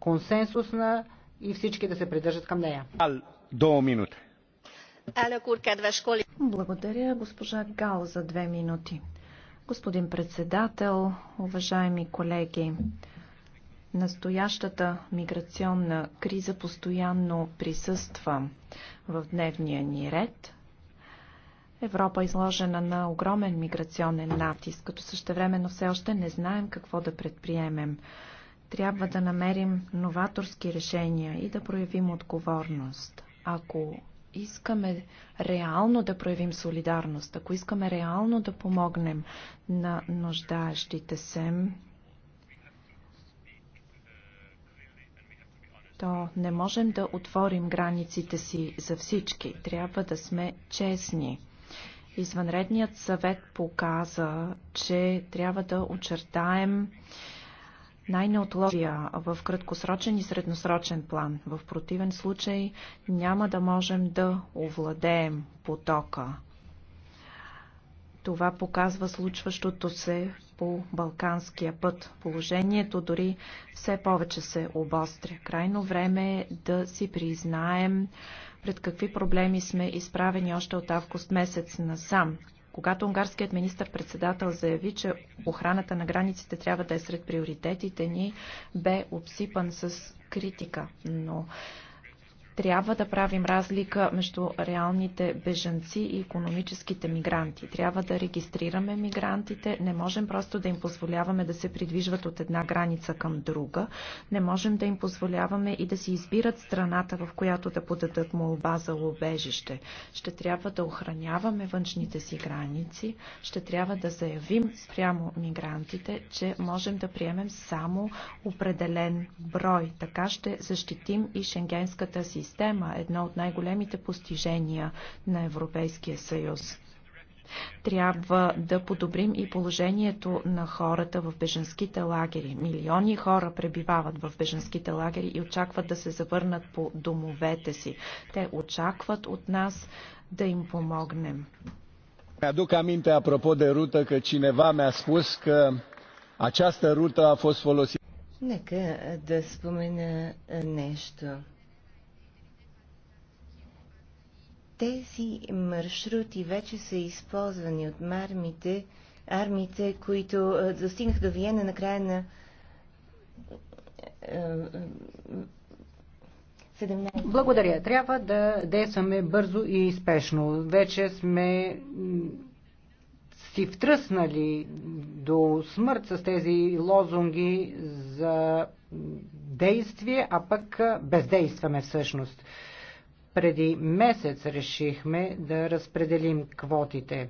консенсусна и всички да се придържат към нея. До минути. Благодаря, госпожа Гал, за две минути. Господин председател, уважаеми колеги, настоящата миграционна криза постоянно присъства в дневния ни ред. Европа е изложена на огромен миграционен натиск, като същевременно все още не знаем какво да предприемем. Трябва да намерим новаторски решения и да проявим отговорност. Ако искаме реално да проявим солидарност, ако искаме реално да помогнем на нуждаещите се, то не можем да отворим границите си за всички. Трябва да сме честни. Извънредният съвет показа, че трябва да очертаем най-неотложия в краткосрочен и средносрочен план. В противен случай няма да можем да овладеем потока. Това показва случващото се по Балканския път. Положението дори все повече се обостря. Крайно време е да си признаем пред какви проблеми сме изправени още от август месец насам. Когато унгарският министр-председател заяви, че охраната на границите трябва да е сред приоритетите ни, бе обсипан с критика. Но трябва да правим разлика между реалните бежанци и економическите мигранти. Трябва да регистрираме мигрантите. Не можем просто да им позволяваме да се придвижват от една граница към друга. Не можем да им позволяваме и да си избират страната, в която да подадат молба за убежище. Ще трябва да охраняваме външните си граници. Ще трябва да заявим спрямо мигрантите, че можем да приемем само определен брой. Така ще защитим и шенгенската система система, едно от най-големите постижения на Европейския съюз. Трябва да подобрим и положението на хората в беженските лагери. Милиони хора пребивават в беженските лагери и очакват да се завърнат по домовете си. Те очакват от нас да им помогнем. Mi-aduc aminte apropo de că cineva mi-a spus că această rută a fost folosită. Нека да спомена нещо. Тези маршрути вече са използвани от мармите, армите, които достигнаха до Виена на края на 17. Благодаря. Трябва да действаме бързо и спешно. Вече сме си втръснали до смърт с тези лозунги за действие, а пък бездействаме всъщност. Преди месец решихме да разпределим квотите.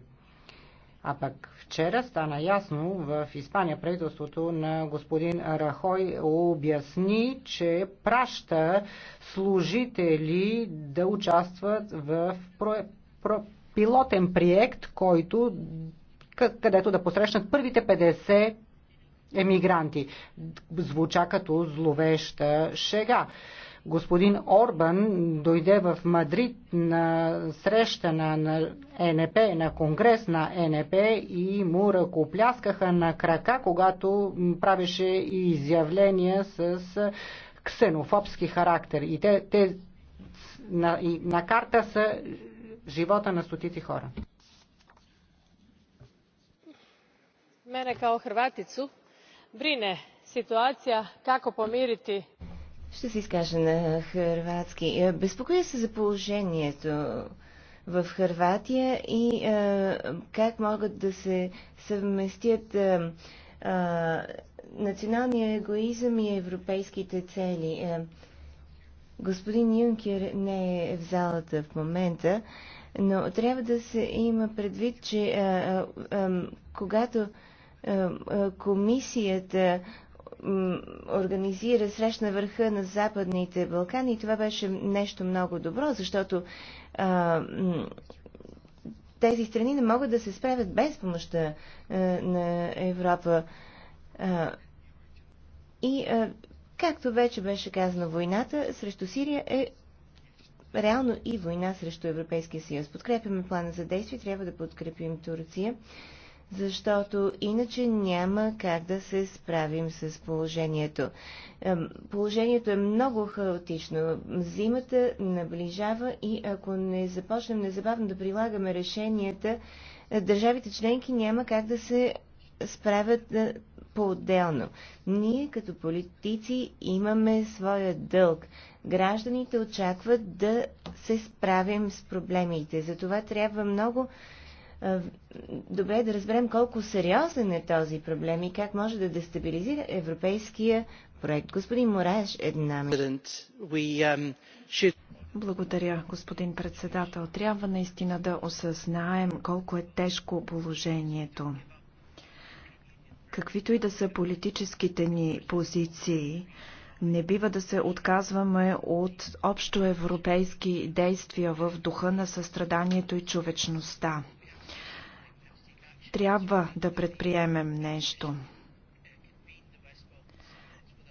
А пък вчера стана ясно в Испания правителството на господин Рахой обясни, че праща служители да участват в про... Про... пилотен проект, който където да посрещнат първите 50 емигранти. Звуча като зловеща шега. Господин Орбан дойде в Мадрид на среща на, на НП, на конгрес на НП и му ръкопляскаха на крака, когато правеше изявления с ксенофобски характер. И те, те на, и на карта са живота на стотици хора. Мене као хрватицу брине ситуација како помирити ще се изкажа на хърватски. Е, безпокоя се за положението в Хърватия и а, е, как могат да се съвместят а, е, а, националния егоизъм и европейските цели. А, господин Юнкер не е в залата в момента, но трябва да се има предвид, че а, а, а, когато а, комисията организира срещна върха на Западните Балкани и това беше нещо много добро, защото а, тези страни не могат да се справят без помощта а, на Европа. А, и, а, както вече беше казано, войната срещу Сирия е реално и война срещу Европейския съюз. Подкрепяме плана за действие, трябва да подкрепим Турция защото иначе няма как да се справим с положението. Положението е много хаотично. Зимата наближава и ако не започнем незабавно да прилагаме решенията, е, държавите членки няма как да се справят е, по-отделно. Ние като политици имаме своя дълг. Гражданите очакват да се справим с проблемите. Затова трябва много добре е да разберем колко сериозен е този проблем и как може да дестабилизира европейския проект. Господин Мораеш, една um, благодаря, господин председател. Трябва наистина да осъзнаем колко е тежко положението. Каквито и да са политическите ни позиции, не бива да се отказваме от общоевропейски действия в духа на състраданието и човечността. Трябва да предприемем нещо.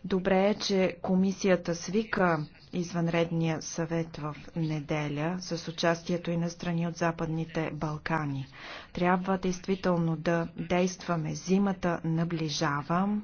Добре е, че комисията свика извънредния съвет в неделя с участието и на страни от Западните Балкани. Трябва действително да действаме. Зимата наближава.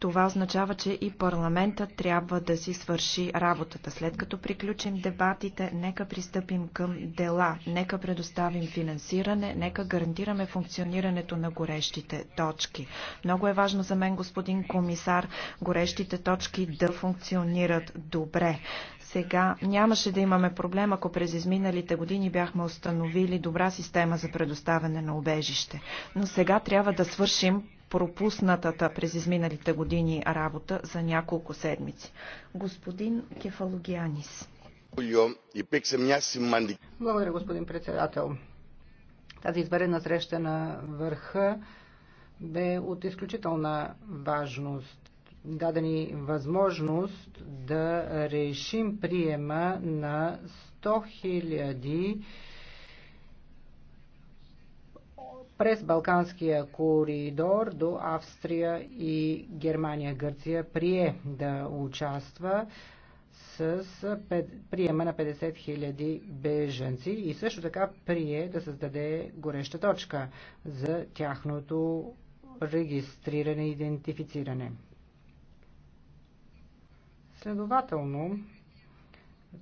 Това означава, че и парламента трябва да си свърши работата. След като приключим дебатите, нека пристъпим към дела, нека предоставим финансиране, нека гарантираме функционирането на горещите точки. Много е важно за мен, господин комисар, горещите точки да функционират добре. Сега нямаше да имаме проблем, ако през изминалите години бяхме установили добра система за предоставяне на убежище. Но сега трябва да свършим пропуснатата през изминалите години работа за няколко седмици. Господин Кефалогианис. Благодаря, господин председател. Тази изварена среща на върха бе от изключителна важност. Даде ни възможност да решим приема на 100 000 през Балканския коридор до Австрия и Германия. Гърция прие да участва с приема на 50 000 беженци и също така прие да създаде гореща точка за тяхното регистриране и идентифициране. Следователно,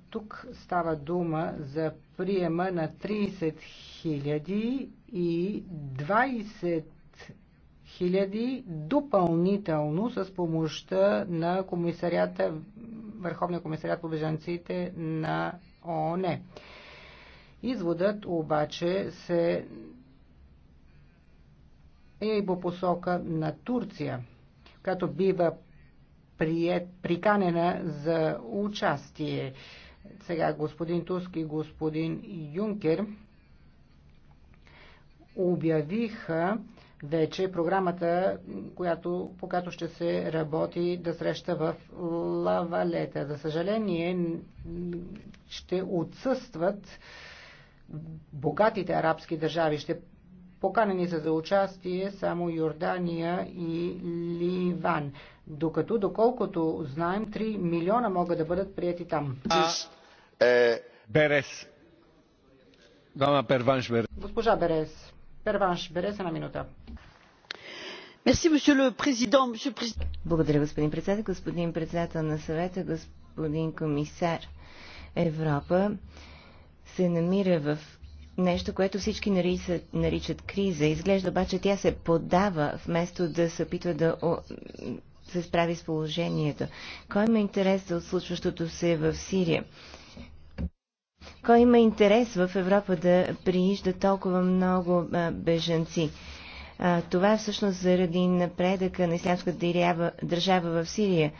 тук става дума за приема на 30 000 и 20 хиляди допълнително с помощта на комисарията, Върховния комисарят по бежанците на ООН. Изводът обаче се е и по посока на Турция, която бива прият, приканена за участие. Сега господин Туск и господин Юнкер обявиха вече програмата, която, по която ще се работи да среща в Лавалета. За съжаление, ще отсъстват богатите арабски държави. Ще поканени са за участие само Йордания и Ливан. Докато, доколкото знаем, 3 милиона могат да бъдат прияти там. А, е, Берес. Дама Перванш Берес. Госпожа Берес една минута. Благодаря, господин председател, господин председател на съвета, господин комисар. Европа се намира в нещо, което всички наричат, наричат криза. Изглежда обаче тя се подава, вместо да се опитва да о, се справи с положението. Кой има интерес от случващото се в Сирия? Кой има интерес в Европа да приижда толкова много бежанци? Това е всъщност заради напредъка на ислямската държава в Сирия.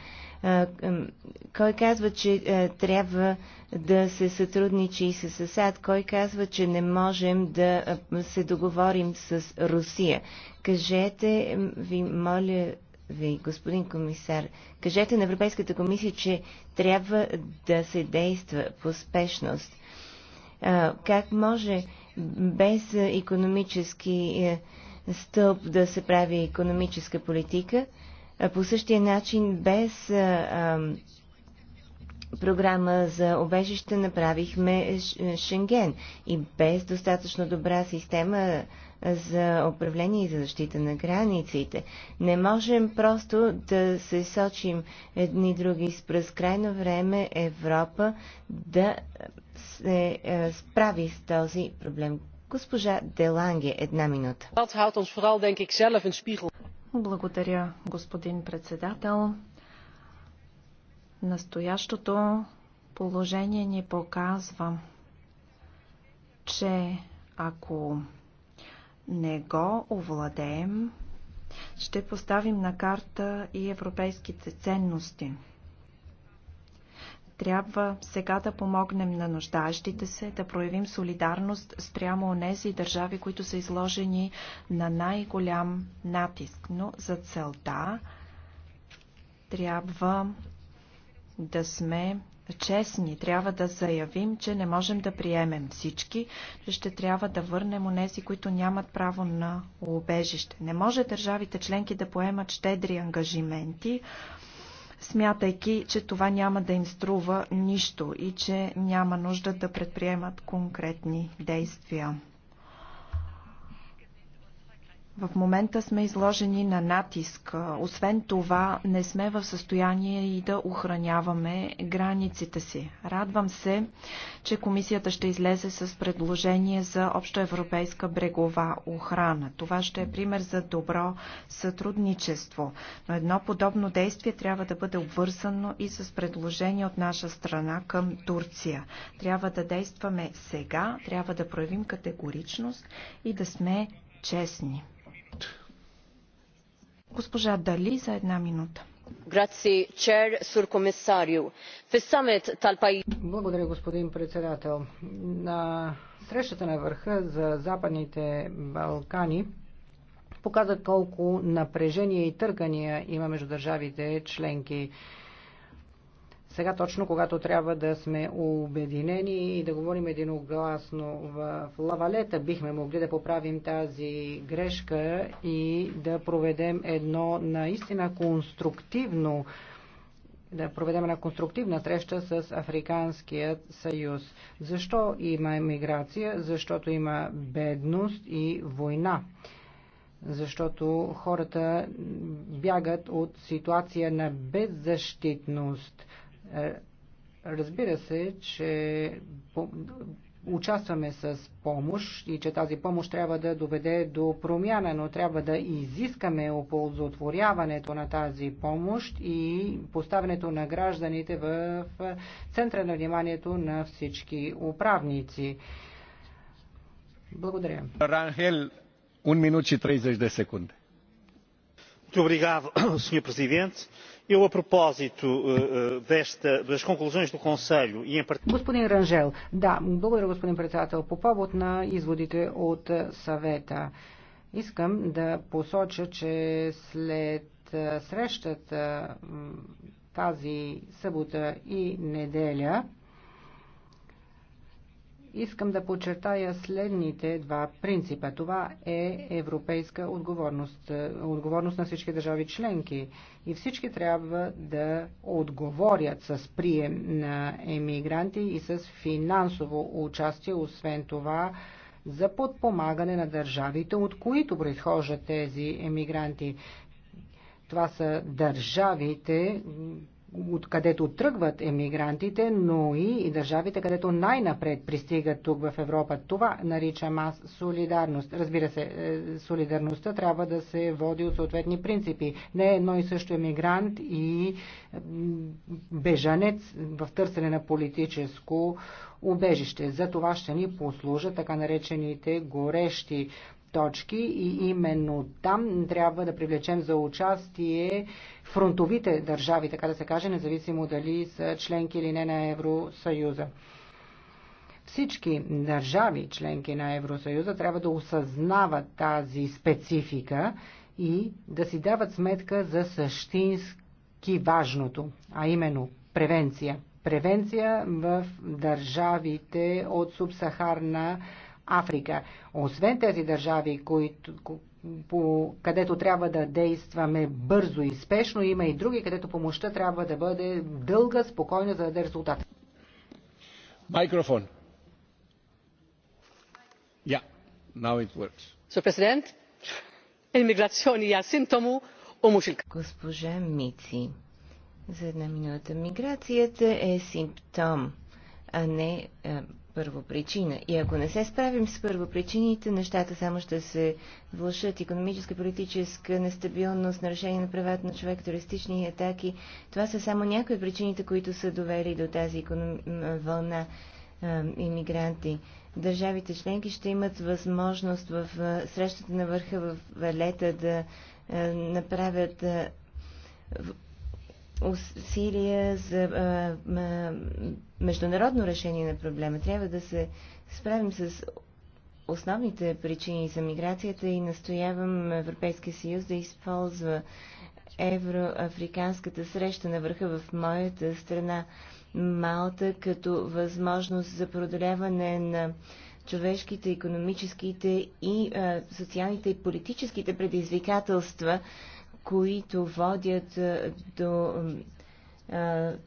Кой казва, че трябва да се сътрудничи с Асад? Кой казва, че не можем да се договорим с Русия? Кажете ви, моля, ви, господин комисар. Кажете на Европейската комисия, че трябва да се действа по спешност. Как може без економически е, стълб да се прави економическа политика? По същия начин, без програма за обежище направихме Шенген и без достатъчно добра система за управление и за защита на границите. Не можем просто да се сочим едни други с през Крайно време Европа да се е, справи с този проблем. Госпожа Деланге, една минута. Благодаря, господин председател. Настоящото положение ни показва, че ако не го овладеем, ще поставим на карта и европейските ценности. Трябва сега да помогнем на нуждаещите се, да проявим солидарност спрямо онези държави, които са изложени на най-голям натиск. Но за целта трябва да сме честни. Трябва да заявим, че не можем да приемем всички, че ще трябва да върнем онези, които нямат право на убежище. Не може държавите членки да поемат щедри ангажименти, смятайки, че това няма да им струва нищо и че няма нужда да предприемат конкретни действия. В момента сме изложени на натиск. Освен това, не сме в състояние и да охраняваме границите си. Радвам се, че комисията ще излезе с предложение за общоевропейска брегова охрана. Това ще е пример за добро сътрудничество. Но едно подобно действие трябва да бъде обвързано и с предложение от наша страна към Турция. Трябва да действаме сега, трябва да проявим категоричност и да сме честни. Госпожа Дали за една минута. Благодаря, господин председател. На срещата на върха за Западните Балкани показа колко напрежение и търкания има между държавите членки. Сега точно когато трябва да сме обединени и да говорим единогласно в лавалета, бихме могли да поправим тази грешка и да проведем едно наистина конструктивно да проведем една конструктивна среща с Африканският съюз. Защо има миграция? Защото има бедност и война. Защото хората бягат от ситуация на беззащитност – е, разбира се, че участваме с помощ и че тази помощ трябва да доведе до промяна, но трябва да изискаме оползотворяването на тази помощ и поставянето на гражданите в центъра на вниманието на всички управници. Благодаря. Рангел, 1 минут и 30 секунди. Добре, господин президент. Eu, a propósito eh, eh, desta, das conclusões do Conselho e em Господин Ранжел, да, благодаря господин председател. По повод на изводите от е, съвета, искам да посоча, че след е, срещата тази събота и неделя Искам да подчертая следните два принципа. Това е европейска отговорност, е, отговорност на всички държави членки и всички трябва да отговорят с прием на емигранти и с финансово участие, освен това за подпомагане на държавите, от които произхождат тези емигранти. Това са държавите, откъдето тръгват емигрантите, но и, и държавите, където най-напред пристигат тук в Европа. Това наричам аз солидарност. Разбира се, е, солидарността трябва да се води от съответни принципи. Не едно и също емигрант и бежанец в търсене на политическо убежище. За това ще ни послужат така наречените горещи точки и именно там трябва да привлечем за участие фронтовите държави, така да се каже, независимо дали са членки или не на Евросъюза. Всички държави, членки на Евросъюза, трябва да осъзнават тази специфика и да си дават сметка за същински важното, а именно превенция. Превенция в държавите от субсахарна Африка. Освен тези държави, които, по, където трябва да действаме бързо и спешно. Има и други, където помощта трябва да бъде дълга, спокойна, за да даде резултат. Микрофон. Да, now it works. So, President, Госпожа Мици, за една минута. Миграцията е симптом, а не е, първопричина. И ако не се справим с първопричините, нещата само ще се влушат. Економическа, политическа нестабилност, нарушение на правата на човек, туристични атаки. Това са само някои причините, които са довели до тази економ... вълна иммигранти. Държавите членки ще имат възможност в срещата на върха в Валета да направят усилия за международно решение на проблема. Трябва да се справим с основните причини за миграцията и настоявам Европейския съюз да използва евроафриканската среща на върха в моята страна Малта като възможност за продоляване на човешките, економическите и а, социалните и политическите предизвикателства които водят до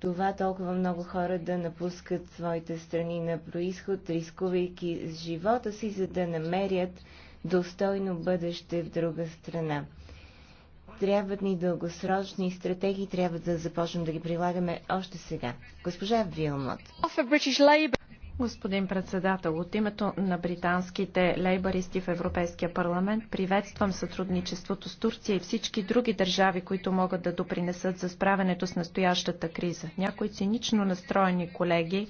това толкова много хора да напускат своите страни на происход, рискувайки с живота си, за да намерят достойно бъдеще в друга страна. Трябват ни дългосрочни стратегии, трябва да започнем да ги прилагаме още сега. Госпожа Вилмот. Господин председател, от името на британските лейбаристи в Европейския парламент приветствам сътрудничеството с Турция и всички други държави, които могат да допринесат за справянето с настоящата криза. Някои цинично настроени колеги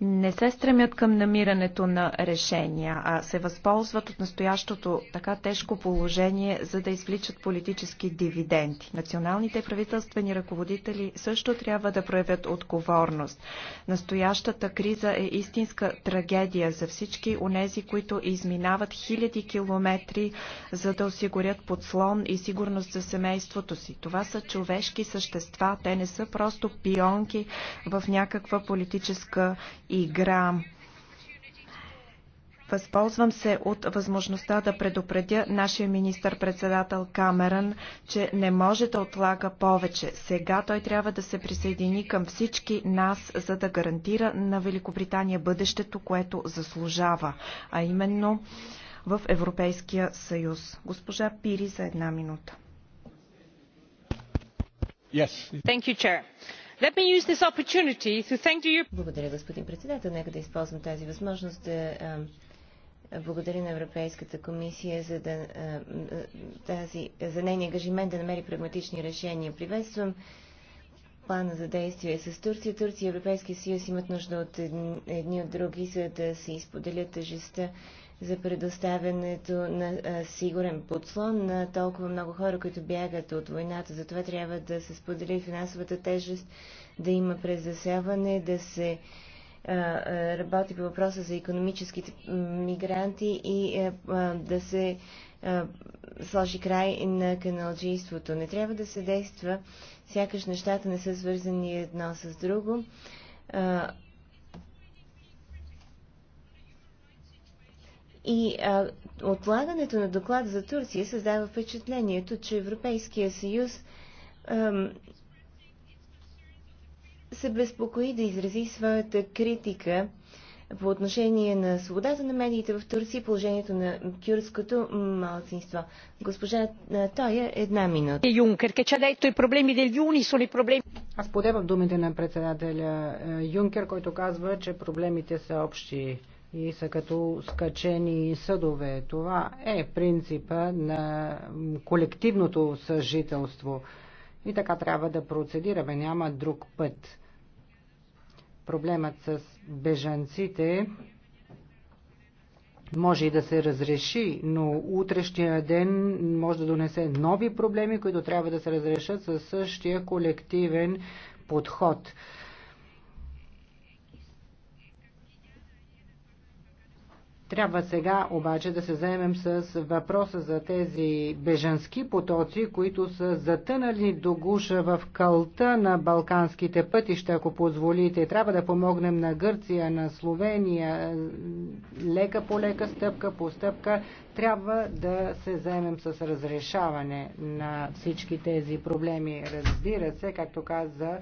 не се стремят към намирането на решения, а се възползват от настоящото така тежко положение, за да извличат политически дивиденти. Националните правителствени ръководители също трябва да проявят отговорност. Настоящата криза е истинска трагедия за всички унези, които изминават хиляди километри, за да осигурят подслон и сигурност за семейството си. Това са човешки същества, те не са просто пионки в някаква политическа игра. Възползвам се от възможността да предупредя нашия министър-председател Камерън, че не може да отлага повече. Сега той трябва да се присъедини към всички нас, за да гарантира на Великобритания бъдещето, което заслужава, а именно в Европейския съюз. Госпожа Пири за една минута. Yes. Thank you, Chair. Благодаря, господин председател. Нека да използвам тази възможност да благодаря на Европейската комисия за, да, тази, за нейния ангажимент да намери прагматични решения. Приветствам плана за действие с Турция. Турция и Европейския съюз имат нужда от едни от други, за да се изподелят тежестта за предоставянето на сигурен подслон на толкова много хора, които бягат от войната. Затова трябва да се сподели финансовата тежест, да има презасяване, да се работи по въпроса за економическите мигранти и да се сложи край на каналджийството. Не трябва да се действа, сякаш нещата не са свързани едно с друго. И а, отлагането на доклад за Турция създава впечатлението, че Европейския съюз ам, се безпокои да изрази своята критика по отношение на свободата на медиите в Турция и положението на кюрското малцинство. Госпожа Тоя, една минута. Е, Юнкер, че Аз подевам думите на председателя е, Юнкер, който казва, че проблемите са общи и са като скачени съдове. Това е принципа на колективното съжителство. И така трябва да процедираме. Няма друг път. Проблемът с бежанците може и да се разреши, но утрешния ден може да донесе нови проблеми, които трябва да се разрешат със същия колективен подход. Трябва сега обаче да се заемем с въпроса за тези бежански потоци, които са затънали до гуша в кълта на балканските пътища, ако позволите. Трябва да помогнем на Гърция, на Словения, лека по лека, стъпка по стъпка. Трябва да се заемем с разрешаване на всички тези проблеми. Разбира се, както каза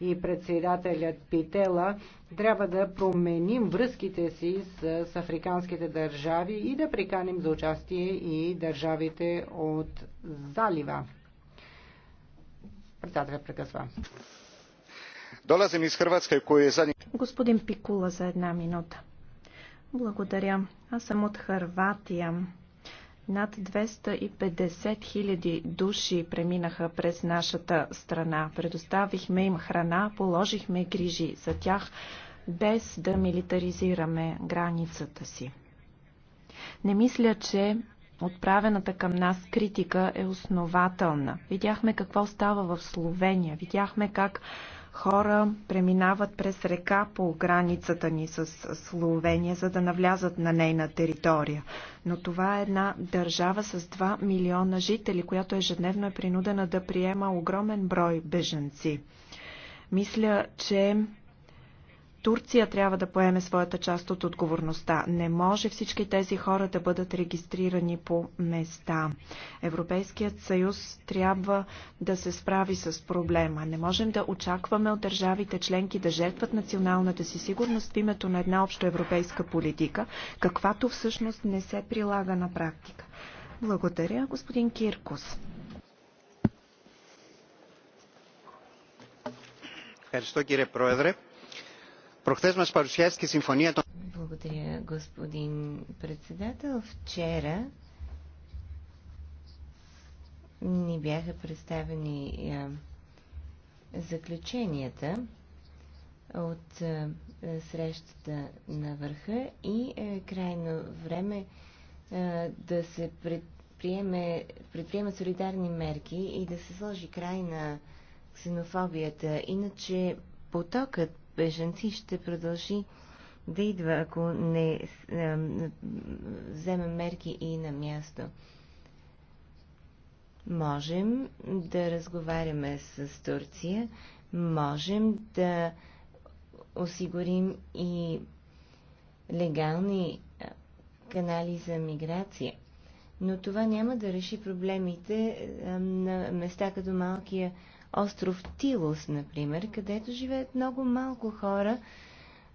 и председателят Питела, трябва да променим връзките си с, с африканските държави и да приканим за участие и държавите от залива. Председателят прекъсва. Долазим из Хрватска, кое е задни... Господин Пикула за една минута. Благодаря. Аз съм от Харватия. Над 250 хиляди души преминаха през нашата страна. Предоставихме им храна, положихме грижи за тях, без да милитаризираме границата си. Не мисля, че отправената към нас критика е основателна. Видяхме какво става в Словения, видяхме как Хора преминават през река по границата ни с Словения, за да навлязат на нейна територия. Но това е една държава с 2 милиона жители, която ежедневно е принудена да приема огромен брой беженци. Мисля, че Турция трябва да поеме своята част от отговорността. Не може всички тези хора да бъдат регистрирани по места. Европейският съюз трябва да се справи с проблема. Не можем да очакваме от държавите членки да жертват националната си сигурност в името на една общоевропейска политика, каквато всъщност не се прилага на практика. Благодаря, господин Киркос. Ευχαριστώ κύριε Πρόεδρε. Благодаря, господин председател. Вчера ни бяха представени заключенията от срещата на върха и е крайно време да се предприеме, предприемат солидарни мерки и да се сложи край на ксенофобията. Иначе потокът беженци ще продължи да идва, ако не вземем мерки и на място. Можем да разговаряме с Турция, можем да осигурим и легални канали за миграция. Но това няма да реши проблемите на места като малкия остров Тилос, например, където живеят много малко хора,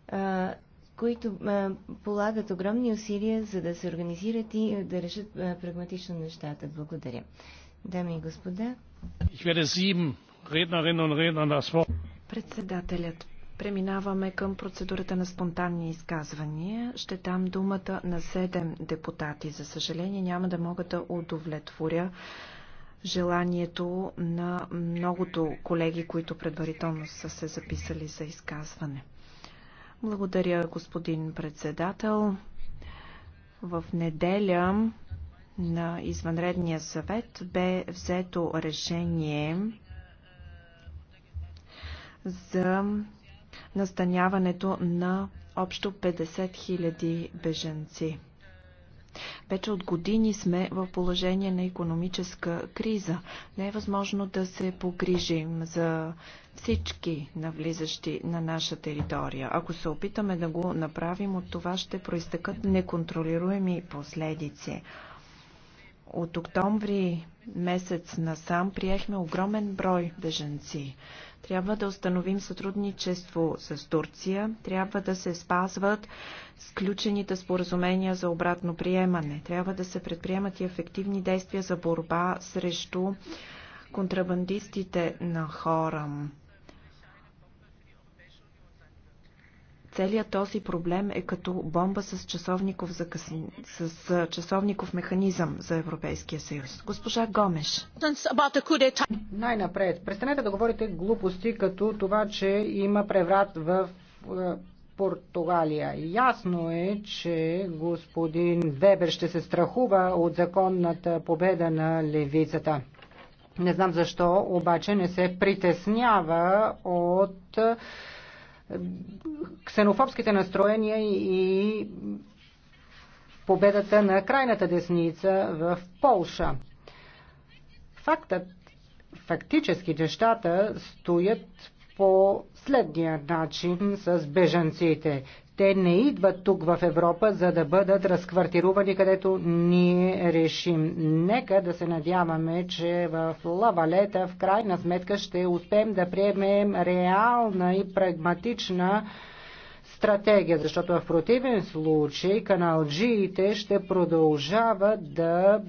а, които а, полагат огромни усилия, за да се организират и да решат а, прагматично нещата. Благодаря. Дами и господа. Председателят Преминаваме към процедурата на спонтанни изказвания. Ще дам думата на 7 депутати. За съжаление няма да мога да удовлетворя желанието на многото колеги, които предварително са се записали за изказване. Благодаря, господин председател. В неделя на извънредния съвет бе взето решение за настаняването на общо 50 000 беженци. Вече от години сме в положение на економическа криза. Не е възможно да се погрижим за всички навлизащи на наша територия. Ако се опитаме да го направим, от това ще проистъкат неконтролируеми последици. От октомври месец насам приехме огромен брой беженци. Трябва да установим сътрудничество с Турция. Трябва да се спазват сключените споразумения за обратно приемане. Трябва да се предприемат и ефективни действия за борба срещу контрабандистите на хора. Целият този проблем е като бомба с часовников, закъс... с часовников механизъм за Европейския съюз. Госпожа Гомеш. Най-напред, престанете да говорите глупости като това, че има преврат в Португалия. Ясно е, че господин Вебер ще се страхува от законната победа на левицата. Не знам защо, обаче не се притеснява от ксенофобските настроения и победата на крайната десница в Полша. Фактът, фактически нещата стоят по следния начин с бежанците. Те не идват тук в Европа, за да бъдат разквартирувани, където ние решим. Нека да се надяваме, че в Лавалета в крайна сметка ще успеем да приемем реална и прагматична стратегия, защото в противен случай каналджиите ще продължават да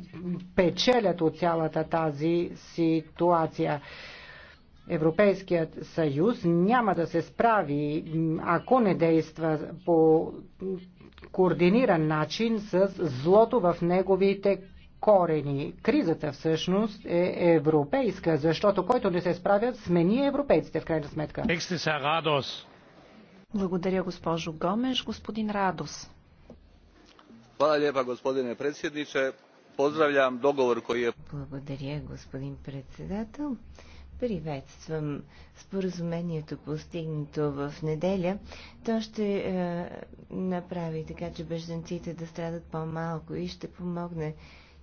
печелят от цялата тази ситуация. Европейският съюз няма да се справи, ако не действа по координиран начин с злото в неговите корени. Кризата всъщност е европейска, защото който не се справят, сме ние европейците в крайна сметка. Благодаря, госпожо Гомеш. Господин Радос. Хвала лепа, gospodine председниче. Pozdravljam договор, koji е... Благодаря, господин председател приветствам споразумението постигнато в неделя. То ще е, направи така, че беженците да страдат по-малко и ще помогне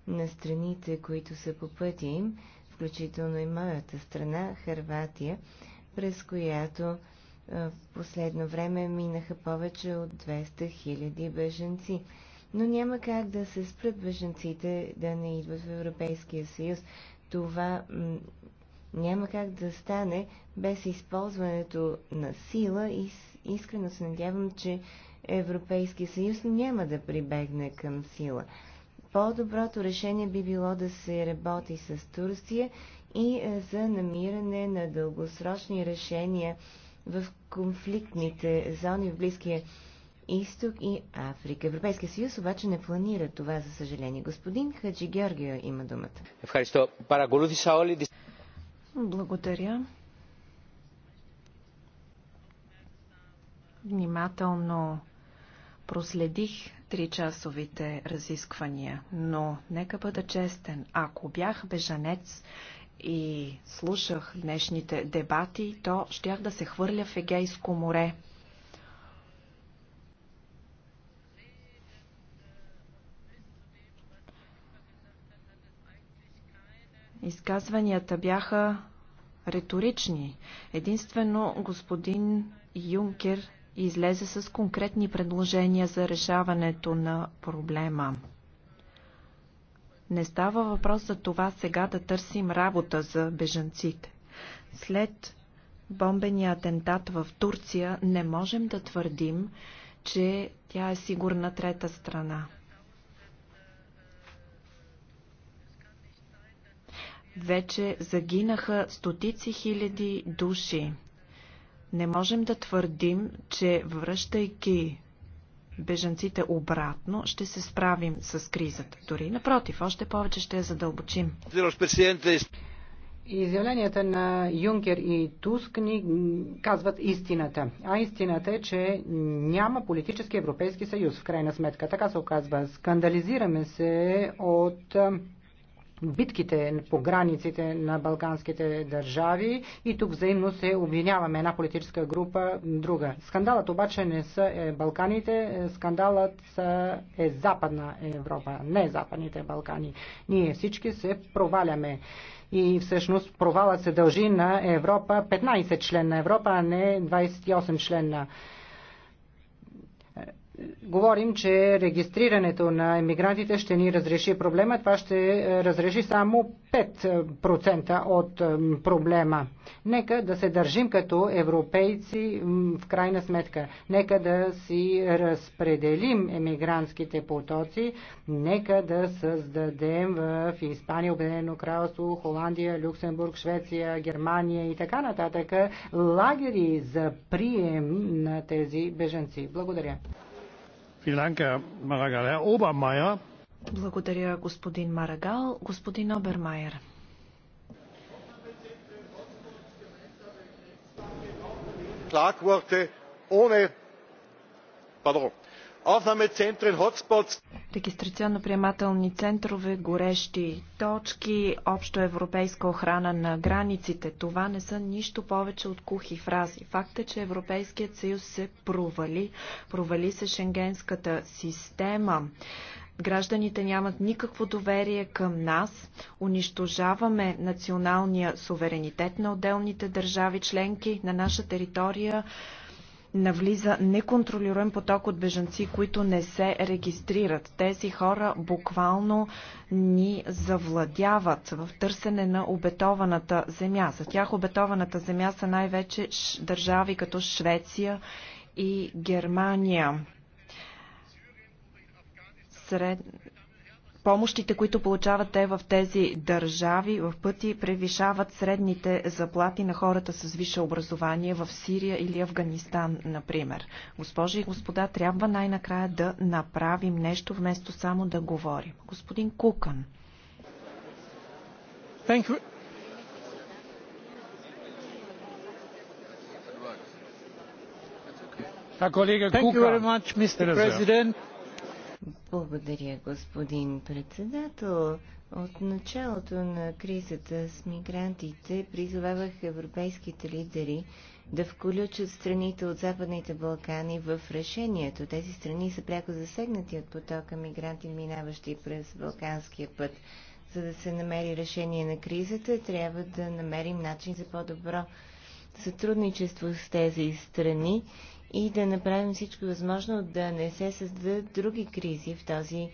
на страните, които са по пътя им, включително и моята страна, Харватия, през която е, в последно време минаха повече от 200 000 бежанци. Но няма как да се спрат бежанците да не идват в Европейския съюз. Това няма как да стане без използването на сила и искрено се надявам, че Европейския съюз няма да прибегне към сила. По-доброто решение би било да се работи с Турция и е, за намиране на дългосрочни решения в конфликтните зони в Близкия изток и Африка. Европейския съюз обаче не планира това, за съжаление. Господин Хаджи Георгио има думата. Благодаря. Внимателно проследих тричасовите разисквания, но нека бъда честен. Ако бях бежанец и слушах днешните дебати, то щях да се хвърля в Егейско море. Изказванията бяха риторични. Единствено господин Юнкер излезе с конкретни предложения за решаването на проблема. Не става въпрос за това сега да търсим работа за бежанците. След бомбения атентат в Турция не можем да твърдим, че тя е сигурна трета страна. вече загинаха стотици хиляди души. Не можем да твърдим, че връщайки бежанците обратно, ще се справим с кризата. Дори напротив, още повече ще я задълбочим. Изявленията на Юнкер и Туск ни казват истината. А истината е, че няма политически Европейски съюз, в крайна сметка. Така се оказва. Скандализираме се от битките по границите на балканските държави и тук взаимно се обвиняваме една политическа група друга. Скандалът обаче не са е Балканите, е, скандалът е Западна Европа, не Западните Балкани. Ние всички се проваляме. И всъщност провалът се дължи на Европа, 15 член на Европа, а не 28 член на Европа говорим, че регистрирането на емигрантите ще ни разреши проблема. Това ще разреши само 5% от проблема. Нека да се държим като европейци в крайна сметка. Нека да си разпределим емигрантските потоци. Нека да създадем в Испания, Обединено кралство, Холандия, Люксембург, Швеция, Германия и така нататък лагери за прием на тези беженци. Благодаря. Благодаря, господин Марагал. Господин Обермайер. Schlagworte ohne pardon Aufnahmezentren, hotspots. Регистрационно-приемателни центрове, горещи точки, общо европейска охрана на границите. Това не са нищо повече от кухи фрази. Факт е, че Европейският съюз се провали. Провали се шенгенската система. Гражданите нямат никакво доверие към нас, унищожаваме националния суверенитет на отделните държави членки на наша територия навлиза неконтролируем поток от бежанци, които не се регистрират. Тези хора буквално ни завладяват в търсене на обетованата земя. За тях обетованата земя са най-вече държави като Швеция и Германия. Сред помощите, които получават те в тези държави, в пъти превишават средните заплати на хората с висше образование в Сирия или Афганистан, например. Госпожи и господа, трябва най-накрая да направим нещо, вместо само да говорим. Господин Кукан. Thank you. Thank you very much, Mr. Е, President. Благодаря, господин председател. От началото на кризата с мигрантите призовавах европейските лидери да включат страните от Западните Балкани в решението. Тези страни са пряко засегнати от потока мигранти, минаващи през Балканския път. За да се намери решение на кризата, трябва да намерим начин за по-добро сътрудничество с тези страни и да направим всичко възможно да не се създадат други кризи в този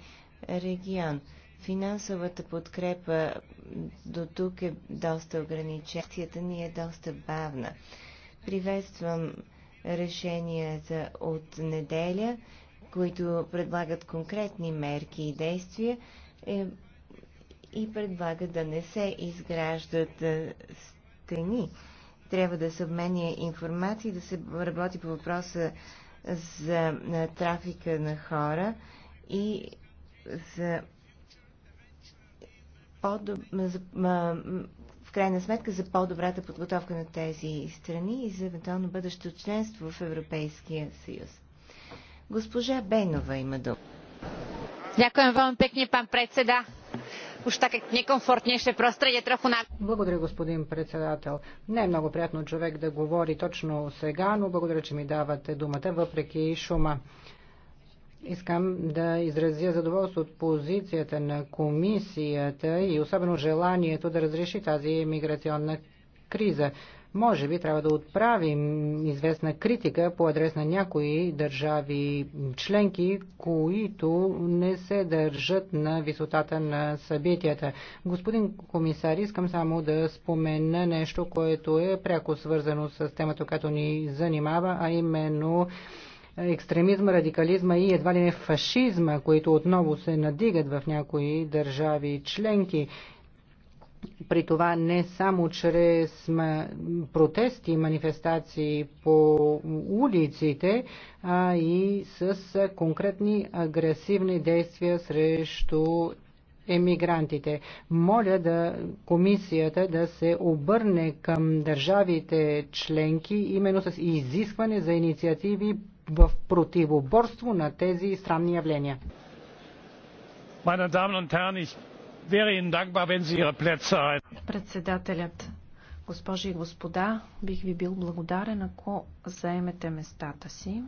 регион. Финансовата подкрепа до тук е доста ограничена. Акцията ни е доста бавна. Приветствам решенията от неделя, които предлагат конкретни мерки и действия е, и предлагат да не се изграждат е, стени трябва да се обменя информация и да се работи по въпроса за трафика на хора и за, за в крайна сметка за по-добрата подготовка на тези страни и за евентуално бъдещо членство в Европейския съюз. Госпожа Бенова има дума. Дякуем вам пекни, пан председа уж так некомфортнейше пространство троху на... Благодаря, господин председател. Не е много приятно човек да говори точно сега, но благодаря, че ми давате думата, въпреки шума. Искам да изразя задоволство от позицията на комисията и особено желанието да разреши тази миграционна криза. Може би трябва да отправим известна критика по адрес на някои държави членки, които не се държат на висотата на събитията. Господин комисар, искам само да спомена нещо, което е пряко свързано с темата, която ни занимава, а именно екстремизма, радикализма и едва ли не фашизма, които отново се надигат в някои държави членки при това не само чрез протести и манифестации по улиците, а и с конкретни агресивни действия срещу емигрантите. Моля да комисията да се обърне към държавите членки именно с изискване за инициативи в противоборство на тези странни явления. Meine Damen und Herren, ich Председателят, госпожи и господа, бих ви бил благодарен, ако заемете местата си.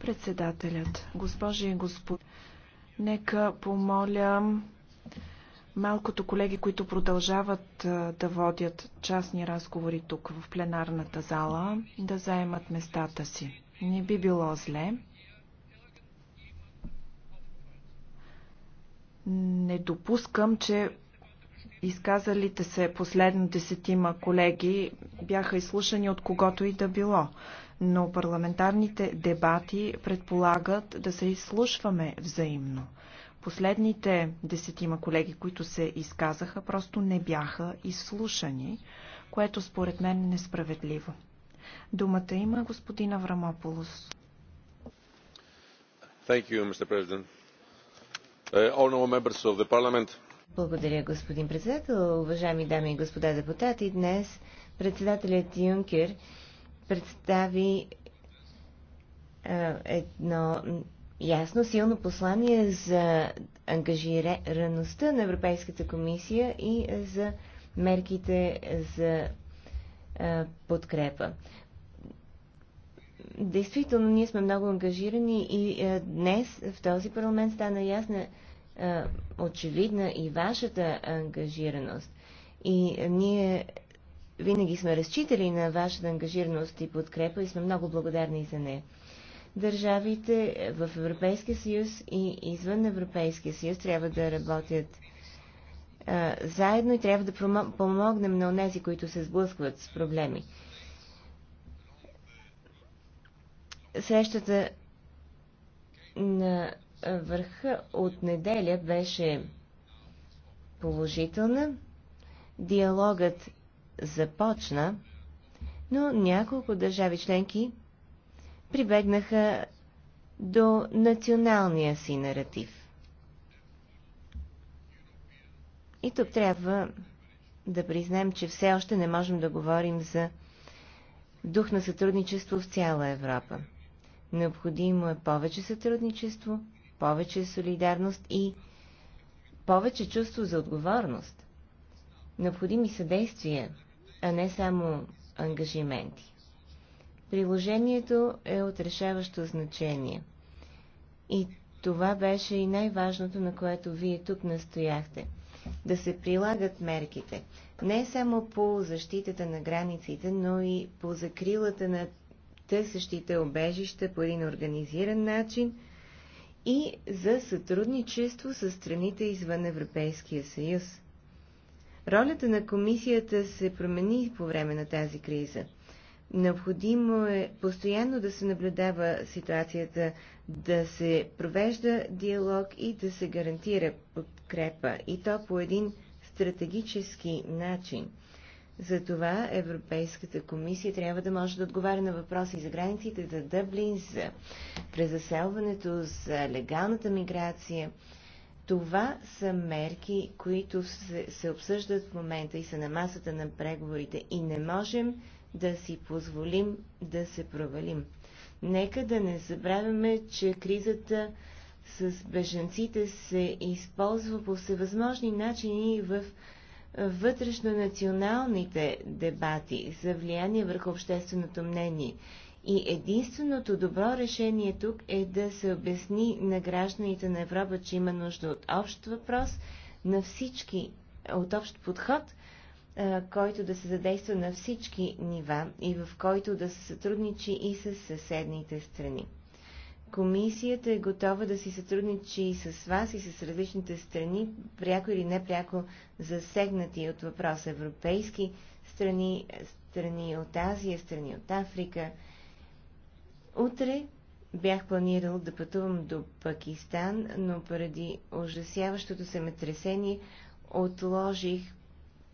Председателят, госпожи и господи, нека помоля малкото колеги, които продължават да водят частни разговори тук в пленарната зала, да заемат местата си. Не би било зле. Не допускам, че изказалите се последно десетима колеги бяха изслушани от когото и да било, но парламентарните дебати предполагат да се изслушваме взаимно. Последните десетима колеги, които се изказаха, просто не бяха изслушани, което според мен е несправедливо. Думата има господин Аврамополос. Thank you, Mr. President. Uh, honorable members of the parliament, благодаря, господин председател. Уважаеми дами и господа депутати, днес председателят Юнкер представи едно ясно, силно послание за ангажираността на Европейската комисия и за мерките за подкрепа. Действително, ние сме много ангажирани и днес в този парламент стана ясна е, очевидна и вашата ангажираност. И ние винаги сме разчитали на вашата ангажираност и подкрепа и сме много благодарни за нея. Държавите в Европейския съюз и извън Европейския съюз трябва да работят а, е, заедно и трябва да помогнем на онези, които се сблъскват с проблеми. Срещата на върха от неделя беше положителна, диалогът започна, но няколко държави членки прибегнаха до националния си наратив. И тук трябва да признаем, че все още не можем да говорим за дух на сътрудничество в цяла Европа. Необходимо е повече сътрудничество – повече солидарност и повече чувство за отговорност. Необходими са действия, а не само ангажименти. Приложението е от решаващо значение. И това беше и най-важното, на което вие тук настояхте. Да се прилагат мерките. Не само по защитата на границите, но и по закрилата на търсещите обежища по един организиран начин – и за сътрудничество с страните извън Европейския съюз. Ролята на комисията се промени по време на тази криза. Необходимо е постоянно да се наблюдава ситуацията, да се провежда диалог и да се гарантира подкрепа, и то по един стратегически начин – затова Европейската комисия трябва да може да отговаря на въпроси за границите, за Дъблин, за презаселването, за легалната миграция. Това са мерки, които се, се обсъждат в момента и са на масата на преговорите и не можем да си позволим да се провалим. Нека да не забравяме, че кризата с беженците се използва по всевъзможни начини в вътрешно-националните дебати за влияние върху общественото мнение. И единственото добро решение тук е да се обясни на гражданите на Европа, че има нужда от общ въпрос на всички, от общ подход, който да се задейства на всички нива и в който да се сътрудничи и с съседните страни. Комисията е готова да си сътрудничи и с вас, и с различните страни, пряко или непряко засегнати от въпроса европейски страни, страни от Азия, страни от Африка. Утре бях планирал да пътувам до Пакистан, но поради ужасяващото земетресение отложих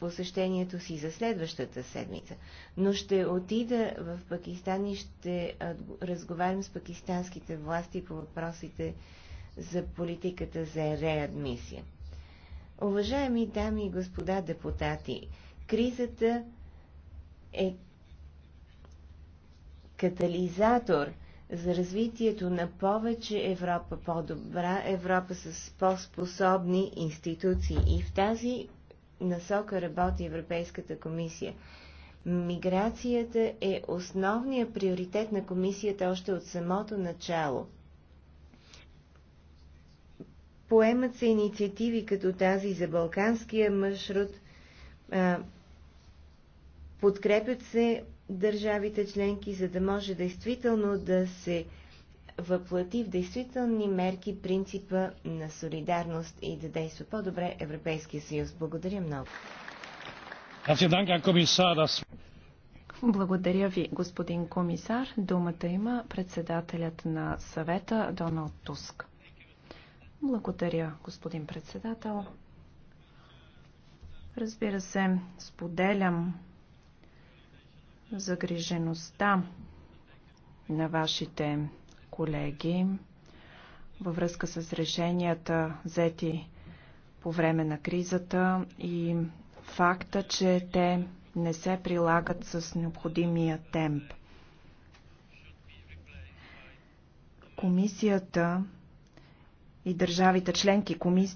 посещението си за следващата седмица. Но ще отида в Пакистан и ще разговарям с пакистанските власти по въпросите за политиката за реадмисия. Уважаеми дами и господа депутати, кризата е катализатор за развитието на повече Европа, по-добра Европа с по-способни институции. И в тази насока работи Европейската комисия. Миграцията е основният приоритет на комисията още от самото начало. Поемат се инициативи като тази за Балканския маршрут, подкрепят се държавите членки, за да може действително да се въплати в действителни мерки принципа на солидарност и да действа по-добре Европейския съюз. Благодаря много. Благодаря ви, господин комисар. Думата има председателят на съвета Доналд Туск. Благодаря, господин председател. Разбира се, споделям загрижеността на вашите колеги, във връзка с решенията взети по време на кризата и факта, че те не се прилагат с необходимия темп. Комисията и държавите членки, коми...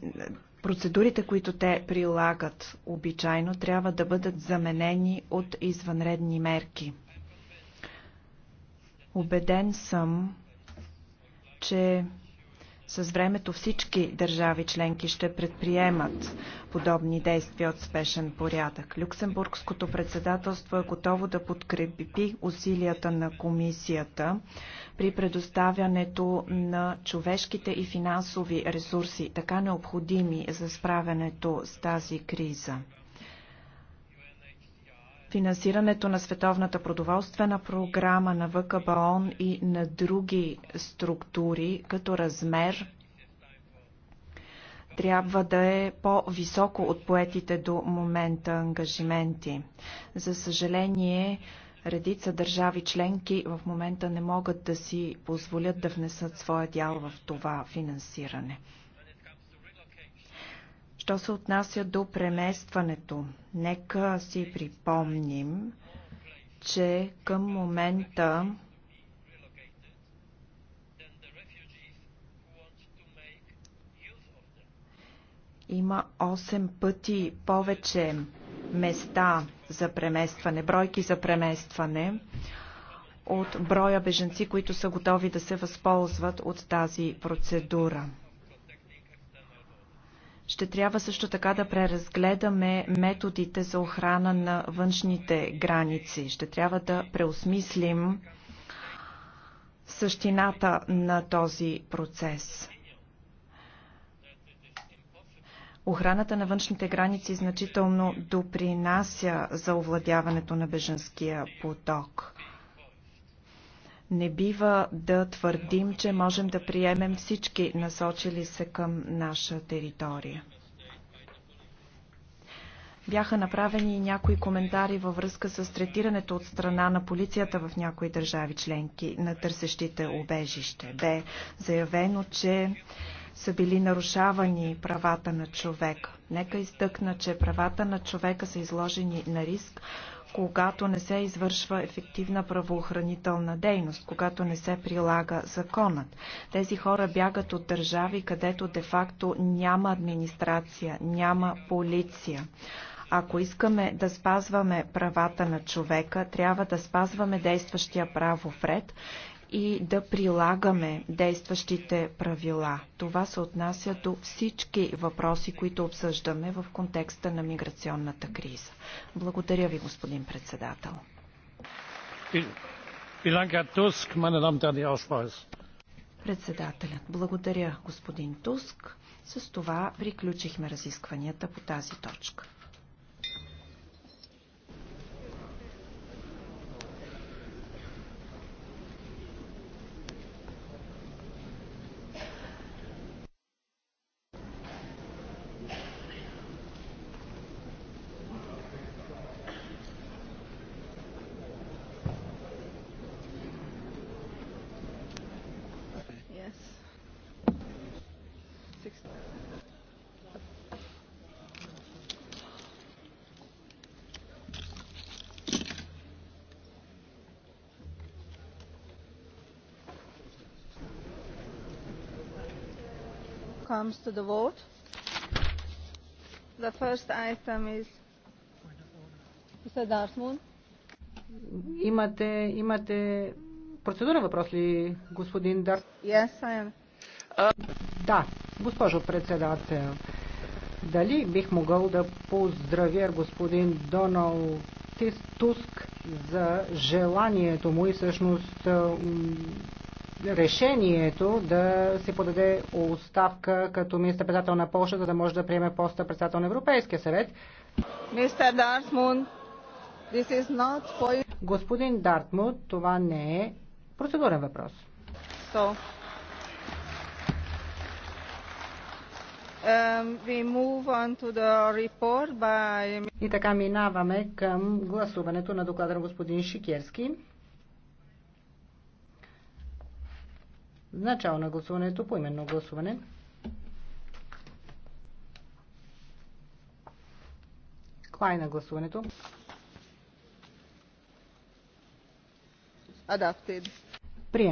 процедурите, които те прилагат обичайно, трябва да бъдат заменени от извънредни мерки. Обеден съм, че с времето всички държави членки ще предприемат подобни действия от спешен порядък. Люксембургското председателство е готово да подкрепи усилията на комисията при предоставянето на човешките и финансови ресурси, така необходими за справянето с тази криза финансирането на Световната продоволствена програма, на ВКБОН и на други структури като размер трябва да е по-високо от поетите до момента ангажименти. За съжаление, редица държави членки в момента не могат да си позволят да внесат своя дял в това финансиране. Що се отнася до преместването, нека си припомним, че към момента има 8 пъти повече места за преместване, бройки за преместване от броя беженци, които са готови да се възползват от тази процедура. Ще трябва също така да преразгледаме методите за охрана на външните граници. Ще трябва да преосмислим същината на този процес. Охраната на външните граници значително допринася за овладяването на беженския поток. Не бива да твърдим, че можем да приемем всички насочили се към наша територия. Бяха направени и някои коментари във връзка с третирането от страна на полицията в някои държави членки на търсещите обежище. Бе заявено, че са били нарушавани правата на човека. Нека изтъкна, че правата на човека са изложени на риск когато не се извършва ефективна правоохранителна дейност, когато не се прилага законът. Тези хора бягат от държави, където де-факто няма администрация, няма полиция. Ако искаме да спазваме правата на човека, трябва да спазваме действащия правов ред и да прилагаме действащите правила. Това се отнася до всички въпроси, които обсъждаме в контекста на миграционната криза. Благодаря ви, господин председател. Председателят, благодаря, господин Туск. С това приключихме разискванията по тази точка. comes to the vote. The first item is Mr. Dartmouth. Имате, имате процедура въпрос ли, господин Дарт? Yes, I am. Да, госпожо председател. Дали бих могъл да поздравя господин Доналд Туск за желанието му и всъщност решението да се подаде оставка като министър-председател на Польша, за да може да приеме поста председател на Европейския съвет. Мистер Дартмунд, this is not for... Господин Дартмунд, това не е процедурен въпрос. So. Um, by... И така минаваме към гласуването на доклада на господин Шикерски. Начало на гласуването, по именно гласуване. Край на гласуването. Адаптед.